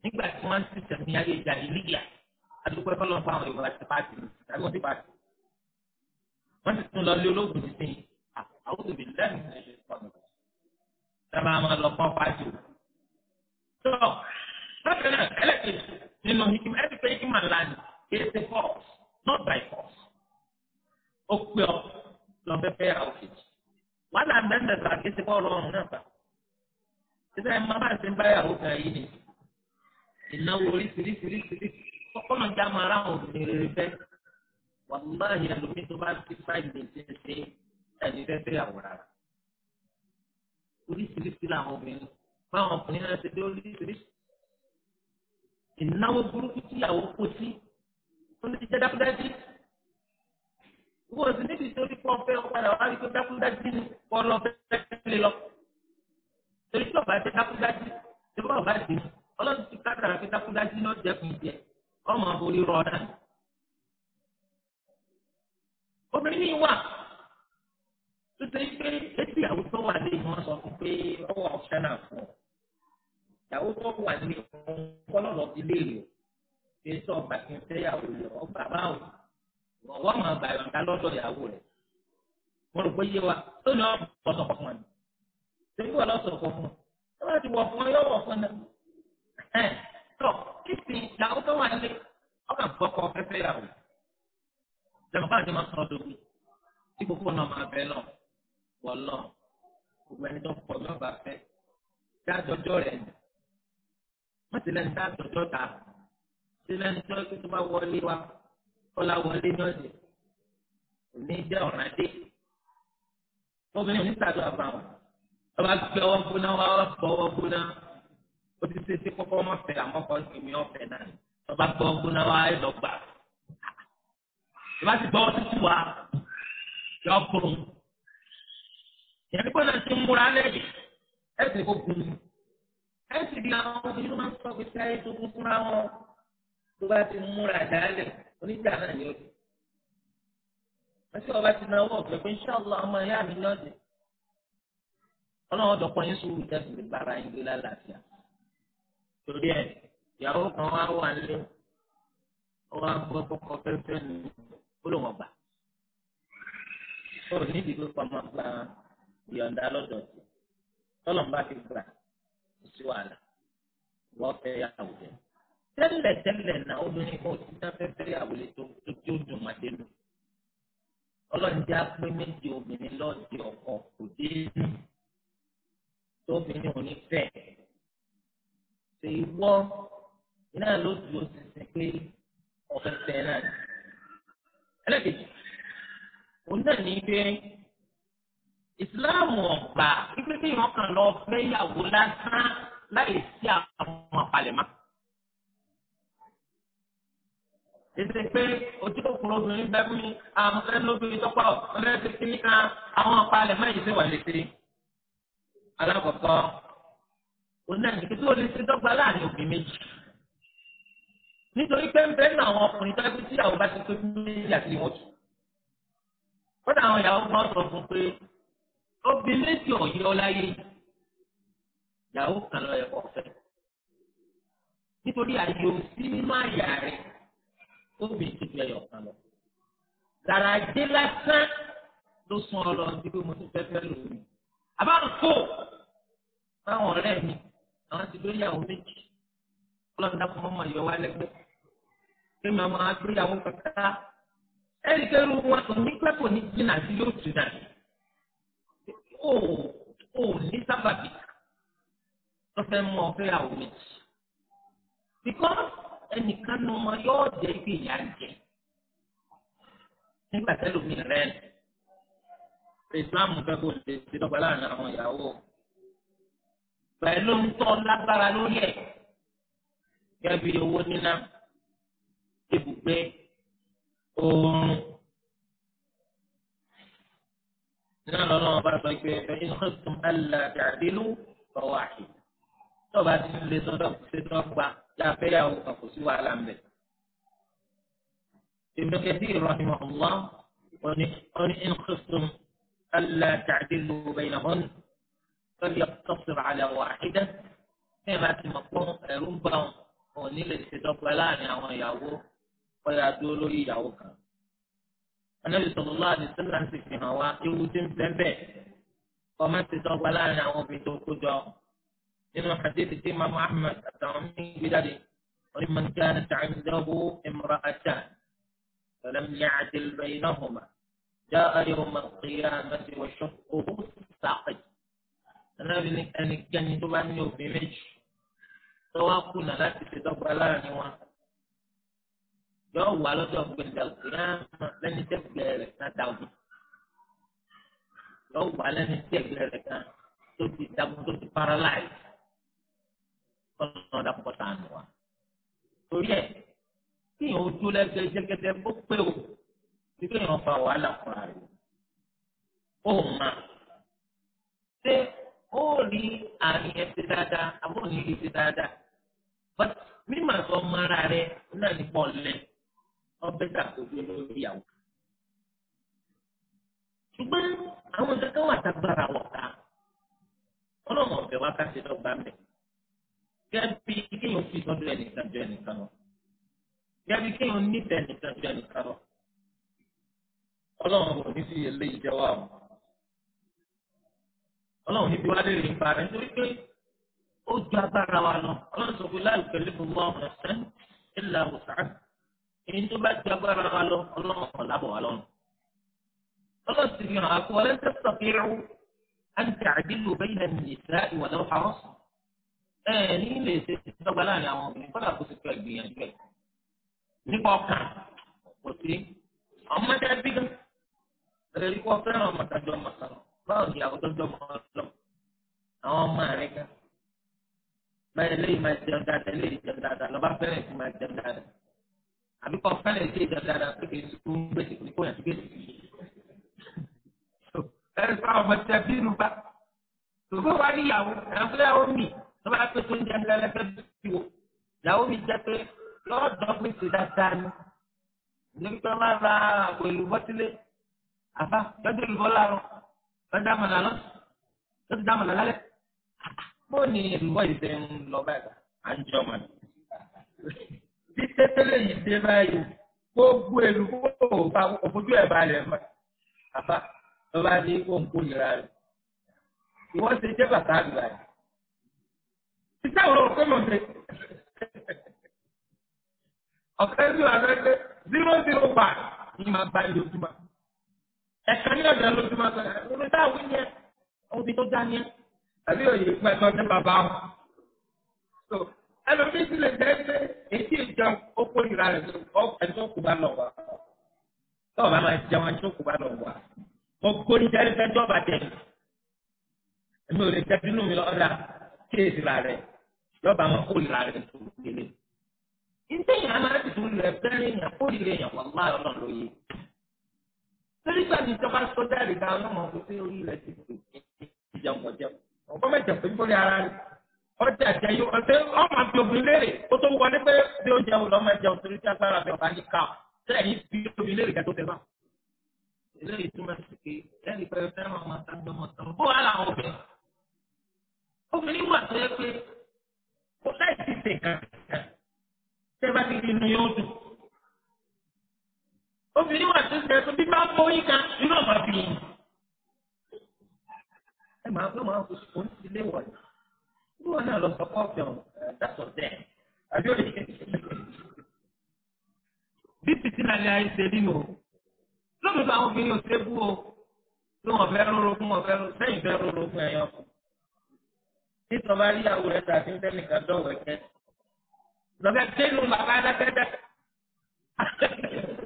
nígbà tí wọ́n ti sẹ̀mí ayé ìjà ìlíyà adúpẹ́ fọlọ́n fún àwọn yorùbá ti pàtì tàbí wọ́n ti pàtì wọ́n ti tún lọ lé ológun nìsín àwọn òbí lẹ́nu ẹ̀ ṣe bákan náà ẹlẹ́kẹ̀ẹ́ nínú hikima ẹ̀rí pé hikima ńlá ni kìí ṣe force not by force ó pé ọ lọ fẹ́ fẹ́ yàrá òkèjì wàhálà mẹ́ta gbà kìí ṣe bọ́ọ̀lù ọ̀run náà gbà síbẹ̀ máa bá ṣe ń bá yàrá òkè yìí ni ìnáwó oríṣiríṣiríṣiríṣi kọ́kọ́nà já máa ráhùn obìnrin rere fẹ́ wàlúùmáàyè ẹlòmíín tó bá ti fáìlì ṣe ṣe ẹni fẹ́ fẹ́ yàwó rárá oríṣiríṣi làwọn obìnrin báwọn ọkùnrin náà ṣe dé oríṣiríṣi ìnáwó burúkú tíyàwó kó sí ó ní jẹ́ dákúdájú wọ́n sì níbi torí pọ́ fẹ́ padà wá rí pé dákúdájú ni wọ́n lọ fẹ́ lé lọ torí tí ọba jẹ́ dákúdájú tí wọ́n bá dì í ọlọ́run ti ká dàrá pé dákúdájú náà jẹ́ kùn jẹ ọmọ àbórí rọ ọ̀dà. obìnrin ní wà tó ṣe pé etí àwùjọ wà lè mọ sọ fún pé ọwọ́ ọ̀ṣẹ́ náà fún ọ ìyàwó tó wà ní ọ̀hún kọ́lọ́rọ̀ ti léèrè o ṣe sọ ọgbà kí n fẹ́yàwó rẹ ọgbà báwò ọwọ́ máa gbà yọ̀ǹda lọ́dọ̀ ìyàwó rẹ mo rò pé yé wa tó ní ọ̀pọ̀ sọ̀kọ̀ fún ọ ni ṣèlú wà lọ́sọ̀kọ̀ fún ọ tó bá ti wọ̀ fún ọ yọ̀ wọ̀ fún ọ tọ kìsì ìyàwó tó wà nílé ọkà gbọ́kọ̀ fẹ́fẹ́yàwó jẹ̀mọ́ bá ti máa sọ̀rọ̀ dòkú tí gbogbo náà máa bẹ̀ náà wọ̀ lọ gbogbo ẹni tó pọ̀ lọ́ba fẹ́ dájọ́jọ́ rẹ̀ ni wọ́n ti lẹ́nu tá a tọ̀jọ́ ta ti lẹ́nu tó kí tó bá wọlé wa kọ́lá wọlé ní ọ̀dẹ̀ òní jẹ́ ọ̀ràn dé obìnrin òní sàdó àbàwọ̀n ọba gbé ọwọ́ gbóná wa ọwọ́ gbóná ó ti ṣe sí kọ́kọ́ ọmọ fẹ́ àmọ́ kọ́ ìmí ọ̀fẹ́ náà ọba gbé ọwọ́ gbóná wa ẹ̀ lọ gbà ìbá ti gbọ́ tútù wa yọ kùrùn ìyẹn nígbà náà ti ń múra lẹ́yìn ẹ̀ sì kó kùrùn ẹ sì di àwọn obìnrin tó máa ń sọ pé sáyé tó kún fúnra wọn tó bá ti múra dálẹ̀ oníjà náà ni ó ti. wọ́n sì ọba ti náà wọ̀ pé pé ṣọ́ọ̀lù ọmọ ìyá mi lọ́dẹ. ọlọ́run ọ̀dọ́kọ yín sùúrù tẹ́sí lè bára yín gbé lálàáfíà. torí ẹ ìyàwó kan wá wà nílé ó wá gbọ́ kọ́kọ́ fẹ́fẹ́ nù ó gbà. ó nídìí pé kọ́ máa gba lọ́dọ̀ kò sí wàhálà wọ́n fẹ́ yàwó jẹ. tẹ́lẹ̀ tẹ́lẹ̀ náà obìnrin kan ti dá fẹ́fẹ́ yàwó lè tó tó tó dùn máa dénú. ọlọ́ọ̀dẹ́ apẹ́ méje obìnrin lọ́ọ̀dẹ ọkọ kò dé inú tóbìnrin ò ní fẹ́. ṣe ìwọ náà ló dúró sísè pé ọ̀fẹ́ fẹ́ náà. ẹlẹ́kẹ̀jì òun náà ní í ìsìláàmù ọ̀gbà wípé kí èèyàn kàn lọ fẹ́ yàwó lásán láì sí àwọn àpalẹ̀mọ́. ètò pé ojú òkúrò obìnrin bẹ́ẹ̀ mi àwọn ọ̀rẹ́ lóbìnrin tọ́pọ̀ ọ̀rẹ́ ti kí níka àwọn àpalẹ̀mọ́ yìí ti wà létí. alákọ̀ọ́kọ́ onáìjíkí o lè ṣe dọ́gba láàrin òbí méjì. nítorí pé ń bẹ́ẹ̀ náà àwọn ọkùnrin tó ẹgbẹ́ tíyàwó bá ti pé méjì àti ìwọ̀n jù. kódà àwọn ìyàwó kan sọ fún pé obìnrin méjì ọ̀yọ́ láyé ìyàwó kan lọ ẹ̀kọ́ fẹ́ nítorí àyè òsì nínú àyà rẹ̀ obìnrin ti fẹ́ ọ̀kan lọ. Gàràjé lásán ló sún ọ lọ sí pé mo ti fẹ́ fẹ́ lòmí. Àbárùkù báwọn ọ̀rẹ́ mi àwọn ti lóyè àwọn méjì ọlọ́run dákun mọ́mọ́ yọ wá lẹ́gbẹ́. Pé màmá àgbéyàwó kankan ẹ̀ríkẹ́rù wọn kò ní pẹ́ kò ní jìnnà sí yóò tún dàbí ó ó ní sábàbí wọ́n fẹ́ mú ọ fẹ́ àwọn méjì because ẹnìkan ní ọmọ yóò jẹ́ ibi ìyá ń jẹ nígbà tẹ́lómi rẹ̀ ìsìláàmù fẹ́ kó ṣe ti dọ́gba láàrin àwọn ìyàwó pẹ̀lú ń lágbára lórí ẹ̀ gẹ́gẹ́ owó níná ibùgbé oorun. iná lọ́nà wọn bá sọ pé ẹ̀yin kò tún àlà tàdílù ọwọ́ àkì tọ́ba ti lè sọ́dọ̀ ṣètọ́ gba láfẹ́yàwó kan kò sí wàhálà ń bẹ̀. ìmọ̀kẹ́tì ìrọ̀hìmọ̀ ọ̀wọ́ oní ẹ̀yin kò tún àlà tàdílù bẹ̀yìn ọ̀hún lọ́dí ọ̀tọ́sọ̀rọ̀ àlẹ́ ọ̀wọ́ àkídá ní ìbá ti mọ̀ pọ́n ẹ̀rú ń bá wọn òní lè ṣètọ́ gba láàrin àwọn ìyàwó anabi sallallahu alaihi wasallam ti fi hàn wá ewu tí ń bẹ́ẹ̀ ọmọ ti dọ́gba láàrin àwọn obìnrin tó kó jọ nínú hadith tí imaamu ahmed àtàwọn míín gbé jáde wọn ni man kanat indahu imra'atan falam ya'dil baynahuma jaa yawm al-qiyamati wa shaqqahu saqi anabi ní ẹnikẹ́ni tó bá ní obìnrin méjì tó wá kùnà láti fi dọ́gba láàrin wọn yóò wà lọ́jọ́ gbẹ̀dẹ̀ òkèèyàn lẹ́ni tẹ́gbẹ̀ rẹ̀ kan dàgbù yóò wà lẹ́ni tẹ́gbẹ̀ rẹ̀ kan tó ti dàgbù tó ti paralyze kọ́nà dàpọ̀ tà nù wa. torí ẹ̀ kí èèyàn ojú lẹ́sẹ̀ jẹ́gẹ́dẹ́ ó pé o tí kí èèyàn fa wàhálà fúnra rẹ̀ ó mà ṣé ó rí àmì ẹ̀ ti dáadáa àbúrò ní ìdí ti dáadáa mímọ̀ sọ ọmọ ara rẹ̀ náà ní pọ̀ lẹ́nu ọbẹ̀ ṣàkóso lórí ìyàwó. ṣùgbọ́n àwọn ìṣẹ́kẹ́ wà tágbára wọ̀ ká ọlọ́run ọ̀bẹ wa ká ṣe lọ́gbà mẹ́. gẹ́bí kéèyàn fi sọ́dọ̀ ẹnìkan jọ ẹnìkan lọ. gẹ́bí kéèyàn nífẹ̀ẹ́ ẹnìkan jọ ẹnìkan lọ. ọlọ́run ò ní sí ilé ìjọba o. ọlọ́run níbi wá lè rìn parẹ́ nítorí pé ó ju agbára wa lọ. ọlọ́run sọ pé láì èyí tó bá ju agbára wa lọ ọlọ́run lábọ̀ wa lọ́rùn. ọlọ́run sì fi hàn ákú wa lẹ́sẹ̀ sọ̀kẹ́rù àti àdìlù bẹ́yìn ẹ̀mí ìsirá ìwà lọ́wọ́ àwọn sùn. ẹ ní ilé ṣe ti dọ́gba láàrin àwọn ni ti pẹ́ gbìyànjú ẹ̀. nípa ọkàn kò sí ọmọdé bí gan. ẹ̀rí kọ́ fẹ́ràn ọmọdájọ́ mọ̀sán báwo ni àwọn dọ́jọ́ mọ̀ọ́lọ́ àwọn ọmọ rẹ̀ gan. báyìí lè máa jẹun dáadáa lè re ka dáadáa lọ́ba fẹ́rẹ̀ sí máa jẹun dáadáa. àbí kọ́ fẹ́lẹ̀ ṣe ìdàgbàdà pé kì í sùkú ń gbèsè pé kò yàn sí gbèsè. ẹ̀rọ sọ ọmọ tí a bí nu bá ṣùgbọ́n wá níyàwó ẹ̀fúyàwó mi tó bá pé tó ń jẹ́ ńlẹ́lẹ́fẹ́ bí wò làwọn mi jẹ́ pé lọ́ọ̀dọ́ gbèsè dáadáa ni níbi tó máa ra àpò ìlúbọ́ sílé àbá lọ́dọ̀ ìlúbọ́ láàárọ̀ lọ́dọ̀ àmàlà lọ lọ́dọ̀ àmàlà lálẹ́ bó ni ìlúbọ́ yìí ṣe ń lọ báyìí bí tẹ́tẹ́lẹ̀ yìí dé báyìí gbogbo èlú kó òfojú ẹ̀ balẹ̀ mọ́ àbá lọ́ba ní òǹkó ìlera rẹ̀ ìwọ́n ṣe jẹ́ bàtà àgbà rẹ̀ títí àwọn òkè mọ̀ ṣe ọ̀kẹ́ bí wà zero zero one ní máa gba ìlójúmọ́ ẹ̀ka ní ọ̀dọ̀ lójúmọ́ sọ̀rọ̀ ẹ̀rọ táwọn yẹn ohun tí tó dá ní àbí òye pẹ̀lú ọdún bàbá wọn ẹlòmíín sì lè jẹ́ pé èyí ìjọun ó kó ìra rẹ̀ ẹni tó kù bá lọ wá tọ́ọ̀ bá máa jẹun ẹni tó kù bá lọ wá mo kó ní jẹ́rí fẹ́ tọ́ọ̀ bá jẹ èmi ò lè jẹ́ dínú mi lọ́dà kí èsì ra rẹ̀ lọ́ba máa kó ìra rẹ̀ tó kéré ìtẹ̀yìn aláàtì tó lẹ̀ fẹ́rẹ̀ èèyàn kó ìrẹ̀ èèyàn wà láàrọ̀ náà lóye torí gbà ní ìjọba sọ́jà rẹ̀ dáná mọ̀ ọjà jẹyọ ọtẹ ọmọ àti obìnrin léèrè O tó wọlé pé bí ó jẹun lọmọ ẹjẹun torí tí agbára bẹ ọba yìí ká sẹ́yìn bí obìnrin léèrè kẹtó tẹ bá eléyìí túmọ̀ sí pé ẹnì pẹ̀lú fẹ́ràn ọmọ sáńdọ́ ọmọ sáńdọ́ bó wà láwọn obìnrin obìnrin wà tó yẹ pé ó láì sí ṣe kankan tẹ bá ti di inú yóò dùn obìnrin wà tó ṣe pé bí bá bó yín kan inú ọmọ bìyìn ẹ máa fẹ́ máa fò sí oníṣẹ́lẹ̀ wọ̀nyí bí wọn náà lọ sọ kọfí ọhún dàtọ dẹ àbí ó lè bí fìtínà lè ayé ṣe nínú o lóòótọ́ àwọn obìnrin ò ṣe bú o tí wọn fẹ́ róró fún wọn fẹ́ róró sẹ́yìn fẹ́ róró fún ẹ̀yàn fún nítorí wọn rí ìyàwó rẹ̀ tàbí sẹ́nìkan dọ̀wọ̀ ẹ̀kẹ́ lọ́bẹ̀ tẹ́lu bàbá adákẹ́dẹ́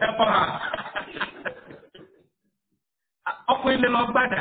ẹ̀kọ́ ọkùnrin lè lọ gbàdá.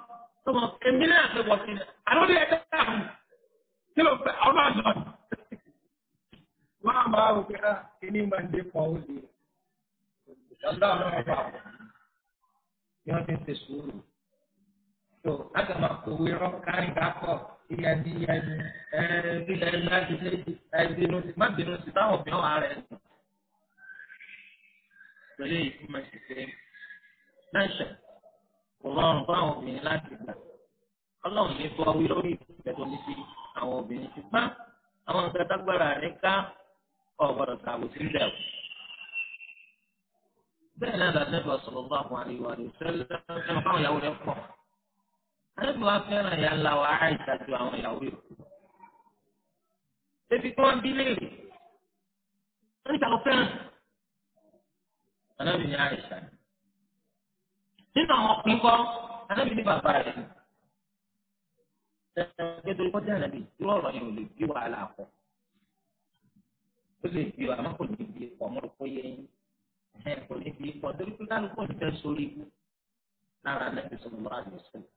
sọmọ èmi náà fẹ́ wọ sí i àdó ní ẹgbẹ́ àmì tí ló fẹ́ ọmọ àjọ ni. wọn á máa wò pé á kíní máa ń dé pọ̀ ó di ọ̀dọ́ àwọn ọba àwọn ni wọ́n ti ń ṣe sùúrù. tó láti máa kówó irọ́ kárí kápọ̀ ìyá di ìyá ẹni ẹ̀ẹ́dílẹ̀ ẹni láti lé ẹ̀ẹ́dínú sí má bínú sí táwọn òbí wọn rẹ̀ nù. pẹ̀lú èyí tí mo ṣe ṣe náà ṣẹ̀kọ́ kò rọrùn fún àwọn obìnrin láti gbà ọlọ́run ní fọ wí lórí ìfẹ́ tó ní sí àwọn obìnrin ṣùgbọ́n àwọn nǹkan tágbára rẹ̀ ká ọ̀gbọ̀dọ̀ kàwé sílẹ̀ o. bẹ́ẹ̀ náà làdé bá sọ̀rọ̀ bá àwọn àríwá rẹ̀ sẹ́lẹ̀ ẹ̀rọ fáwọn ìyàwó rẹ̀ pọ̀. àdébí wa fẹ́ràn ìyá ńlá wa Àìṣà ju àwọn ìyàwó rẹ̀ ebi kí wọ́n bí léèrè wọ́n ní nínú àwọn ọkùnrin kọ́ anábì ní bàbá rẹ̀ ni. ṣé torí kọjá anábì irú ọ̀rọ̀ yẹn ò lè bí wàhálà pọ̀ ó lè bí wàhálà kò ní bí pọ̀ mọ́ kó yẹ yín kò ní bí pọ̀ torí pé kálukú ò ní fẹ́ sórí ikú lára anábì sọ̀rọ̀ lọ́wọ́ àdìsọ́nù.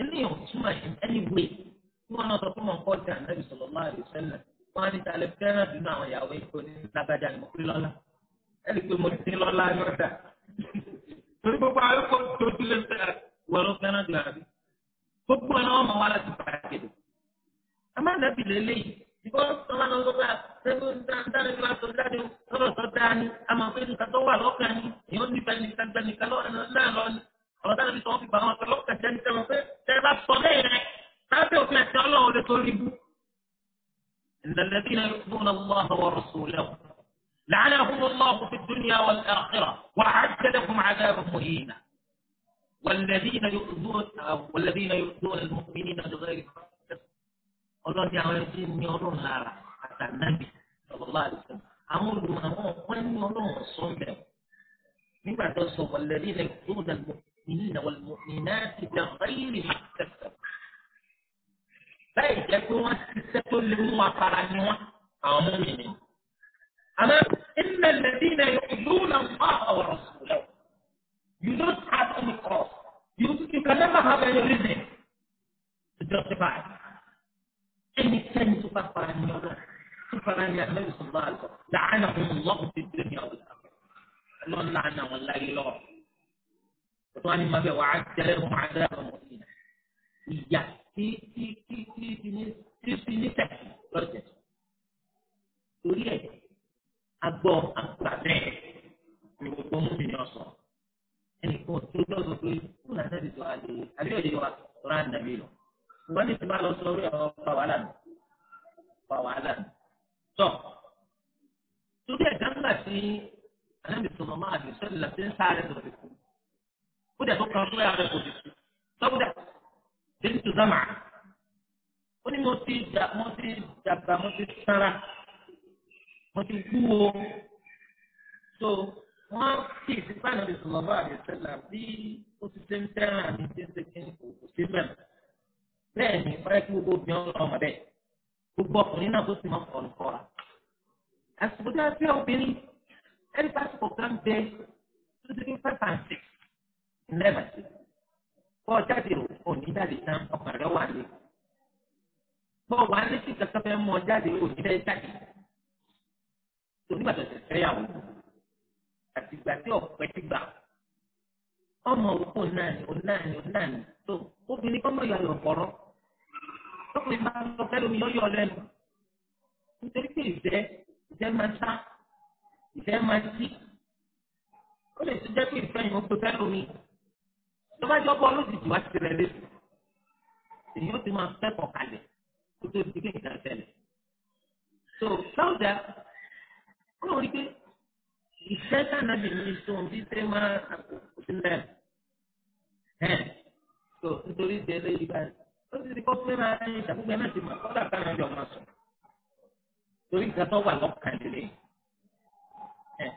ilé yẹn ò túmọ̀ ẹni wé tí wọ́n náà sọ fún wọn kọjá anábì sọ̀rọ̀ lọ́wọ́ àdìsọ́nù wọn ní ta lè fẹ́ràn nínú àwọn ìyàwó ìkọ́ni lágbájá ni mo pín lọ́lá ẹni pé mo ti lọ́lá yọ̀dà torí gbogbo àwọn kò dojú lé nípa wọ̀rọ̀ fẹ́ràn jù àbí gbogbo ẹ̀ náà wọ́n mọ̀ wá láti pàkìlì. a máa dàbí lélẹ́yìí bíkọ́ sọ́wọ́n ah, náà lọ́gbà sẹ́gun dáadáa nípa tó dáadé lọ́rọ̀ tó dáa ni a nìkan tó wà lọ́kàn ni èèyàn nífẹ̀ẹ́ nìkan gbẹ nìkan náà lọ ni ọ̀rọ̀ dáadáa nípa wọn fi gbà wọn sọ lọ́kàn jẹ́ nípa wọn pé tẹ́ bá sọ bẹ́ẹ̀ rẹ lábẹ́ òfin ẹ̀sìn ọlọ́run lè torí bú. ìdàlẹ́bí لعنهم الله في الدنيا والآخرة وعد لهم عذاب مهينا والذين يؤذون والذين يؤذون المؤمنين بغير قلت يا ويقيم يورون لارا حتى النبي صلى الله عليه وسلم أمور بمهور من يورون الصنع مما تصوى والذين يؤذون المؤمنين والمؤمنات بغير ما اكتسب فإذا كنت تستطيع لهم وفرعني وعمومي منه أما إن الذين يؤذون الله ورسوله You don't have any cause. You, you can never have any reason to justify anything to suffer in your life. Suffer in your life, صلى الله عليه وسلم. لعنهم الله في الدنيا والآخرة. الله لعنه والله يلوم. وطبعا ما بيه وعد لهم عذابا مهينا. إياه. في في في في في في في في في في في في agbọ́ agbà bẹ́ẹ̀ ni gbogbo mùsùlùmí ni ọ̀sán ẹnì kan tó lọ́sọ̀ pé kúrò náà tẹ́lẹ̀ tó àlè àlẹ́ òye wa rà nàbí lọ ṣùgbọ́n ní ti bá lọ sọ orí ọ̀rọ̀ fa wàhálà nù fa wàhálà nù tọ̀ torí ẹ̀dá ńlá tí anábì sọ̀rọ̀ máa dì sọ́dọ̀ tí ń sáré tó fi kú ó dẹ̀ tó kan fún ẹ̀rọ kò dìtú sọ́kúdà tètè tó ó ní mo ti dàbà mo ti sára wọ́n ti kú o so wọ́n sì ti báyìí lè sọ̀rọ̀ bá àdé sẹ́là bí ó ti ṣe ń tẹ́ràn àti ṣe ń ṣe kí kò sí bẹ́ẹ̀ bẹ́ẹ̀ ni wọ́n yẹ kí gbogbo obìnrin ọlọ́mọ bẹ́ẹ̀ gbogbo ọkùnrin náà tó sì máa kọ̀ nǹkan ra àsìkò tí a fẹ́ obìnrin ẹni pásítọ̀ kan bẹ tó ti ní five and six eleven kọ́ jáde ò ní jáde tán ọkàn rẹ̀ wà lé bọ́ọ̀ wà lé sí kankan fẹ́ mọ́ ní fẹ́ jáde tó nígbà tó ṣẹ̀ṣẹ̀ fẹ́yàwó àti ìgbà tí ọ̀pẹ ti gbà ọmọ òkú náà ni òun náà ni òun náà ni tó obìnrin kọ́ mọ̀ yọ ayọ̀ kọ̀rọ̀ lọ́kùnrin máa ń lọ fẹ́ lómi yọ́yọ́ lẹ́nu nítorí pé ìfẹ́ ìfẹ́ máa ń sá ìfẹ́ máa ń sí ó lè tún jẹ́ pé ìfẹ́ yìí ó gbé fẹ́ lómi tó bá jọ́ bọ́ lójijì wá ti rẹ̀ lẹ́sùn èyí ó ti máa fẹ́ kọ̀ kalẹ̀ kó tó di pé ìdá so báwo ó lórí pé ìṣẹ́ tànàbì ní sọ bí ṣe máa àkókò sílẹ̀ ẹ̀ tó nítorí ti eléyìí báyìí ó ti di kó fẹ́ra ẹni ìṣàkóso náà ti mọ̀ kọ́dà ká lọ́jọ́ máa sọ torí ìgbà tó wà lọ́kàn lélẹ̀ ẹ̀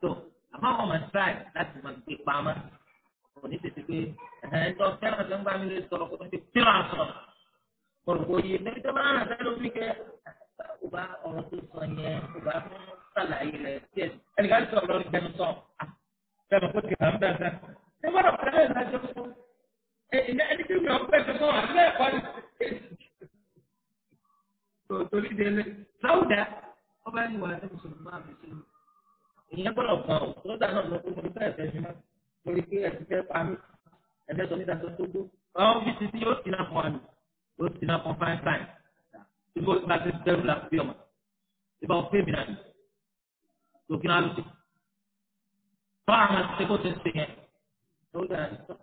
tó àmọ́ àwọn ọmọ tíráì láti máa gbé pamọ́ kò ní tètè pé ẹ̀ ń tọ́ fẹ́ràn tó ń gbá mi lè sọ̀rọ̀ kó ti fẹ́ràn sọ̀rọ̀ kọ̀ọ̀kọ̀ yìí lẹ́yìn tó bá rà sálómi kẹ́ sàlàyé rẹ̀ díẹ̀ ẹnìkan sọ lórí gbẹnu sọ sẹ́nu kó ti hàn bẹ́ẹ̀ sẹ́nu ẹ bá dọ̀kọ̀ lẹ́yìn ìdájọ́ sọ ẹni tí mi ò pẹ́ sọ wà lẹ́ẹ̀ kọ́ ni. torí délé sáwùdà ọba ẹni wà ní mùsùlùmí àbí sílùú ìyẹn gbọ́dọ̀ kan ò lọ́dà náà lọ́kọ́ mo fẹ́ ẹ̀fẹ́ mi máa lórí pé ẹ̀ ti fẹ́ pa mí ẹ̀fẹ́ sọ níta tó tó gbó báwọn fi ti tí yóò ti náà fún wa nù yóò ti náà fún fáin fáin ìbò ìgbà tó ti dẹrù la fi ọmọ ìbá òfin mi náà nù lókè náà lókè tó àwọn àti kó ti ṣe yẹn tó dára ní sọ.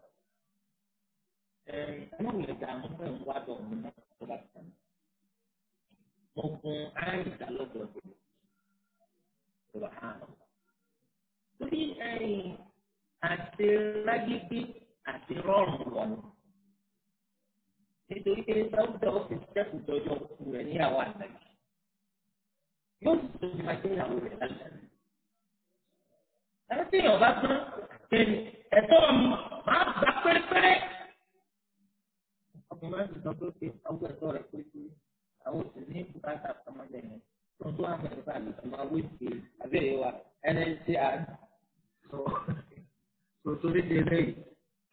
ẹ wọn lè dà mọ pé wọn wá dọ̀ mí náà tó bá tẹ̀ mí. mo gun àìsàn lọ́dọ̀ tó lọ lọ hàn án. torí ẹ̀yìn àti rágídí àti rọrùn lọ́nà nítorí pé sáwùdà ó fi sẹ́kù jọjọ kú rẹ̀ níyàwó àtàkì yóò sì tún máa jẹ́ ìyàwó rẹ̀ lálẹ́ ẹni tí yàn bá gbọ́n kéde ẹ̀tọ́ máa gbà pérépéré. ọkùnrin máa ń sọ pé pé ọgbọ ẹ̀tọ́ rẹ̀ pé pé àwọn òsì ní bùkátà ọmọdé yẹn tó ń tó àmì ẹ̀fà lè fi máa wéjì abẹ́rẹ́ wa ẹni tí a sọ sọtòrí di eléyìí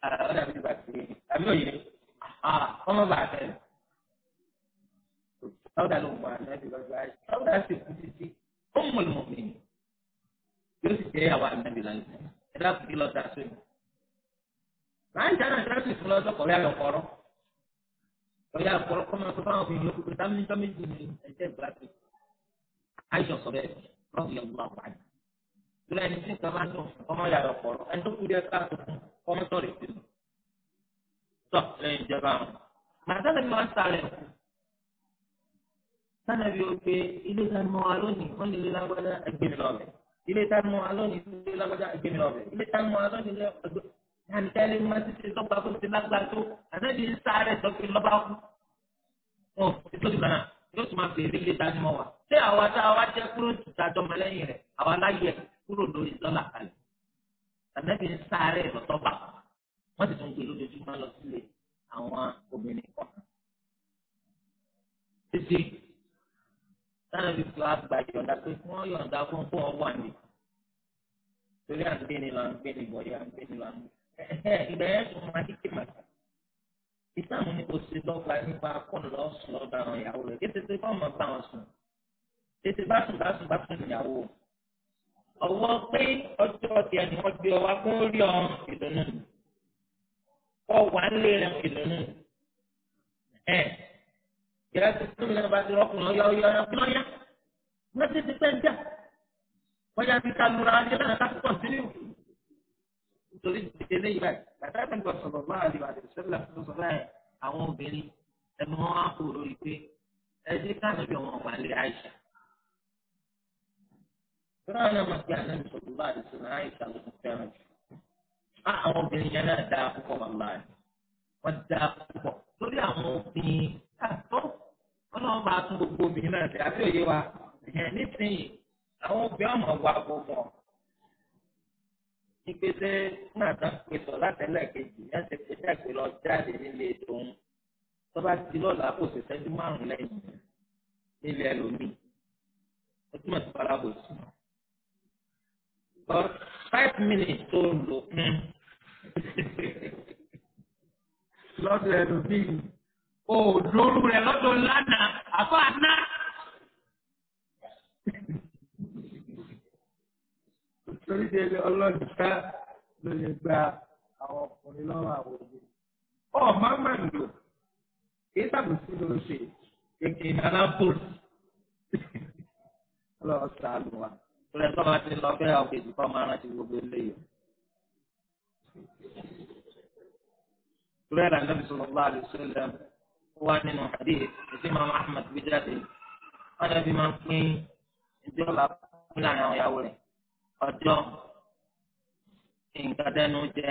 àwọn dàbí bàtì àbí òye ọmọ bàtẹ sáwùdà ló ń bọ àná ìdìbò àgbà sáwùdà sì kú títí ó ń mọ̀lùmọ̀ mi yóò sì jẹ́ ìyàwó ànábì láyé ẹ dákun kí lọ da sí mi. láyé ìjà náà sẹ́sì fún lọ́sọ̀ kọ̀ọ̀rẹ́ àlọ́kọ̀ọ́rọ́ ọ̀yà àkọ́rọ́ kọ́ máa tó fáwọn obìnrin yòókù pé táwọn níjọ́ méjì ni ẹ̀jẹ̀ ìgbàlódé. àìsàn sọ bẹ́ẹ̀ lọ́ọ̀dì ọ̀gbọ́n àwọn àjẹ́. ìtura ẹni tí nǹkan máa ń dùn ọmọ ìyá àlọ́kọ̀ọ́rọ́ ẹni tó kú díẹ̀ káàtó fún ọmọ sọ̀rọ̀ ìpinnu. sọ lẹ́yìn ìjọba àwọn màtánà bí wọ́n sálẹ̀ kù sánà o pé ilé ìdáná wa lónìí wọ́n lè lé lágbádá ẹgbẹ́ mi ilé tá a mú alónìí ilé lágbájá ìgbémi lọ́bẹ̀ ilé tá a mú alónìí ilé ọ̀gbẹ́ àníkà ilé máa ti ṣe dọ́gba tó ti lágbára tó àtẹ́bí ń sáré dọ́gbé lọ́ba kú. ó ti tó dùgbà náà yóò tún máa bèèrè ilé tá a mọ̀ wá ṣé àwa tá a wá jẹ́ kúrò tuta jọmọ lẹ́yìn rẹ̀ àwa láyẹ̀ kúrò lórí dọ́là kalẹ̀ àtẹ́bí ń sáré lọ́tọ́ba wọ́n ti tún gbé lójoojúmọ́ lọ sílé àwọn obìnrin kọ̀ọ̀kan sáà fi fi àgbà yọ̀ǹda pé kí wọ́n yọ̀ǹda fún fún ọwọ́ àmì torí à ń gbé ni lọ à ń gbé ni bọ̀ yà à ń gbé ni lọ à ń gbé ìgbà yẹn tún máa ní kí màtà ìsàmù ni kò sí lọ́gba nípa akọ́nùlọ́ sùn lọ́dọ̀ àwọn ìyàwó rẹ̀ kété pé kọ́ máa bá wọn sùn tètè bá sùn bá sùn bá sùn ìyàwó ọwọ́ pé ọjọ́ tiẹ̀ ni wọ́n gbé ọwá kó rí ọ ìdùnnú kọ́ wà ń lé rẹ̀ ìdùnnú ìyá ti fún mi náà bá ti rọ́kùnrin ọ̀yá ọ̀yá ọ̀yá fún ọ̀yá wọ́n ti ti pẹ́ jà wọ́n yá ti kanura ní ọ̀nà láti kọ̀ntínú. nítorí ìdílé yìí báyìí bàtà ìgbà sọ̀rọ̀ bá àlè àlè sẹ́lẹ̀ fún sọ báyìí àwọn obìnrin ẹnu wọn á kó lórí pé ẹdí káàdì bí wọn wà lé àìsà. Bọ́lá náà máa gbé àná ìṣòro bá àdìsí náà àìsà ló fẹ́ràn jù. Á àwọn obìnrin yẹn náà dáa púpọ̀ bàbá rẹ̀. Wọ́n dáa púpọ̀ lórí àwọn obìnrin ọlọ́run máa tún gbogbo obìnrin náà ṣe àti òye wa nísìnyí àwọn obìnrin ọmọ wa gbogbo ọ̀ ìgbésẹ̀ náà tán pé sọ látẹlẹ kejì yẹn ṣe pé jáde lọ jáde nílé tòun tó bá ti lọ́la kò sì ṣẹ́jú márùn lẹ́yìn nílé ẹlòmíì ó túmọ̀ sí parábòsì. five minutes tó ń lò kún hmm. lọ́dọ̀ ẹlòmíì òdòrú rẹ̀ lọ́dọ̀ lánàá àfáàná. torí délé ọlọ́dúnká ló lè gba àwọn ọkùnrin lọ́wọ́ àwọn òbí. ọ máa máa ń lò kí sàbùsí ló ṣe kéèké aláfòl ọlọ́wọ́ sàánù wa. Ìrẹ̀ tó bá ti lọ bẹ́ẹ̀ ọ̀gbẹ̀dì kọ́ máa rántí gbogbo eléyìí. Ìrẹ̀ náà nàbì sallallahu alaihi wasallam wá nínú hadith ètò ìmọ̀ ahmed bí jáde wọn dàbí máa ń pín ìjọba fún láàrin àwọn ìyàwó rẹ̀ ọjọ́ nǹkan dẹnu jẹ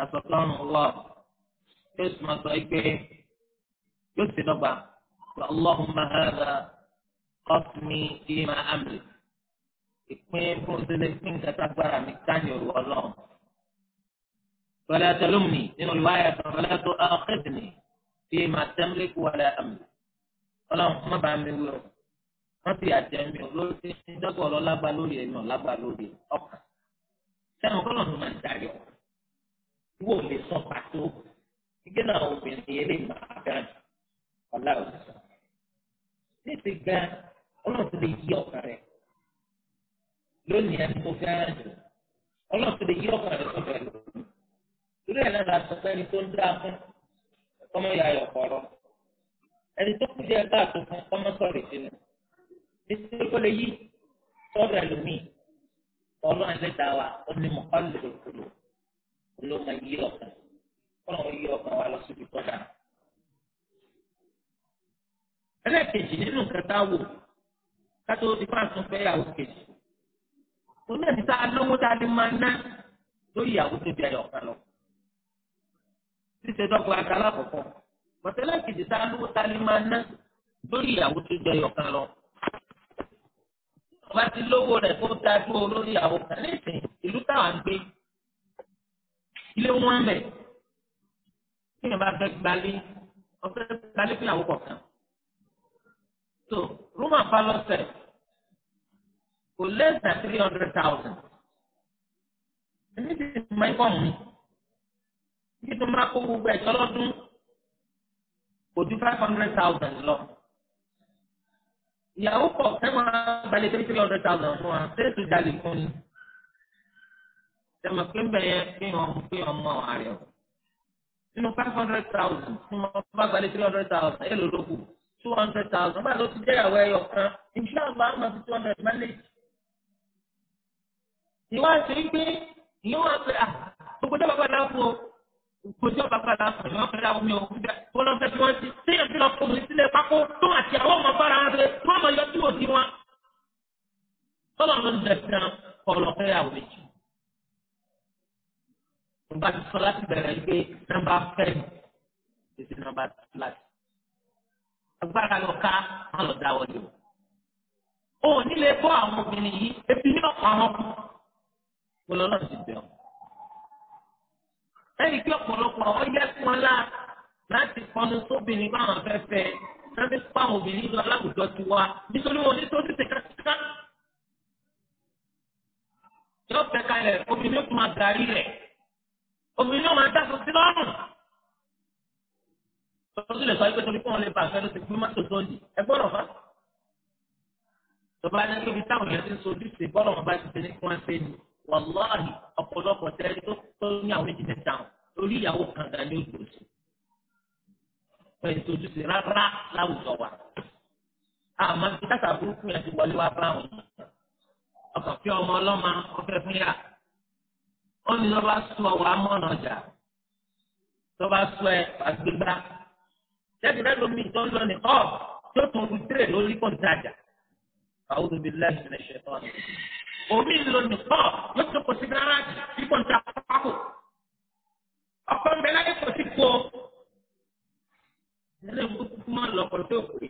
asọ̀tọ́rùn lọ yóò sì máa sọ pé yóò sì dọ́gba pé allahumma hadha qasmi fima amlik ìpín fún òṣèlè pín nǹkan tágbára mi káyọ̀ ọlọ́run. فلا تلمني إن الرواية فلا تؤاخذني fi ma tẹ́mílẹ́kù wà láàmì ọlọ́run má bàa mi wí o wọ́n ti àjẹmí o lórí ti ń dọ́gba ọ̀rọ̀ lágbá lórí ẹ̀mí ọ̀lágbá lórí ọkàn sẹ́wọ̀n kọ́ lọ́run máa ń darí ọ̀ wò lè sọ pàtó gbígbé náà obìnrin yẹn lè má gan ọ̀la òṣìṣẹ́ ní ti gan ọlọ́run ti lè yí ọkàn rẹ̀ lónìí ẹni tó fẹ́ rẹ̀ ọlọ́run ti lè yí ọkàn rẹ̀ sọ̀rọ̀ lónìí kọ́mọ ya ayọ̀ kọ̀ọ̀rọ̀ ẹni tó kú díẹ̀ káàtó fún kọ́mọ sọ̀rọ̀ ìsinmi títí kó lè yí sọ́dọ̀ ẹlòmíì ọ̀rọ̀ àlẹ́dá wa ó ní mọ̀kànlá ìdòkúlò ló máa yí ọ̀kan kọ́nà yí ọ̀kan wa lọ síbi kọ́dà. ẹlẹ́kejì nínú kẹta wò kátó ti fún àtúnfẹ́ ìyàwó kejì òun náà ní lọ́wọ́ tá máa ná lórí ìyàwó tó di ayọ̀ kan lọ ṣíṣe dọ́gba àkàlà kọ̀ọ̀kan bọ̀tẹ́lá kejì tá a lówó tá a lè máa ná lórí ìyàwó tó jẹ yọ̀kan lọ. ọba ti lówó rẹ̀ kó tá a dúró lórí ìyàwó kan lẹ́sìn ìlú táwọn gbé ilé wọn mẹ́ kí ni bá fẹ́ gbalé ọ̀fẹ́ gbalé fún ìyàwó kọ̀ọ̀kan. tó rúmà falọ́sẹ̀ kò less than three hundred thousand. ẹni tí mo máa ń kọ́ mi bí tó máa kó gbogbo ẹ̀tọ́ lọ́dún kò ju five hundred thousand lọ. ìyàwó pọ̀ sẹ́wọ̀n balẹ̀ three three hundred thousand fún wa sẹ́ẹ̀tù jalè fún ni. sẹ́wọ̀n pé bẹ́ẹ̀ fi hàn pé ọmọ ààrẹ o. nínú five hundred thousand fún wọn bá balẹ̀ three hundred thousand èlò ló kù two hundred thousand báyìí ló ti jẹ́ ìyàwó ẹyọ kan ìṣúná àgbà àmọ́ fi two hundred mẹ́lẹ̀. ìwádìí pé ìyẹn wà pé àgbẹ̀dẹ́ bàbá náà fún o ìpèjọ bàbàlà ìwọ fẹlẹ àwọn mi ò kú dẹ wọn lọ fẹsẹ wọn ti sẹ́yìn tí wọn fòmù sílẹ̀ pákó tó àti àwọn ọmọ bára wọn fẹ wọn mọ yọ tí wọn ti wọn. tọ́lọ̀ ló ń dẹ̀sán ọlọ́fẹ́ àwọn èjì. nígbà tí sọ láti bẹ̀rẹ̀ gbé nọ́mbà fẹ́ẹ̀m títí nọ́mbà láti. agbára lọ ká wọn lọ dáwọ́ lé o. o nílé kó àwọn obìnrin yìí ebi ní ọ̀pọ̀ àwọn ọkùnrin. wọn lọ lọ sí bẹ̀rù lẹ́yìn tí ọ̀pọ̀lọpọ̀ ọ yẹ fún wọn lá láti kọnu sóbìnrin báwọn afẹ́fẹ́ láti pa àwọn obìnrin lọ láwùjọ ti wá nítorí wọn nítorí ti kàkàkà. yóò fẹ́ kalẹ̀ obìnrin kò máa darí rẹ̀ obìnrin náà máa dáko sí lọ́rùn. tọ́jú lè sọ pé torí kí wọ́n lè bá àfẹ́ ló ti gbé mọ́tò tó ń di ẹ gbọ́dọ̀ fa. tọ́ba ní kí ibi táwọn yẹn ti ń sojú sí bọ́lọ̀ wọn bá ti ṣe ní kí wọ́n ṣe é wàláhì ọ̀pọ̀lọpọ̀ tẹ́lẹ̀ tó tó ní àwọn méjì mẹ́ta lórí ìyàwó kan gan ni ó gbò sí. pẹ̀lú ojúṣe rárá láwùjọ wa. àmọ́ bí tàtà burúkú yẹn ti wọlé wá bá wọn. ọkàn fi ọmọ ọlọ́mọ ọfẹ́ fún yà. ó ní lọ́ba sún ọwọ́ amọ́nà ọjà. lọ́ba sún ẹ àgbégbá. jáde rẹ lómi tó ń lọ ní ọ́ tó tún fi tèrè lórí kọ́ńtàjà. àwọn olùbí lẹ́sìn ẹ̀ṣẹ̀ omi ń lo nìkọ́ yóò tó kò sí gáràjì ipò ń ta pákó ọkọ̀ ń bẹ láyé kò sí kó ẹlẹ́ ń kúkú máa lọ ọkọ̀ tó pè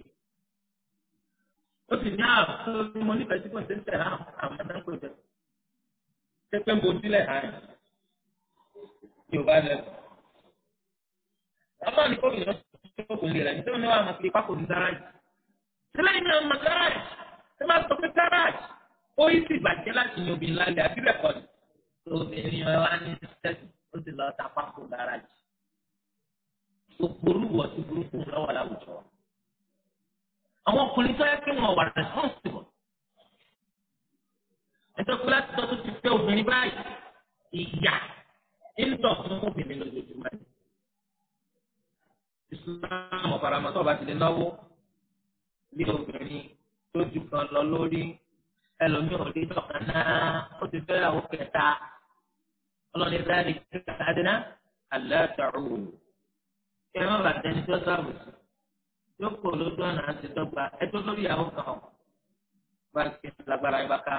ó sì ní àbúrò ní mo nífẹ̀ẹ́ sí kò sí ń tẹ̀ hàn àwọn ẹ̀dáńkò jẹ pépé ń bo sílẹ̀ hàn yorùbá lẹ́nu ọlọ́ọ̀ni kò yọ ọ́ kò lè rẹ̀ nítorí wọn máa fi pákó ní gáràjì sílẹ̀ ní ọmọ gáràjì ẹ máa sọ pé gáràjì ó yí sì bàjẹ́ láti yan obìnrin lálẹ́ àbí bẹ́ẹ̀ kọ́ ni tó obìnrin yẹn wá ní sẹ́sì ó sì lọ ta pákó gáràjì tó gború wọ̀ sí burúkú lọ́wọ́ láwùjọ. àwọn ọkùnrin tó yẹ kí wọn wà responsible ẹjọ́ pé láti tọ́ tó ti fẹ́ obìnrin báyìí ìyá ń fún obìnrin lójoojúmọ́ ni. Islam ọ̀faramọ́tò ọba ti lè náwó bí obìnrin tó ju kan lọ lórí ẹlòmíì ò lè dọ̀kan náà ó ti fẹ́ àwọn kẹta ọlọ́ni bẹ́ẹ̀ni kí ló kàtà dín náà àlẹ́ àtàwọn òwò kí ẹ má bàtà ẹni tó sábò sí jókòó lójú ọ̀nà àti dọ́gba ẹjọ́ lórí ìyàwó kan ọ̀ bá ti lágbára ibà ká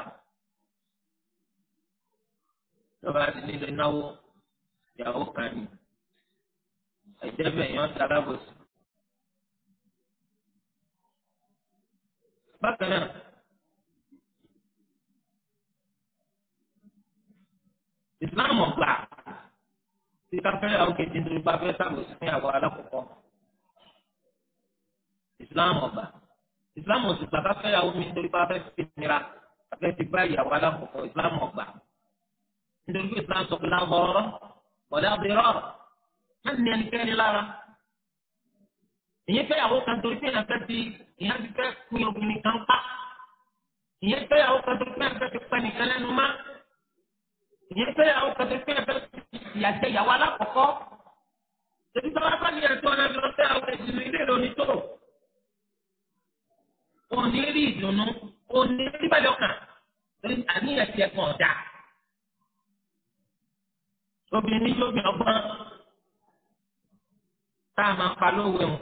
lọ́ba ti nílò náwó ìyàwó kan ni ẹ̀jẹ̀ bẹ́ẹ̀ yàn sálábòsí. bákan náà. islam ọgbà tí káfíńyà òkè tí nítorí bá fẹ́ sábò sí ìyàwó alákọ̀ọ́kọ́ islam ọgbà islam òsìgbà káfíńyà òkè nítorí bá fẹ́ fi nira àfẹ́ ti bá ìyàwó alákọ̀ọ́kọ́ islam ọgbà nítorí pé islam sọ pé lábọ̀ọ́rọ́ bọ̀dá bẹ̀rọ̀ má ní ẹnikẹ́ni lára ìyẹn fẹ́yàwó kan torí pé ìyàfẹ́ ti ìyẹn ti fẹ́ pín obìnrin kan pa ìyẹn fẹ́yàwó kan torí pé ìyàfẹ́ ti pẹ́ nìkan lẹ́nu máa ìyẹn fẹ́ àwọn kan tó fẹ́ fẹ́ ìyàjẹ́ ìyàwó alákọ̀ọ́kọ́ èyí tó bá bá ní ẹ̀tọ́ rẹ lọ sí àwọn ìsinmi ilé ìròní tó òní rí ìdùnnú òní rí bàlọ́kàn àníyàn ti ẹ̀kan ọ̀dà obìnrin yóò bí ọgbọ́n tá a máa pa lóòwe wọn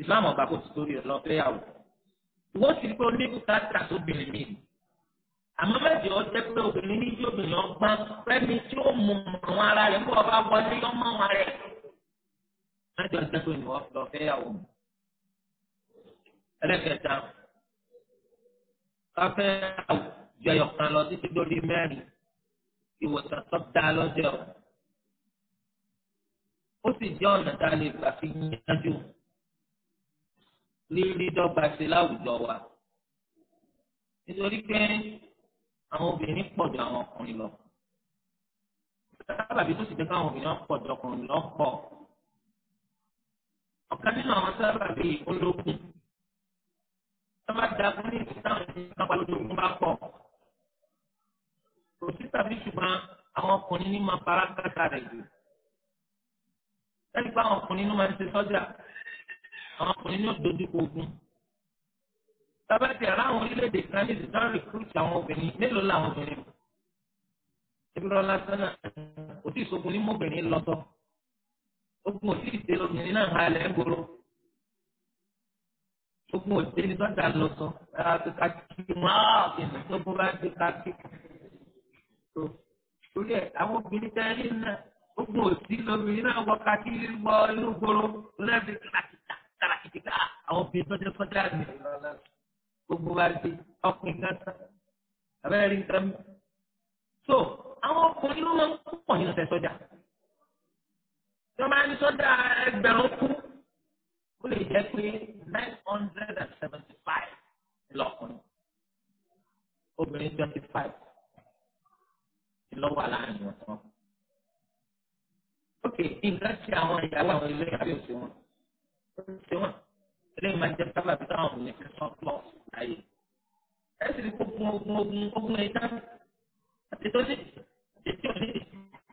ìsìláàmù ọ̀gá kò sí torí ẹ̀ lọ fẹ́ yàwó ìwọ́n sì rí pé oníbùkátà tó bìnrin mìíràn àmọ́ méjì ó jẹ́ pé obìnrin ní yóò bìnrin ọgbà fẹ́mi tí ó mú àwọn ara rẹ̀ kó ọba wọlé yọ mọ́ wọn rẹ̀. méjì ó jẹ́ pé ìwọ lọ fẹ́ yàwó mi. ẹlẹ́kẹta káfẹ́ jẹyọ̀ kan lọ títí lórí mẹ́rin ìwòsàn tó dáa lọ́jọ́ ó sì jẹ́ ọ̀nà tá a lè gbà fi yanjú rírí dọ́gba sí láwùjọ wa nítorí pé àwọn obìnrin pọ̀ ju àwọn ọkùnrin lọ sábàbí tó sì jẹ́ káwọn obìnrin pọ̀ ju ọkùnrin lọ pọ̀ ọ̀kan nínú àwọn sábàbí olókùn sábà dagun ní ìdí táwọn ẹni sábà lójoojúmọ́ bá pọ̀ kò sí tàbí ṣùgbọ́n àwọn ọkùnrin ní máa fara kàtà rẹ̀ jù lẹ́yìn pé àwọn ọkùnrin ní máa ń ṣe sọ́jà àwọn ọkùnrin ní òdojú tábàtì ará àwọn orílẹ̀-èdè kan ní ìdìtàn rìkúrútì àwọn obìnrin mélòó làwọn obìnrin ìbúrọ̀ lásán náà kò tí ì sọ́gun ní mọ́bìnrin lọ́tọ̀ ogun ò tí ì tẹ lóbìnrin náà ha lẹ́ gbòòrò ogun ò tẹ ní sọ́jà lọ́tọ̀ ẹ̀ka tó ká kí wọ́n á kìnnì tó bó bá dé ká kí tó torí ẹ̀ àwọn obìnrin tẹ́ ẹ́ náà ogun ò tí lóbìnrin náà wọ ká kí gbọ́ inú gbòòrò lẹ́ẹ̀dẹ́gbẹ̀rẹ̀ kàràkìtà àwọn obìnrin tó dé sọ́jà nìyẹn lọ́lá gbogbo wa dé ọkùnrin kan tán abẹ́rẹ́ nǹkan so àwọn ọkùnrin ló máa ń pọ̀ nínú ṣe sọ́jà tí wọ́n máa ń sọ́jà ẹgbẹ̀rún kú ó lè jẹ́ pé nine hundred and seventy five lọ́kùnrin obìnrin twenty five lọ́wọ́ aláàánú wọn. ok nǹkan ti àwọn ìyàwó àwọn ilé àbí òṣèwọ̀n òṣèwọ̀n eléyìí máa ń jẹ sábà táwọn òun yẹn sọ pọ̀ láyé ẹ sì rí ogun ogun ogun ogun ẹja àti tó ní àti tí ò ní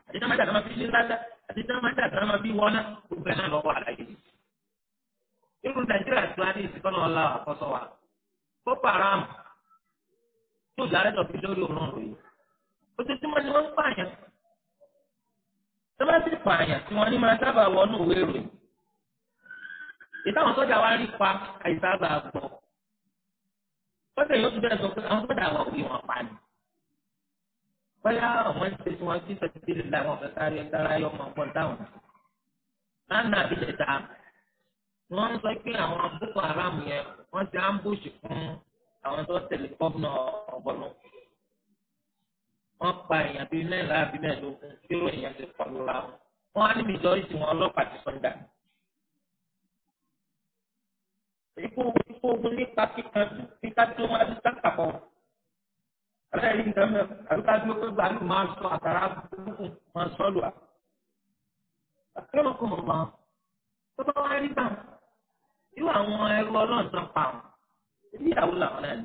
àti tí wọn máa dàgbà máa fi ní ládá àti tí wọn máa dàgbà máa fi wọná gbogbo ẹ náà lọ wà láyé irú nàìjíríà tó adé ìsìnkọ́nà ọ̀la àkọ́sọ wa boko haram tó dàrẹ́ lọ fi lórí òórùn rèé ojoojúmọ́ ni wọ́n ń pààyàn tó bá sì pààyàn tí wọ́n ní máa sábà wọnú ìwé ìròyìn ìtàwọn sọ́jà wa rí pa àìsáàbà gbọ́ sọ́jà yóò tún bẹ́ẹ̀ sọ pé àwọn sọ́jà wa òbí wọn pa ni bóyá àwọn ń tẹ̀sí wọn sí fẹ̀sítì lè láwọn fẹ́ sáré sára yọ ọmọ ọgbọ́n dáhùn lánàá àbíjẹta wọ́n ń sọ pé àwọn Boko Haram yẹn wọ́n ti ambush fún àwọn tó tẹ̀lé gómìnà ọ̀bọ̀nù wọ́n pa èèyàn bíi mẹ́rin láàbí mẹ́ẹ̀ẹ́dógún kí ló èèyàn ti pọ̀ lóra wọn wọ́n á ní mìjọ́rìtì wọn ọlọ́pàá ti sọ̀dà ní ikú ikú ogun nípa kíkan bí ká tó wọn adúgbò kàpọ̀. Abẹ́rẹ́ nǹkan mẹ́ àdúgbò tó pé gbàlú máa sọ àtàrà gbogbo máa sọ lù wá. Akẹ́rọ̀ kò mọ̀ mọ́. Tó bá wá rí bá irú àwọn ẹrú ọlọ́run tán pa àwọn. Ebi ìyàwó làwọn náà ni.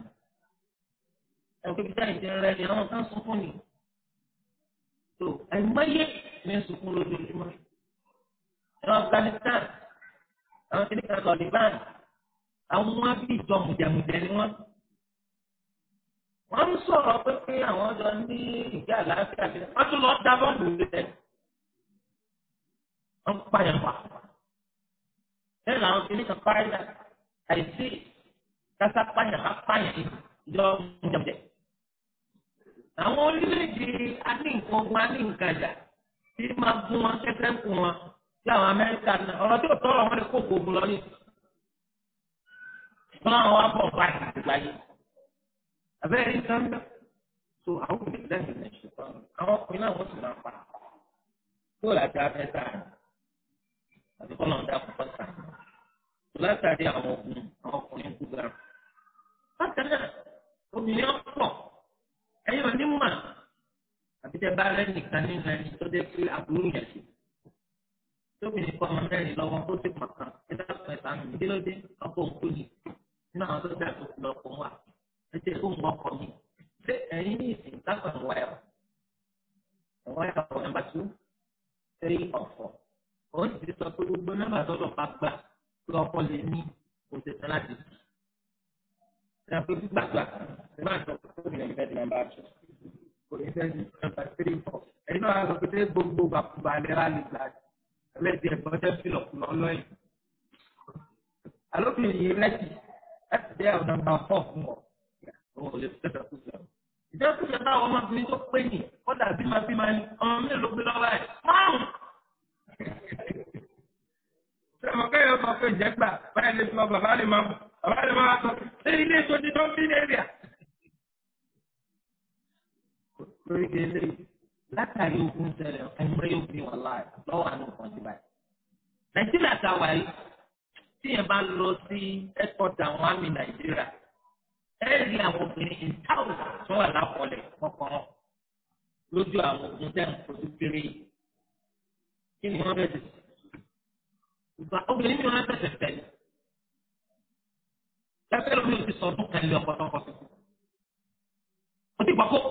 Ẹ̀rọ kébí táyì ti rẹ̀ ni àwọn kan sunkún ni. Tó àìmọye ní sunkún lójoojúmọ́. Ẹ̀rọ Afghanistan, àwọn kìnnìkan Taliban àwọn abíjọ mùjẹmùjẹ ni wọn. wọn ń sọ̀rọ̀ pé pé àwọn jọ ní ìjà àlàáfíà ṣe wọn tún lọ dá bọ́ọ̀lù lẹ̀. wọn ń pààyàn pa. bẹ́ẹ̀ làwọn kìíní kan parí la àìsí kásá pààyàn bá pààyàn jọ mùjẹmùjẹ. àwọn orílẹ̀-èdè anínkan ogun anínkanjà máa gún wọn kẹsẹ̀ ń kún wọn sí àwọn Amẹ́ríkà náà ọ̀rọ̀ tí ò tọrọ wọn lè kó gbogbo lọ ní máa wá bọ̀ báyìí àgbáyé. Abẹ́rẹ́ ní Sanda so àwọn òbí lẹ́yìn ní ṣùgbọ́n àwọn ọkùnrin náà wọ́n sì máa pa. Kó làtà fẹ́ sáànù àti kọ́ náà dákun fọ́ sáànù. Látàrí àwọn ogun àwọn ọkùnrin kú gan. Bákan náà, obìnrin ọ̀pọ̀ ẹ̀yìn onímọ̀ àbíjẹ́ bá lẹ́nìkan nínú ẹni tó dé sí àbúrò yẹn sí tóbi ní kọ́ ọmọ mẹ́rin lọ́wọ́ ó ti pọ̀ kan kí nínú àwọn tó dà tó kú lọ kó wà ètò ìkó ń wọkọ mi ṣé ẹ̀yin ní ìsìn káfọ̀ ń wáyà ń wáyà ọ̀ nàmbà tú three or four òun ti sọ pé gbogbo nọ́mbà tọ́lọ̀ bá gbà pé ọkọ lè ní òṣèṣe láti tù ṣe pé gbígbàgbà ṣe máa sọ pé kò ní ẹgbẹ́ ti nàmbà tù kò ní fẹ́ ní nàmbà three four ẹ̀yin náà sọ pé gbogbo bàkúbà lè gbà ẹlẹ́dẹ̀ẹ́ bọ́jẹ́ fìlọ̀ kù lọ́lọ́yìn alóbìnrin yìí láti dé àwọn nàmbà fọ́ fún ọ àwọn ò lè fẹ́ fẹ́ kúta o. ìjẹ́kùjẹ́ táwọn ọmọbìnrin tó pé yìí ó dàbí máa bí máa ní ọmọ mi ló gbé lọ́wọ́ ẹ̀ márùn. sọ̀rọ̀ kẹ́yọ̀ sọ pé ìjẹ́gbà báyìí lè sọ bàbá lè máa bàbá lè máa sọ ṣé ilé ètò ti tó ń bí ní èrìà. lórí ilé látàrí ogun ṣẹlẹ̀ ẹ̀mí yóò fi wọn láàyè lọ́wọ́ àná kan ti báyìí. nàìjíríà ta wà tíyẹn bá lọ sí ẹkọtà àwọn àmì nàìjíríà ẹrí àwọn obìnrin ìtawù tó wà lápọlẹ kọkàn lójú àwọn ogun tẹ ń fojú kiri kí ni wọn bẹ dì ìgbà obìnrin mi wọn fẹsẹ̀ tẹ́lẹ̀ lẹsẹ lómi ò ti sọ ọdún kan lé ọpọlọpọ tuntun ó ti gbàgbọ́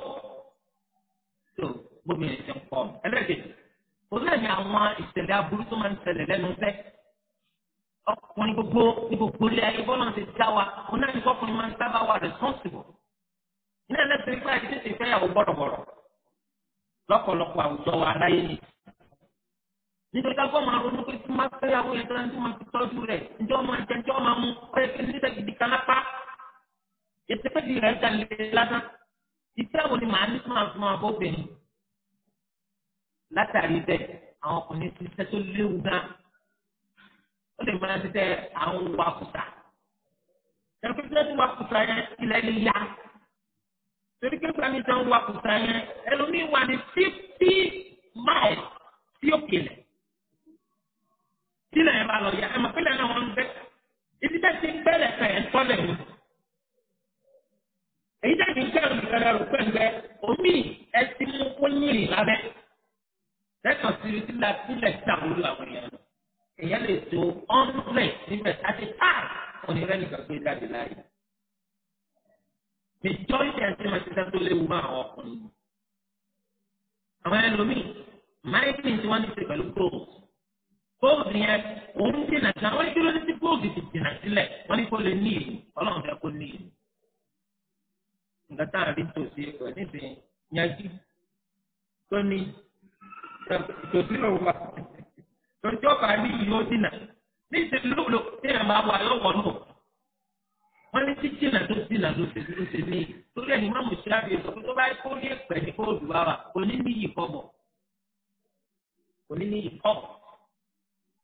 tó gbómi ẹ ti ń pọ ẹlẹ́gẹ̀ẹ́ òun náà ni àwọn ìṣẹ̀lẹ̀ aburú tó máa ń ṣẹlẹ̀ lẹ́nu fẹ́ẹ́ ọkùnrin gbogbo ní gbogbo ilé ayé bọ́lá ti dá wa òun náà ní kọkùnrin máa ń sábà wà responsible ní ẹlẹ́sìn pé àti tètè fẹ́yàwó bọ̀rọ̀bọ̀rọ̀ lọ́pọ̀lọpọ̀ àwùjọ wa aláyé ni nítorí kágbọ́n máa ronú pé tí máa fẹ́yàwó yẹn tán tí máa fi tọ́jú rẹ̀ njọ́ máa jẹ njọ́ máa mú ọ̀rẹ́ kí níta gidi kan lápá ètò pé ìrẹ̀ ń dalẹ̀ lásán ìfẹ́ wo ni màá ní tí màá fi máa bọ́ bẹ̀rẹ̀ látàrí bẹ́ẹ̀ àwọn ó lè máa ti tẹ àwọn wakùsà ẹ̀fíṣẹ́ tí wakùsà yẹn ilẹ̀ lè ya torí pé sani tán wakùsà yẹn ẹlòmíì wà ní fifty miles tí ó kele tí lẹ́yìn bá lọ ya ẹ̀mọ̀ pé lẹ́yìn wọn ń bẹ́ ibi tẹ́ ti ń bẹ́lẹ̀ fẹ́ ẹ̀ tọ́lẹ̀ wọn èyí tẹ́ ti ń bẹ́lẹ̀ nìkan lẹ́rù pẹ́ǹgbẹ́ omi ẹ ti mú kó nyìrì lábẹ́ lẹ́kàn sí ibi tí èèyàn lè tó hundred níbẹ̀ thirty five onírẹ́nìkan gbé jáde láàyè. majority àti màtíta tó léwu máa àwọn ọkùnrin. àwọn ẹlòmíì migraine tí wọ́n ní ṣe pẹ̀lú gold. gold yẹn òun dènà sí àwọn ìdúró ní ti gold ti dènà sílẹ̀ wọ́n ní kó lè ní ìlú ọlọ́run fẹ́ kó ní ìlú. nǹkan tá a rí tòsí ẹ̀kọ́ níbi yanjú tó ní ìtòsí òun wà tọ́jọ́ bá rí yóò dínà níṣẹ́ lóòlò tí ẹ̀ máa wà yóò wọ̀nù. wọ́n ní tí dínà tó dínà ló ṣe ló ṣe ní torí ẹni má mọ̀ sí àbí sọ pé tó bá kó ní ẹ̀pẹ̀ ní kóòdù bá wà kò ní ní yìí kọ́bọ̀ kò ní ní yìí kọ́bọ̀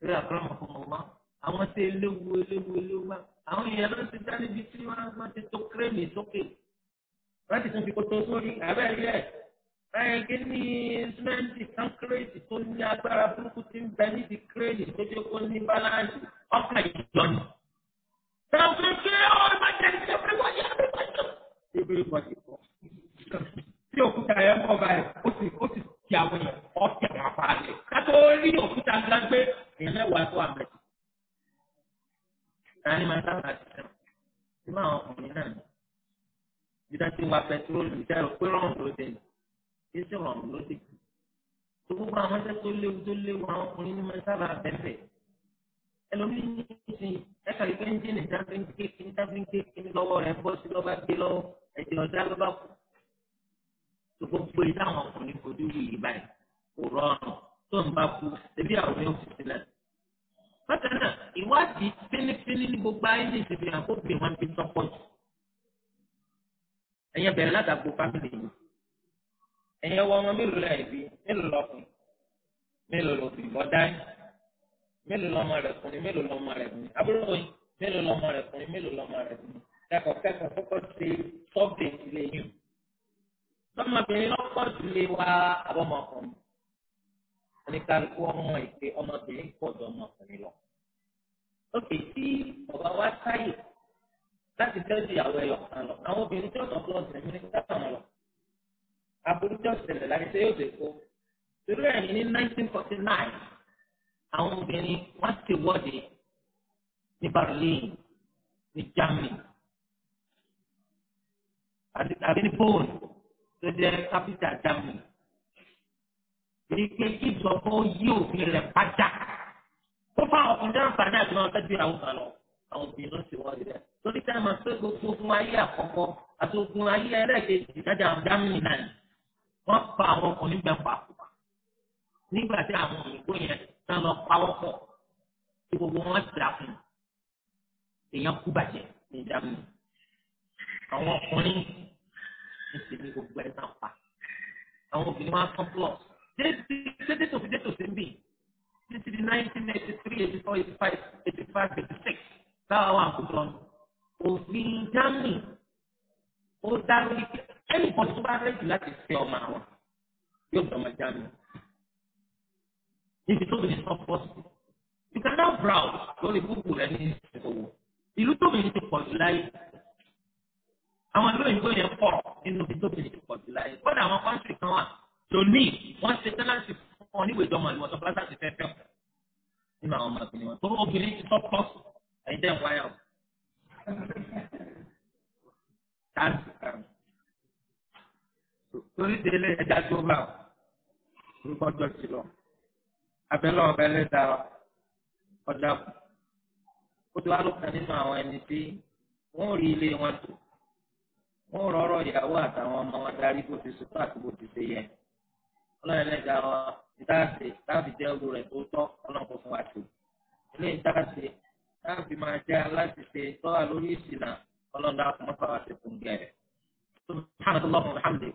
lórí àkọ́rọ́mọ̀ fún ọmọ àwọn tí eléwu eléwu eléwu wá àwọn èèyàn ló ti dá níbi tí wọ́n ti tó kírèmì sókè wọ́n tún fi kótó sórí àbẹ́rẹ́ ẹ̀ẹ́dẹ́ ní sìmẹ́ǹtì kankireti tó ní agbára burúkú ti ń bẹ níbi kírẹ́ẹ̀nì tó jẹ́ kó ní báláǹsì ọkàn ìjọ ni. Ṣé o ṣe ọ̀rọ̀ máa jẹ́ ìṣe pé wọ́n yẹ kí wọ́n jọ? Ibi ìbọn ti kọ. Tí òkúta yẹn kọ́ báyìí, ó sì ó sì ti àwọn èèyàn ọ̀tẹ̀ wọn palẹ̀. Kátó rí òkúta ńlá gbé ìlẹ́wàá tó àmì. Tani máa ń sábà ti sẹ́wọ̀n. Ṣé máa ọkùnrin náà ní? Ìdájí wa pẹ̀túrólù ìjẹ́ òpérò ọ̀hún ló dé yìí yíṣẹ́ wọn ló ti kù. tó gbogbo àwọn ẹsẹ̀ tó léwu tó léwu àwọn ọkùnrin ní mẹ́sàlá bẹ́ẹ̀ ẹlòmíín ní ìsìn ẹ̀ka ìfẹ́ ń jìnnà dáfíńké dáfíńké lọ́wọ́ rẹ̀ bọ́ sí lọ́ba gbé lọ́wọ́ ẹ̀jẹ̀ ọ̀dá lọ́ba kù. tó gbogbo ìdá àwọn ọkùnrin fojú yìí báyìí kò rọrùn tó ń bá kú ẹbí àwọn yóò fi sílẹ̀. bákan náà ìwádìí fínífíní ní gbogbo ayé ní ìsìn fi hàn kó bì wọ́n jù. ẹ̀yẹ bẹ̀rẹ̀ látàgbò fámìlì yìí ẹ̀yin ọwọ́ ọmọ mélòó la ìbí mélòó lọkùn mélòó lọbì bọ́dáyìn mélòó lọmọ rẹ̀ kùnrin mélòó lọmọ rẹ̀ kùnrin abúlé mélòó lọmọ rẹ̀ kùnrin mélòó lọmọ rẹ̀ kùnrin kẹ́kọ̀ọ́ kẹ́kọ̀ọ́ kọ́kọ́ ti sọ́ọ̀bì ilé yìí lọ́mọbìnrin lọ́kọ́ ti lé wa abọ́mọkùnrin oníkálukú ọmọ ìpè ọmọbìnrin pọ̀ jọ ọmọkùnrin lọ lókè tí ọba wa sáyè láti fẹ́ ìyàwó ẹ̀yọ̀ kan lọ àwọn obìnrin tí ó aburú tí ó ṣẹlẹ̀ láti ṣe yóò dé kó irú ẹ̀ ní nineteen forty nine àwọn obìnrin wọ́n ti wọ́de ní Berlin ní Germany àbí ní Bonn tó jẹ́ capital Germany ní pé kí ìjọba ó yí òfin rẹ̀ pátá ó fún àwọn ọkùnrin àǹfààní àti wọn fẹ́ẹ́ bí àwọn kan lọ àwọn obìnrin ló sì wọ́ọ̀dì rẹ̀ torí táwọn máa pé gbogbo ogun ayé àkọ́kọ́ àti ogun ayé ẹlẹ́ẹ̀kejì ìdájà Germany náà wọ́n pa àwọn ọkùnrin bẹ́ẹ̀ pàkúpà nígbà tí àwọn òyìnbó yẹn tán lọ pawọ́pọ̀ tí gbogbo wọn ti dàkún èèyàn kú bàjẹ́ ní Germany àwọn ọkùnrin ń ṣe gbogbo ẹ̀ náà pa àwọn obìnrin wọn tán plọ̀ dédé tó fi dé bì títí di nineteen eighty three eighty four eighty five eighty five eighty six táwa wà kúrò òfin Germany ó dá lórí pé ẹnì kan tó bá rẹ́jù láti fẹ́ ọmọ àwọn yóò dọ̀mọ jáde níbi tó bìí sọ pọ́sì you can now browse lórí google rẹ ní ìṣòwò ìlú tó bìí ti pọ̀ jù láyé àwọn ìlú òyìnbó yẹn pọ̀ nínú ibi tó bìí ti pọ̀ jù láyé kódà àwọn kọ́ńtì kan wà tó ní wọ́n ṣe tẹ́lẹ̀sì fún ọ níwèé dọ́mọ ìwọ̀n tó bá sáà ti fẹ́ fẹ́ nínú àwọn ọmọbìnrin wọn tó obìnrin ti sọ pọ́sì ẹ̀yin dẹ́ wáyà o torí délé ẹja tó bá ọ orúkọ jọ sí lọ abẹ́lẹ́ ọ̀bẹ lẹ́dà ọjà kù ó ti wá lókàn nínú àwọn ẹni tí wọ́n rí ilé wọn tó wọ́n rọrọ̀ ìyàwó àtàwọn ọmọ wọn darí bó ti sùpà àti bó ti ṣe yẹ ọlọ́run lẹ́dà wọn ìdáàsì láti jẹ́ olú rẹ̀ tó tọ́ ọlọ́run fún wa tó ilé ìdáàsì láti máa jẹ́ aláṣìṣe tọ́wà lórí ìsìnà ọlọ́run dáhùn mọ́fà wá ti fún gẹ̀rẹ́. سبحانك اللهم وبحمدك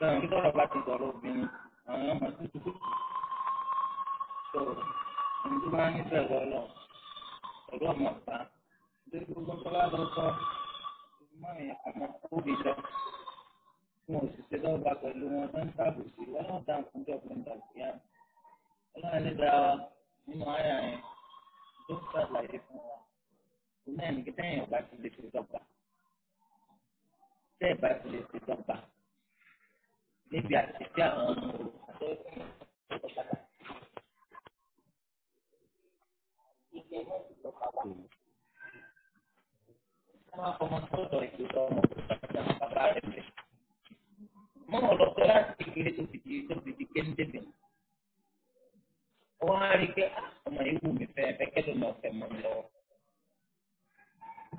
náà kí tọ́lọ̀ bá ti sọ̀rọ̀ obìnrin àwọn ọmọ tuntun kùtù tó ẹni tó bá ní bẹ̀rù ọlọ́ pẹ̀lú ọmọ ọ̀tá nítorí gbogbo tọ́lá lọ sọ ọmọ yẹn ọmọ kóbi lọ fún òṣìṣẹ́ lọ́ba pẹ̀lú wọn tó ń tàbí sí wọn náà dá nǹkan jọ pé ń ọlọ́run lè dá nínú àyà yẹn tó ń ṣàlàyé fún wa òun náà ní kí tẹ́yìn ọ̀gá ti lè fi dọ́gba tẹ́ẹ̀ bá ti lè fi dọ́gba níbi àtẹ̀tẹ̀ àwọn ọmọ òrùka máa fọmọ sọ́dọ̀ ìjọba ọmọ òrùka bàbá rẹ̀ bẹ̀. mọ́ ọ̀lọ́kọ́ láti kékeré tó fi di tó fi di kéńdébẹ̀. wọ́n á rí i pé ah, ọmọ ìwú mi fẹ́ fẹ́ kẹ́lò náà fẹ́ mọ́ mi lọ́wọ́.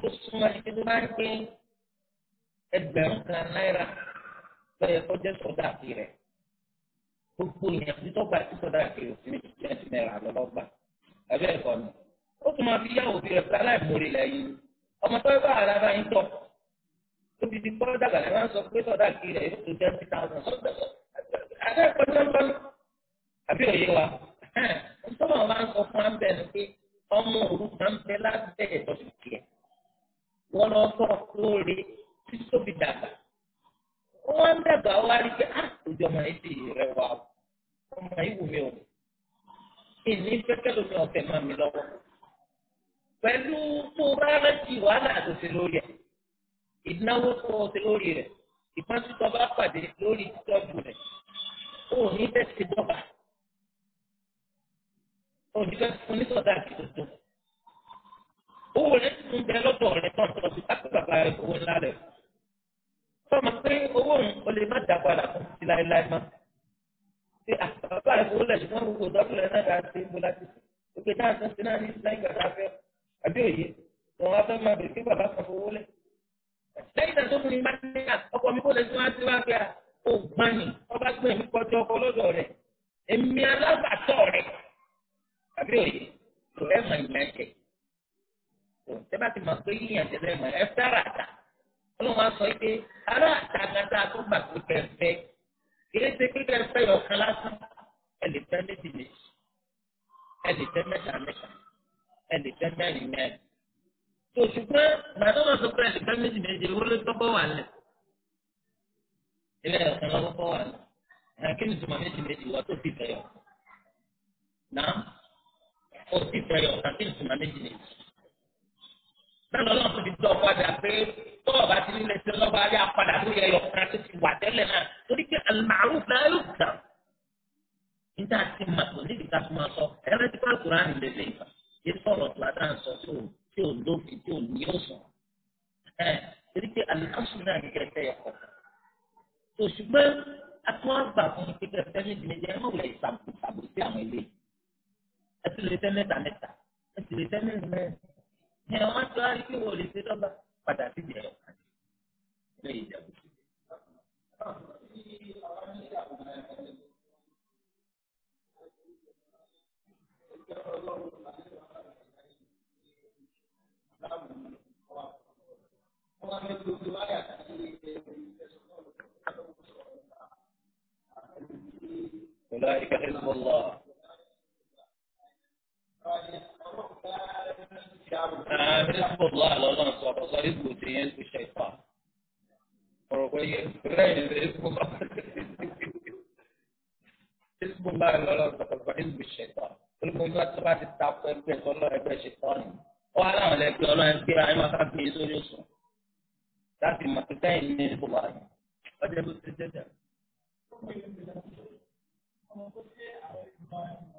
ó súnmọ́ ẹni tó bá ń gbé ẹgbẹ̀rún kan náírà lọ́yẹ kó jẹ́ sọ̀dá àti rẹ̀ gbogbo ìyànjú tó gba sí sọ̀dá àti rẹ̀ sí méjì twenty naira lọ́wọ́ gbà ẹ̀bẹ́ ẹ̀kọ́ ni ó tún máa fi yáwó bí rẹ̀ fúlá láì mórí lẹ́yìn ọmọ tó bá ara bá yín tọ̀ ó ti di kọ́ dàgbà ní wọ́n sọ pé sọ̀dá àti rẹ̀ yóò tó twenty thousand sọ̀dá àti ẹ̀kọ́ tó ń bọ̀ àbí ni pé ọmọ ó wá ń dàgbà wá rí pé á òjò ọmọ yìí ti rẹ wá o ọmọ yìí wù mí o ìní pẹ́kẹ́ lómi ọ̀fẹ́ máa mi lọ́wọ́ pẹ̀lú tó bá rántí wàhálà tó ti lórí ẹ̀ ìnáwó tó ti lórí rẹ̀ ìpọ́njú tó bá pàdé lórí títọ́jú rẹ̀ ó ní bẹ́ẹ̀ ti dọ́gba ó ní bẹ́ẹ̀ fún nísọ̀dá àti tuntun owó rẹ̀ ti bẹ lọ́dọ̀ rẹ̀ tọ̀tọ̀ sí pápá bàbá rẹ̀ owó ńlá rẹ̀ fún sọ́mọ pé owó òun o lè má dá padà fún ti láéláé mọ́. ṣé àbábá rẹ̀ fowó lẹ̀ ṣùgbọ́n gbogbo dọ́kítà náà dáa sí ibo láti ṣe òkè táà tó ṣe náà ní lẹ́yìn gbàgbà fẹ́ àbí òye wọn wá fẹ́ máa bèrè kí bàbá kan fowó lẹ̀. lẹ́yìn náà tó fún mi bá ti ní ọkọ mi kó lè tún wá sí wá pé ó gbọ́n ni wọ́n bá gbé mi kọjú ọkọ lọ́dọ̀ rẹ̀ èmi alábàtọ̀ rẹ̀ àbí òye tó ẹ̀ olùwà sọ pé ará àtàgàtà tó gbà pé kẹfẹ kìí ṣe pé kẹfẹ yọkan lásán ẹ lè fẹ́ méjì méjì ẹ lè fẹ́ mẹ́ta mẹ́ta ẹ lè fẹ́ mẹ́rin mẹ́rin tó ṣùgbọ́n gbàdọ́ náà sọ pé ẹ lè fẹ́ méjì méjì owó ló tọ́ bọ́ wà lẹ̀ ilé ọ̀sán lọ́wọ́ bọ́ wà lẹ̀ ẹ̀ ni tuma méjì méjì wà tó fi fẹ́ yọ ó fi fẹ́ yọ ni tuma méjì méjì náà lọ́wọ́ fi dọ̀ padà pé tó ọba ti nílẹ̀ sí lọ́ba ayé apàdà tó yẹ ọ̀kan tó ti wà tẹ́lẹ̀ náà torí pé al-ma'ruf la yukdam. níta ti mà tó níbi ká tó máa sọ ẹ̀rọ ti pa kúrán ní lè lèyìn yé sọ̀rọ̀ tó a dáhùn sọ tí ò lófin tí ò ní yóò sọ. ẹ torí pé al-aslu náà ní kẹsẹ̀ yẹ kọ̀. òṣùgbọ́n atún àgbà fún mi pípẹ́ fẹ́mi ìdílé jẹ́ ẹ̀mọ́ wẹ̀ ìsàbòsí àwọn ilé ẹ̀ ti lè fẹ́ mẹ́ta mẹ́ta ẹ̀ padà síbi ẹ̀yọ̀ kan lè jẹ̀bù sí. أولئك حزب الله بنحب الله لله سبحانه وتعالى يثبت الشيطان وروي غير اسم الله اسم الله لله سبحانه وتعالى الشيطان الموضوع تبعت التعبير بين الله وبين الشيطان وعلى ملك الله يذكر ما كان في زوج يوسف لكن ما تتعين من اسم الله وجب السجدة Thank you.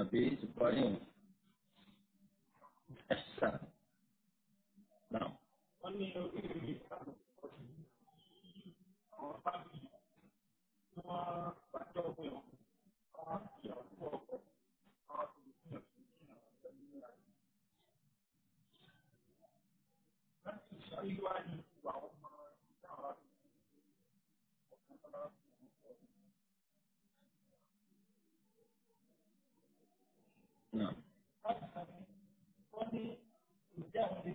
àbí ìbọ̀yìn ẹ̀sà náà. wọ́n ní orí ìrìn ìsàlù ọ̀sẹ̀ àwọn bábí tí wọ́n bàjẹ́ òwe ọ̀hún àwọn àti àwọn ọkọ̀ àwọn àti ìpínlẹ̀ ìpínlẹ̀ ọ̀sẹ̀ láti ìṣàlùwà Thank you.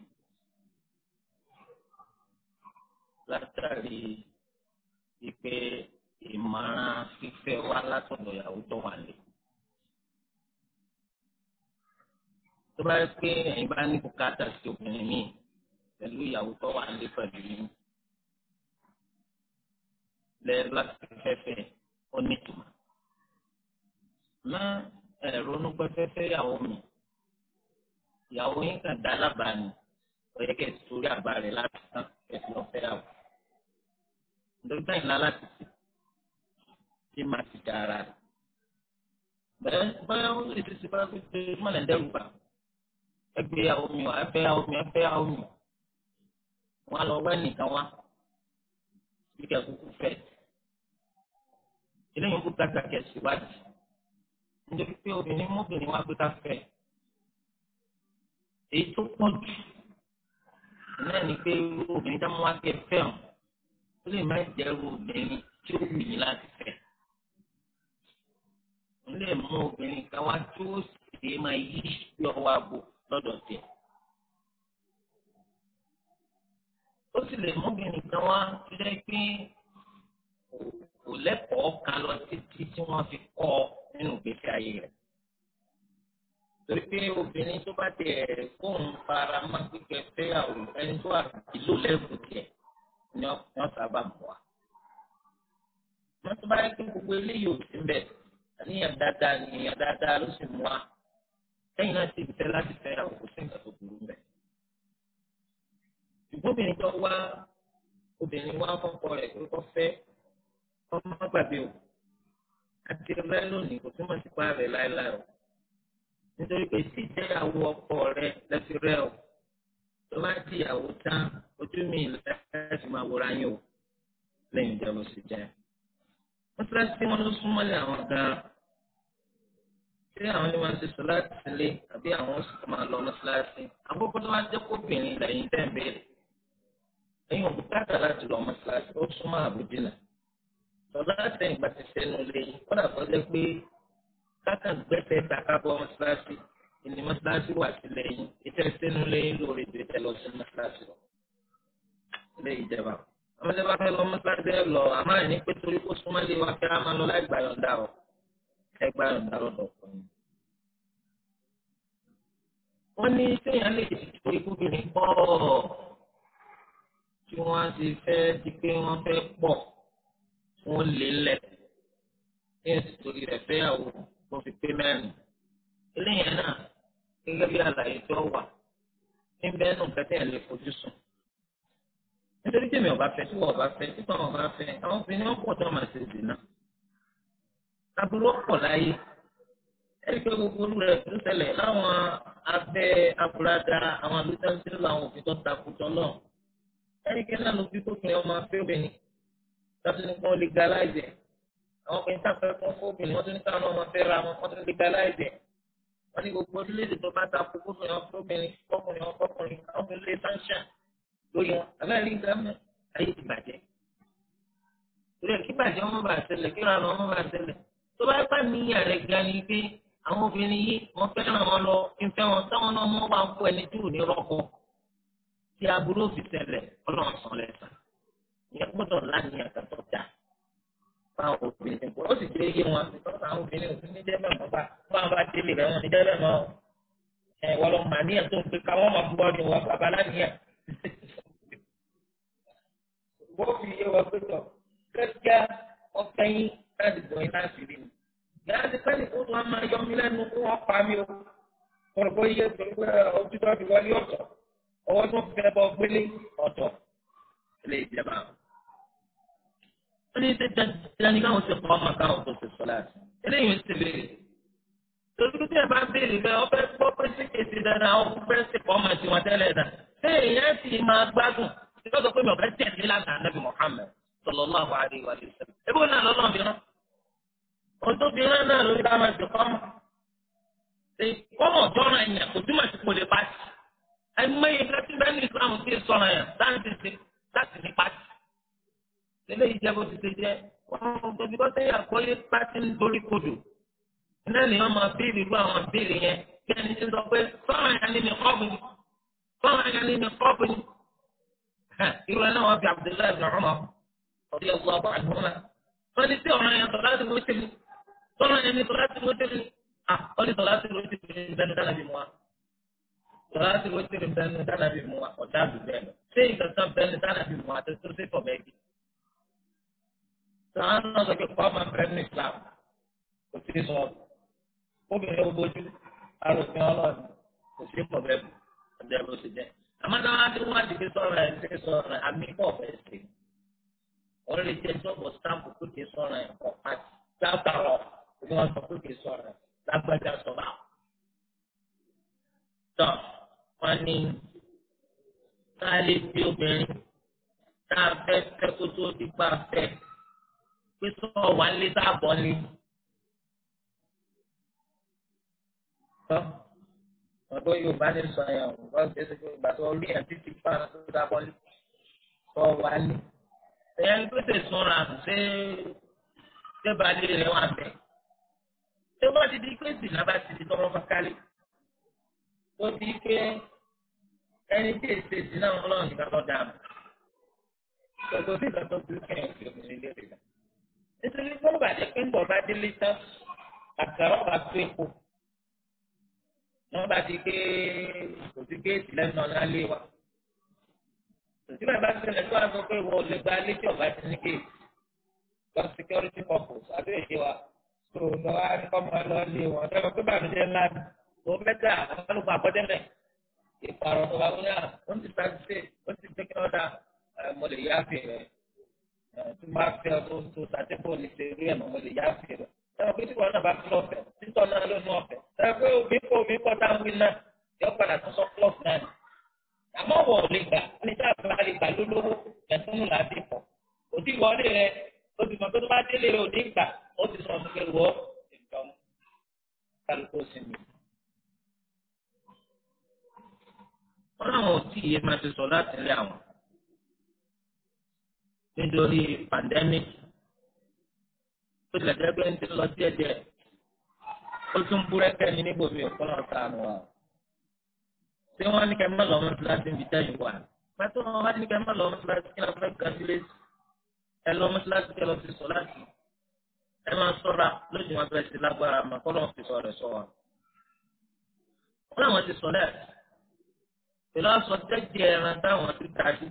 látàrí wípé ìmọ̀ràn fífẹ́ wá látọ̀dọ̀ ìyàwó tó wà lé. tó bá rí pé ẹ̀yin bá ní bùkátà sí obìnrin míì pẹ̀lú ìyàwó tó wà lé pẹ̀lú yín lẹ́yìn láti fẹ́fẹ́ ó ní ìtumọ̀. má ẹ̀rọ nípa fẹ́fẹ́ ìyàwó mi ìyàwó yín kàn dá lábàá ni ó yẹ kẹ́ ẹ̀ sórí àbá rẹ̀ láti tán ẹ̀sìn ọ̀fẹ́ àwọn nítorí bẹ́ẹ̀ ni aláṣẹ ti máa ti dà ara rẹ̀ bẹ́ẹ̀ bẹ́ẹ̀ ó lè ti sèpá pé ojúmọ́ lẹ̀ ń dẹ́rù bà ẹgbẹ́ yàwó mi wà ẹgbẹ́ yàwó mi ẹgbẹ́ yàwó mi wọn lọ wẹ́ nìkan wá bí kẹ́ kúkú fẹ́ ilé yòókù gbàgbà kẹ́ síwájú nítorí pé obìnrin mọ́bìnrin wá gbé ká fẹ́ èyí tó pọ̀ jù náà ni pé obìnrin dá mọ́ wá kẹ́ fẹ́ ó lè má jẹ́rú obìnrin tí ó wù yín láti fẹ́. ó lè mú obìnrin kan wá tí ó sì máa yí sí ọwọ́ abo lọ́dọ̀ tẹ̀. ó sì lè mú obìnrin kan wá tó jẹ́ pé kò lẹ́kọ̀ọ́ kan lọ títí tí wọ́n fi kọ́ nínú ìgbésí ayé rẹ̀ torí pé obìnrin tó bá tẹ̀ fóun fara mọ́ pípẹ́ fẹ́yàwó ẹni tó àbí ló lẹ́kùn ni wọ́n sábà mọ̀ wá. wọ́n tún bá yẹ kí gbogbo eléyìí ò sí mbẹ̀ àníyàn dáadáa níyàn dáadáa ló sì mú wa lẹ́yìn náà sì fẹ́ láti fẹ́ àwòkù sí nǹkan tó burú mbẹ̀. ìgbóbìnrin tó wá obìnrin wá fọ́kọ rẹ̀ pé kó fẹ́ ọmọ gbàgbé o àti ọlọ́ọ̀ lónìí kò túmọ̀ sí pa rẹ̀ láéláé o nítorí pé tíjẹ́ àwọ ọkọ rẹ̀ lẹ́sìn rẹ̀ o tó bá ti ìyàwó tán ojú mi láti máa wọra yín o lẹ́yìn ìjà ló sì jẹ́. mọ́sálásí tí wọ́n ló súnmọ́ lé àwọn gan-an ṣé àwọn ni wọ́n ti sọ láti sílé àbí àwọn sì máa lọ mọ́sálásí àkókò tó bá jẹ́ kóbìnrin lẹ́yìn tẹ̀ ń béèrè ẹ̀yin ò bùkátà láti lọ mọ́sálásí ó súnmọ́ àbújìnà lọ́lá àtẹ̀yìnbá ti sẹ́nu lé kọ́dà tó jẹ́ pé kákà gbẹ́sẹ̀ takà bọ́ mọ́sálásí ìní mọ́sálásí wà sílẹ̀ yín ìtẹ́ sínú lẹ́yìn lórí ìdílé lọ sí mọ́sálásí lọ. ilé ìjọba àwọn ìjọba fẹ́ lọ mọ́sálásí ẹ lọ àmọ́ àìní pé torí kó súnmọ́ lé wa fẹ́ á máa lọ láì gbàyọ̀ǹda ọ̀ ẹ gbàyọ̀ǹda lọ́dọ̀ fún mi. wọ́n ní sẹ́yìn lè tó ikúbìnrin pọ̀ tí wọ́n ti fẹ́ di pé wọ́n fẹ́ pọ̀ wọ́n lè lẹ̀ ní ètò ìrẹ̀fẹ́ àwọn tó fi pé mẹ́rin eléyìí náà gẹ́gẹ́ bí àlàyé tó wà níbẹ̀ nù kẹtẹ́ ẹ̀ lè fojú sùn. nítorí tèmi ọba fẹ́ tí wọ́n ọba fẹ́ tí wọ́n ọba fẹ́ àwọn obìnrin wọn pọ̀ tó máa ṣe dènà. aburú ọ̀pọ̀ láyé ẹ̀rí pé gbogbo olú rẹ̀ tó ṣẹlẹ̀ láwọn abẹ́ aburada àwọn alúdáńtì làwọn òfin tó ta kutọ náà. ẹ̀rí pé náà ló fi kókìnrin ọmọ afẹ́ obìnrin tàbí nípa wọn lè galáìzẹ̀ àwọn obìnrin tàbí fẹ́ fún obìnrin wọ́n tún ní káwọn ọmọ fẹ́ ra wọn wọ́n tún lè galáìzẹ̀ wọ́n ní gbogbo orílẹ̀-èdè tó bá takò gbogbo yẹn fọ́bìnrin fọ́kùnrin fọ́kùnrin àwọn ilé sáńṣà lórí wọn abẹ́rẹ́ ìgbà mọ́ ayé ti bàjẹ́. ìrẹ̀ kí bàjẹ́ wọn bá ṣẹlẹ̀ kí ra wọn bá ṣẹlẹ̀ tó bá bá níyà rẹ̀ ga ni pé àwọn obìnrin yìí wọ́n fẹ́ràn wọn lọ ìfẹ́ wọn táwọn náà wọ́n wá fún ẹni tí ò ní rọ́kọ tí aburú fi ṣẹlẹ̀ ọlọ́run sọ lẹ́sàn fáwọn obìnrin ó sì jẹ́ iye wọn nítorí àwọn obìnrin ò ní jẹ́ bẹ́ẹ̀ mọ́ bá báwọn bá délé rẹ̀ wọn ní jẹ́ bẹ́ẹ̀ mọ́ ẹ wọ́n lọ mà níyà tó ń pe káwọn máa bu ọdún wọn bàbá láníyà. wọ́n fi iye wọn pé tọ̀ kẹ́kẹ́ ọ̀fẹ́ yín láti bọ̀ yín láti rí mi. ìyá ti pẹ́ẹ́lí kó tó wọn máa yọ mí lẹ́nu kó wọ́n pa mí o. mo rò pé iye tó ń gbé ojútọ́ ti wọlé ọ̀tọ̀ owó tó ń fẹ́ bọ́ gbélé ọ̀tọ̀ lè jẹ́ báwọn ó ní tẹ́tẹ́ tẹ́tẹ́ ní káwọn ṣe pọ̀ ọmọ káwọn kò ṣe sọ láti eléyìí ń ṣe béèrè torí tí ẹ bá béèrè bẹ ọ fẹ́ gbọ́ pé ṣé kèsì dandan ọ fẹ́ ṣe pọ̀ ọmọ tiwọn tẹ́lẹ̀ dà ṣé èèyàn sì máa gbádùn lọ́sọ̀ pé mi ò fẹ́ tẹ̀lé lánàá nàbì Muhammad sallallahu alaihi wa sallam ebó náà lọ́nà bìíràn ọdún bìíràn náà lórí ká máa ṣe kọ́mọ kọ́mọ jọ́nà ẹ̀yàn kò túmọ̀ sí kò lè pàṣẹ ẹ̀mẹ́yẹ kẹ́tí bẹ́ẹ̀ ní Islam ti sọ̀rọ̀ yẹn láti ní pàṣẹ tẹ́lẹ̀ yìí jẹ́ bó ti ṣe jẹ́ wọ́n gbé bí wọ́n sẹ́yìn àkọ́lé pátí ń dorí kodò náà ni wọ́n máa béèrè irú àwọn béèrè yẹn bí ẹni tí ń sọ pé fáwọn ẹ̀yà ni mi kọ́ bù ni fáwọn ẹ̀yà ni mi kọ́ bù ni. irú ẹ náà wọ́n fi Abdullahi ibn Umar ọ̀dí ọgbà ọgbà àdúrà wọ́n ní sí ọ̀ràn yẹn sọ̀rọ̀ láti wọ́n tẹ̀lé sọ̀rọ̀ yẹn ni sọ̀rọ̀ láti wọ́n tẹ̀lé wọ́n ní sọ̀rọ̀ láti wọ́n tẹ̀lé ní bẹ́ẹ̀ dáná bí mu wa sọ̀rọ̀ láti wọ́n tẹ̀lé ní bẹ́ẹ̀ dáná bí mu wa ọ̀dà àdúgbò ẹ̀ sọ̀rọ̀ náà sọ pé kọ́ máa bẹ̀rẹ̀ ní islam kò sí sọ obìnrin ó bójú arúgbìn ọlọ́ọ̀ni kò sí pọ̀ bẹ́ẹ̀ bù ọjọ́ ìlú sì jẹ́ àmọ́ táwọn adé wá dìbí sọ̀rọ̀ ẹ̀ ṣe sọ̀rọ̀ àmì pọ̀ bẹ́ẹ̀ sí wọ́n lè jẹ́ sọ́ọ̀bù sáàpù kó kì í sọ̀rọ̀ ẹ̀ pọ̀ pàtì látàrọ̀ ni wọ́n sọ kó kì í sọ̀rọ̀ ẹ̀ lágbájá sọ̀rọ̀ àwọn. lè fi obìnrin tá fẹ́ fẹ́ kó tó dípá pé sọ wà ń lé sáàbọ̀ ni. ọ̀dọ́ yorùbá ní sọ yẹn o wọ́n ti ṣe yorùbá tó rí ẹ̀ títí pa tó sáàbọ̀ ni sọ wà ní. ẹ̀yà ń pèsè súnra ṣé débàdé rẹ̀ wà bẹ̀. ṣé wọ́n ti di pé ìsìnlá bá ti di tọrọ fakálẹ̀ tó di pé ẹni tí èsì èsì náà ń lọ nígbà tó dáa. Gbogbo bí ìgbà tó burú kẹ́hìn sí obìnrin lè rí náà nítorí tó bàjẹ́ pé ńgbọ̀n bá délé tán àkàrà ọ̀bà tó epo wọ́n bá ti gbé kò sí géètì lẹ́nu ọ̀nà lé wa tí bàbá sílẹ̀ tó wà sọ pé wọ́n lè gba létí ọ̀bá ti ní géètì lọ security purpose àbí èyí wa tó lọ àríkọ́mọ lọ lé wọn ṣé wọn pé bàbá ńlá ni tó mẹ́ta àwọn olùkọ́ àkọ́dẹ́mẹ̀ ìpàrọ̀ tó bá wọlé à ó ti sàṣìṣe ó ti gbé kí wọ́n dá mọ̀lẹ́yà tí wọ́n á fẹ́ ọ tó sàtẹ́kọ̀ọ́ lè ṣe irú ẹ̀ mọ́ lè yá fẹ́ rẹ̀ ẹ̀rọ pé tí wọ́n náà bá fi ọ̀fẹ́ títọ́ náà ló ní ọ̀fẹ́ ẹ̀rọ pé omi kọ́ omi kọ́ tá ń wí náà yọ padà tó sọ klọ́ọ̀f náà ni àmọ́ wọ̀ lè gbà ní tí àbúrò àlè gbà lólówó ẹ̀túnú láti pọ̀ òtí wọlé rẹ ó ti mọ̀ tó tó bá délé rẹ òní gbà ó ti sọ fún kẹrù ọ́ nítorí pandemic ó ti lẹ́jọ́ pé ń ti lọ díẹ̀díẹ̀ ó tún búrẹ́kẹ́ ni níbo mi ò kọ́ lọ́ọ́ sànù wa ṣé wọ́n ní kẹ́mọ́ lọ́mọ kíláàsì níbi tẹ́yìn wà pàtó wọn wá ní kẹ́mọ́ lọ́mọ kíláàsì kí lọ́ọ́ fẹ́ gàdílé ẹ lọ́mọ kíláàsì kí lọ́ọ́ fi sọ láti ẹ máa sọ́ra lójú wọn fẹ́ sí lágbára mà kọ́ lọ́ọ́ fi sọ rẹ̀ sọ wa. wọ́n làwọn ti sọ lẹ́ẹ̀ pẹ̀lú àsọtẹ́jẹ ẹran táwọn ti dájú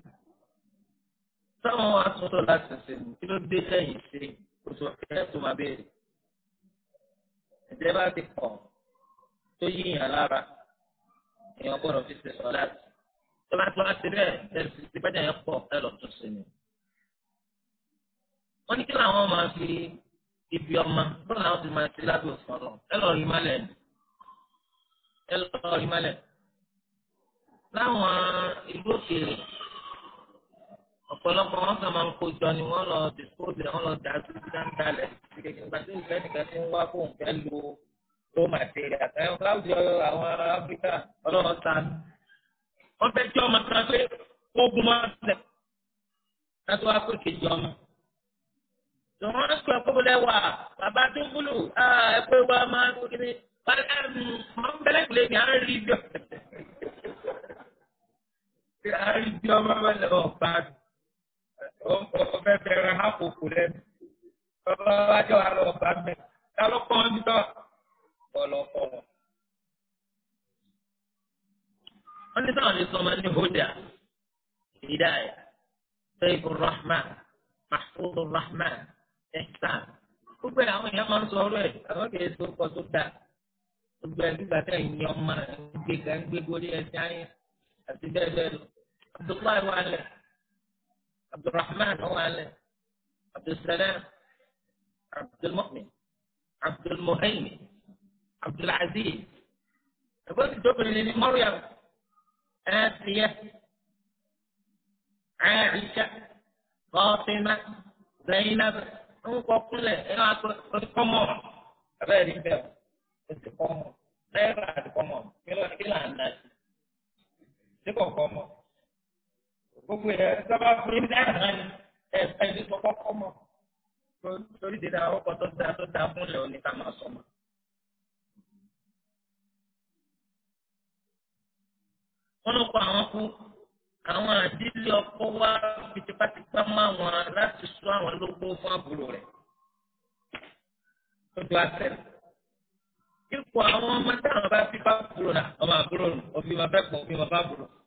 sáwọn wa tún sọ láti ṣe ní kí ló dé sẹ́yìn ṣe oṣù ọ̀kẹ́ tó máa béèrè. ẹ̀jẹ̀ bá ti pọ̀ tó yíyàn lára èèyàn gbọ́dọ̀ fi ṣe sọ láti. tó bá tún wá sí bẹ́ẹ̀ ẹ̀sìn ti bẹ́ẹ̀ yẹn pọ̀ ẹ lọ tún ṣe ni. wọ́n ní kí làwọn máa fi ibi ọmọ bọ́ọ̀lù àwọn ti máa ṣe lábẹ́ òfin ọ̀rọ̀ ẹ lọ rí mọ́lẹ̀ ẹ lọ rí mọ́lẹ̀ láwọn ìlú òkèèrè ọ̀pọ̀lọpọ̀ wọn kàn máa ń kójọ ni wọ́n lọ dìkóòdì wọ́n lọ dà sí dáńdálẹ̀ kékeré nígbà tí olùfẹ́ nìkan ti ń wá fóun fẹ́ lo tó màtẹ́rìà àtàwọn láwùjọ àwọn ará áfíríkà ọlọ́run sàn. wọ́n fẹ́ jọ́ ọmọ kan pé ogun máa ń tẹ̀ láti wá pé kejì ọmọ. lọ́wọ́n ń sọ ẹ̀kọ́ bọ́lẹ̀ wà bàbá tó gbúlù ẹ̀kọ́ ìwà máa ń kékeré wọ́n bẹ̀rẹ̀ kùlé ní ọfẹ bẹ̀rẹ̀ ha kòkò lẹ́nu bàbá wájú àlọ ọba mẹ tálọpọ ń jọ bọlọpọ wọn. wọ́n ní sáwọn ní sọmọ ní hódà ìdáyà sẹ́yìn rahman mahfud rahman ẹ̀sán gbogbo àwọn èèyàn máa ń sọ ọ̀rọ̀ ẹ̀ àwọn kìí so kọ tó dáa gbogbo ẹ̀ nígbà tẹ̀ ń ọmọ ẹ̀ ń gbé ká ń gbé gorí ẹ̀ sáyẹn àti bẹ́ẹ̀ bẹ́ẹ̀ lọ abdullahi wà lẹ́yìn. عبد الرحمن هو عبد السلام عبد المؤمن عبد المهيمن عبد العزيز يقول تقول مريم آسية عائشة فاطمة زينب nǹkan kúnlẹ̀ ẹ̀rọ àti ọ̀dùkọ́mọ̀ abẹ́rẹ́ rí bẹ́ẹ̀ ọ̀dùkọ́mọ̀ náírà àdùkọ́mọ̀ kí gbogbo ẹ̀ sábà fún yín dáhà ni ẹ̀ ẹ̀ ti sọ kọ́kọ́ mọ̀ lórí dídá ọkọ̀ tó dáa tó dáa fúnlẹ̀ òní ká máa sọ mọ́. wọ́n ló kọ àwọn kú àwọn àdílé ọkọ wá fi tipátipá mọ́ àwọn láti sọ àwọn lógbó fún àbúrò rẹ̀ tó do àṣẹlẹ̀ ipò àwọn ọmọ táwọn bá fi bá àbúrò rà ọmọ àbúrò rò òfin bàbá ẹ̀pọ̀ òfin bàbá àbúrò rò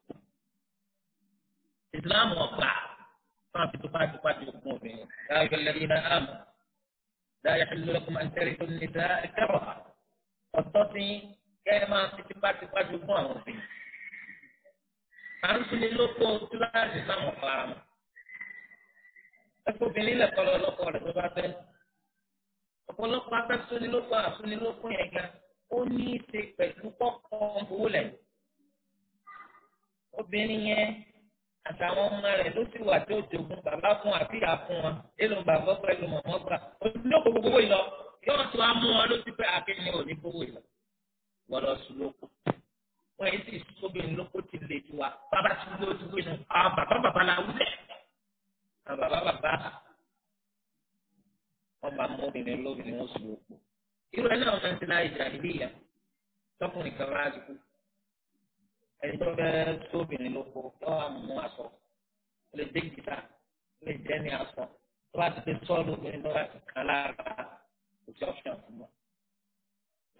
islam ọ̀gbà máa fi tupátupá ti kún obìnrin káàkiri lẹ́yìn náà àmọ́ dáyà ìlúlọ́kùnmá ń tẹ́rí tó ní dá ẹ̀kẹ́rọ̀ ọ̀tọ́ sí kẹ́ ẹ máa fi tupátupá ti kún àwọn obìnrin. àrùsùn ni lóko túláàsì islam ọ̀gbà àmọ́ ẹ̀kọ́ obìnrin lẹ̀kọ́ lọ lọ́kọ rẹ̀ tó bá fẹ́. ọ̀pọ̀lọpọ̀ afẹ́sọ́nilókun àfúnilókun yẹn gan ó ní í ṣe pẹ̀lú kọ́kọ́ owó lẹ̀ obìnrin yẹn àtàwọn ọmọ rẹ̀ ló sì wà tó jogun bàbá fún àbíyá fún wọn èlò bàbá fún èlò mọ̀mọ́ gbà olùdókò gbogbo ìlọ yóò tún á mú wọn ló ti pẹ́ akéwìn òní gbogbo ìlọ wọ́n lọ sùn lóko wọ́n yìí sì sóbìn lóko ti lè ju wa bàbá tí gbé o ti gbé nù àwọn bàbá bàbá la wúlẹ̀ àwọn bàbá bàbá wọn bá mú obìnrin lóbìnrin wọn sùn lóko irú ẹ náà wọn ti láyé jà níbí ìyá tọkùnrin kan bá a ti ẹni tó fẹ́ sóbìnrin lóko yóò wá mú aṣọ ó lè dé gìtá ó lè jẹ́ ní aṣọ tó bá ti fi sọ́ọ̀lù obìnrin tó bá ti kàn lára kò sí option fún wọn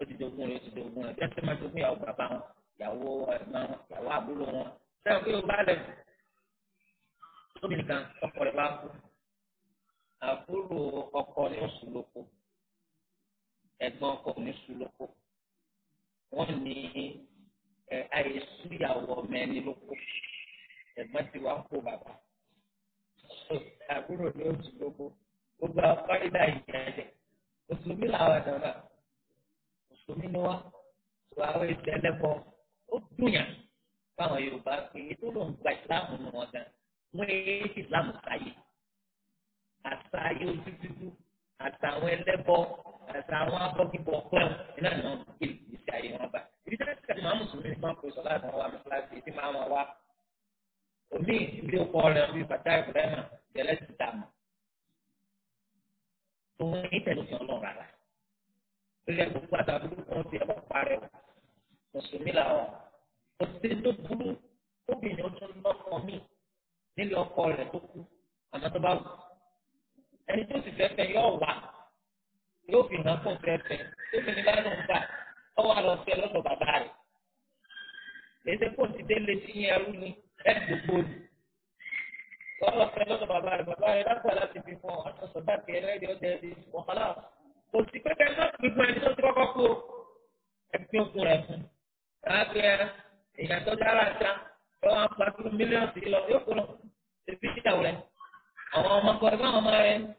ó ti dogun rẹ̀ ó ti dogun rẹ̀ bí wọ́n ti máa dogun ìyàwó bàbá wọn ìyàwó ẹ̀gbọ́n wọn ìyàwó àbúrò wọn sẹ́wọ̀n pé ó bá lẹ̀ sóbìnrin kan ọkọ rẹ̀ bá kú àbúrò ọkọ ní oṣù lóko ẹ̀gbọ́n ọkọ ní oṣù lóko wọ́n ní ẹ àìsú ìyàwó ọmọ ẹni ló kó ẹ̀gbọ́n ti wá kó bàbá àbúrò ní oṣù gbogbo gbogbo akọ́rídà ìjẹ́jẹ́ mùsùlùmí làwọn àdàbà mùsùlùmí ni wá tó àwọn ètò ẹlẹ́bọ ó dùnyàn fáwọn Yorùbá pé ètò ló ń gba ìsìláàmù nù wọn gan wọn èyí ti ìsìláàmù sáyé àtàyè ojú dúdú àtàwọn ẹlẹ́bọ àtà àwọn abọ́gibọ̀ kọ́ iná ni wọ́n gbé ìgbésí ayé wọn bá ibi tí wọ́n ti kàdé màá mùsùlùmí ni wọ́n kó sọ láti wọn wà ní kíláàsì tí màá wọn wá omi ilé ọkọ rẹ bí bàtà ìbúrẹ́mà gẹ̀lẹ́ ti dà mọ́ òun ní tẹ̀lé òfin ọlọ́run rárá ilé gbogbo àtàbùrù kan ti ẹ̀wọ̀n parẹ́ o mùsùlùmí làwọn òṣìṣẹ́ tó burú obìnrin tó lọ́kọ̀ mí nílé ọkọ rẹ̀ tó kú àmọ́ tó bá wù ẹni tó sì fẹ́ fẹ́ yọ yóò fi hàn kó fẹ́fẹ́ tó fi ní bá lóun gbà ọwọ́ àlọ́ fẹ́ lọ́dọ̀ bàbá rẹ̀ èsì kò ti délé sí yẹn ẹrú ni ẹ̀ gbogbo ni lọ́dọ̀ fẹ́ lọ́dọ̀ bàbá rẹ̀ bàbá rẹ̀ lágbà láti fi fún ọ àtọ̀sọ̀ dàbí ẹlẹ́dẹ̀ ọ̀dẹ̀ ẹ̀dẹ̀ wàhálà kò sí pẹ́pẹ́ náà gbogbo ẹni tó ti kọ́kọ́ kó ẹgbẹ́ òkú rẹ̀ fún láàbẹ̀ ìyàtọ̀ dára ta lọ́wọ́ àpapọ̀ mílíọ̀nù sí lọ yóò kúrò ẹbí ìyàwó rẹ̀ àwọn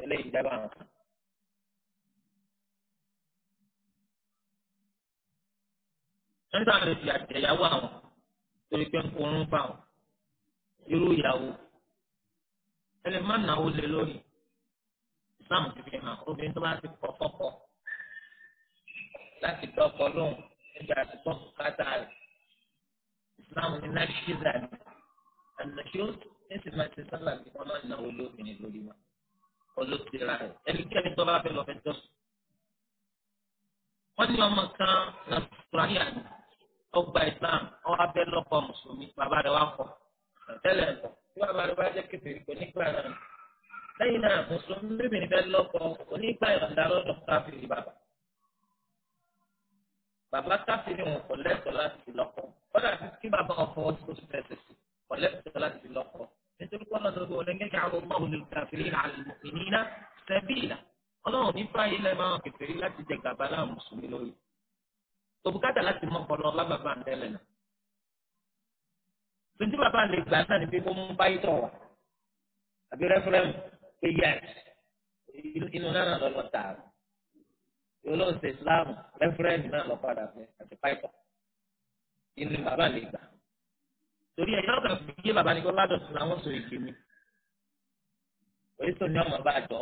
tẹ́lẹ̀ ìjábá hàn. nígbà tó ti àtẹ̀yàwó àwọn torí pé ń korún bá wọn irú ìyàwó ẹlẹ́ má nàá ó lé lórí Islam ti fi hàn obìnrin tó bá ti kọ́ kọ́kọ́ láti dọ́kọ lóhùn nígbà tó kọ́ kátà rẹ̀ Islam ní náà ṣíza ni ànàṣó ní sì máa ti wọn má nàá lóbìnrin lórí wọn olóṣèlú rẹ̀ ẹnikẹ́ni tó bá fẹ́ lọ fẹ́ jọ́sùn. wọ́n ní ọmọ kan nàìjíríà ọgbà islam ọwọ́ abẹ́ lọ́kọ mùsùlùmí bàbá rẹ̀ wá kọ̀ tẹ́lẹ̀ ńkọ̀ tí bàbá rẹ̀ bá jẹ́ kẹfìrí kò nígbà náà lẹ́yìn náà mùsùlùmí bíbìnrin bẹ́ẹ̀ lọ́kọ onígbà ìyọ̀ǹda lọ́dọ̀ káfíìrì bàbá bàbá káfíìrì wọn kò lẹ́tọ̀ọ́ láti lọ́kọ kọ́dà kí bàbá ọkọ̀ wọn tó fẹsẹ̀ sí kò lẹ́tọ̀ọ́ láti lọ́kọ nítorí pé ọlọ́run gbogbo ọ̀lẹ́ mẹ́ta àwọn ọmọ òun lè kàfìrí àlùmọ̀kìnínà sẹ́bìlà ọlọ́run ní fáyé lẹ́nu àwọn kẹfẹ́rí láti jẹ gàba láwọn mùsùlùmí lórí òbúkátà láti mọ ọpọlọ bá bàbá ń tẹ́lẹ̀ náà tuntun bàbá lè gbà náà ní kó mú báyìí tọ̀ wá àbí rẹ́fúrẹ́mù pé yẹs inú náà lọ́lọ́ tààrà yọlọ́ọ̀sẹ̀ islam rẹ́fúrẹ́mù náà lọ́ padà fẹ́ àti pàìtọ̀ torí ẹ̀yìn ọ̀gá fi yé bàbá ní kó bá dọ̀tún làwọn sọ èké mi orísun ni ọmọ bá jọ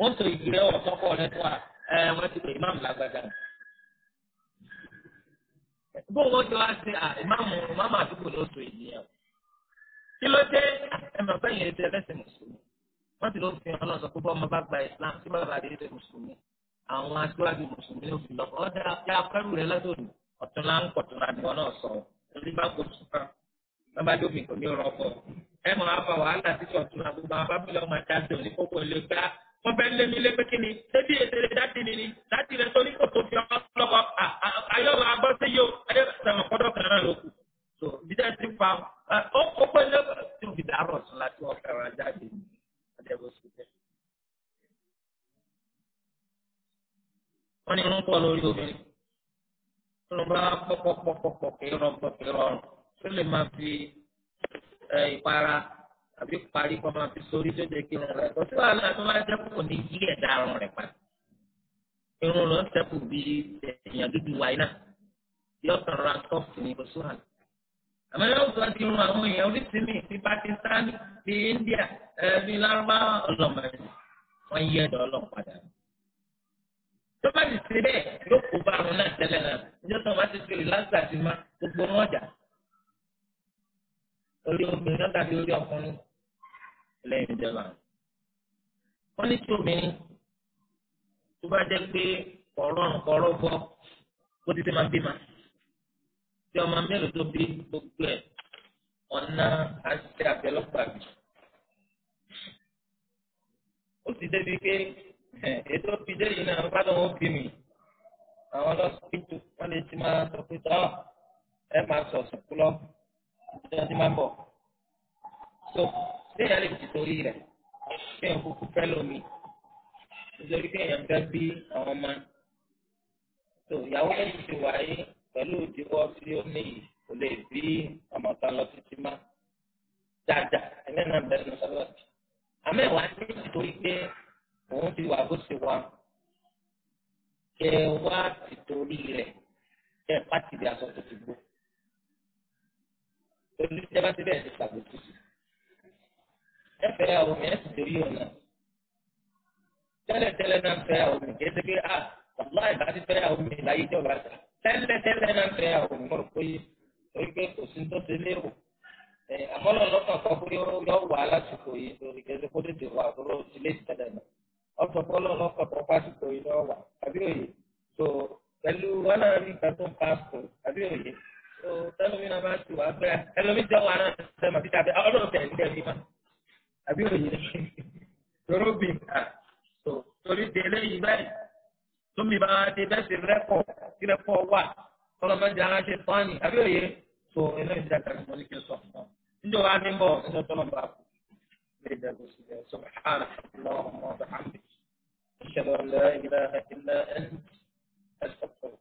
wọn sọ ìgbé ọ̀tọ́kọ rẹ fún wa ẹ wọn ti pè imáàmù lágbàdá bó wọn jọ wá sí imáàmù imáàmù àdúgbò ló sọ èyí ẹ kí ló dé ẹmọ fẹ̀yìn ẹsẹ ẹlẹ́sẹ̀ mùsùlùmí wọn ti lọ fi hàn lọ sọ pé bọ́ọ̀mọ bá gba islam tí bàbá rẹ ẹsẹ mùsùlùmí àwọn aṣáájú mùsùlùmí ló fi lọ ọdẹ afẹ́rù rẹ lọ́dọ̀ ọ̀tún láńpọ̀ tó ra ni wọn náà sọ wọn orí bá kò sùn kan bàbá dómi kò ní ọ̀rọ̀ pọ̀ ẹ mọ àbá wàhálà tí sọtún àbúgbà abábílẹ ọmọ dáadé òní kókó lè gbá wọn bẹ lé mi lépè kí ni débi ètè rẹ dáàdì mi ni dáàdì rẹ tó ní kò tó fi ọlọpọ ayọwọ abọ sí yóò ayé sàmà kọdọ kan náà ló kù tó dídá sí fa ó kókó lé tó fi dàrọ sùn láti wọn fẹ́ràn dáàdì mi adébó sí bẹ́ẹ̀. wọn ní irun pọ̀ lórí obìnrin lọba pọpọpọpọpọ kẹrọ pọkẹrọ tó lè máa fi ìpara àbí parí kọ́ máa fi sórí tó jẹ́ kí irun rẹ̀ kọ́ sí wàhálà tó máa jẹ́ kó ní yí ẹ̀dá irun rẹ̀ pa irun rẹ̀ ń sẹ́kù bí èèyàn dúdú wáyé náà yóò kàn ra sọ́ọ̀fù ní oṣù àná àmọ́ yóò sọ ti rún àwọn èèyàn oríṣi mi ti Pakistan ti India ẹ̀ bí lárúbáwá ọlọ́mọdé wọ́n yí ẹ̀dọ̀ ọlọ́pàá dànù tó bá ti ṣe bẹ́ẹ̀ yóò kó bá àwọn náà tẹ́lẹ̀ náà níjọ́ tó bá ti ṣe rìláṣà ti má gbogbo wọn jà orí obìnrin náà tàbí orí ọkùnrin lẹ́yìn ìjọba wọ́n ní tí obìnrin tó bá jẹ́ pé ọ̀rọ̀ ọ̀rọ̀ bọ́ kó ti ṣe máa bímọ tí ọmọ mélòó tó bí gbogbo ẹ̀ ọ̀nà àti àbẹ̀lọ́pàá bì ó sì débi pé ètò fìdé yìí náà bá lóun fi mi, àwọn lọ́sọ̀pìtù wọ́n lè ti máa sọ pé tọ́ ẹ máa sọ sùkú lọ ìjọba ti máa bọ̀ so léyà lè ti torí rẹ̀ kéèyàn kúkú fẹ́ lómi nítorí kéèyàn fẹ́ bí àwọn ọmọ so ìyàwó lẹ́yìn ti wáyé pẹ̀lú ìdíwọ́ tí ó ní yìí kò lè bí ọmọ kan lọ títí má dáadáa ẹ̀mẹ́ náà bẹ̀rẹ̀ ní sábà àmẹ́wàá ní ìtorí pé òun ti wà bó ṣe wà kẹ wá tìtorí rẹ̀ kẹ pàtìdí aṣọ tó ti gbó olùjẹba ti bẹ́ẹ̀ ti ṣàbòtú sí ẹ fẹ́ àwọn ẹ̀ sì torí ọ̀nà tẹ́lẹ̀tẹ́lẹ̀ náà fẹ́ àwọn mi kẹ́sẹ́ pé a bàbá ìbá ti fẹ́ àwọn mi láyé ìjọba ta tẹ́lẹ̀tẹ́lẹ̀ náà fẹ́ àwọn mi mọ̀ pé orí pé kò sí tó ṣe léwò àmọ́ lọ́nà kan pé yọ wà lásìkò yìí lórí kẹ́sẹ́ kó tètè wà lọ́wọ́ sílé ìtẹ́lẹ̀ náà ọsọ fọlọ lọkọ tó pásítọ yìí lọ àbí òye so pẹ̀lú wọn náà rí nǹkan tó ń pásítọ àbí òye so tẹlifí náà bá ti wà bẹ ẹlòmí jẹ wà náà ṣe mà títà bẹ ọlọ́run tẹ nígbà yìí mà àbí òye lọrọ bì nǹkan so torí délé yìí báyìí tómi bá ti bẹ́sì rẹ́pọ̀ tí rẹ́pọ̀ wà tọ́lọ́mọdé aláṣẹ tọ́ni àbí òye so ẹlẹ́yìn dàgbà ni mo ní kí n sọ fún ọ níjọba ní bọ̀ níjọba tó lọ bá kú. سبحانك أشهد أن لا إله إلا أنت أستغفرك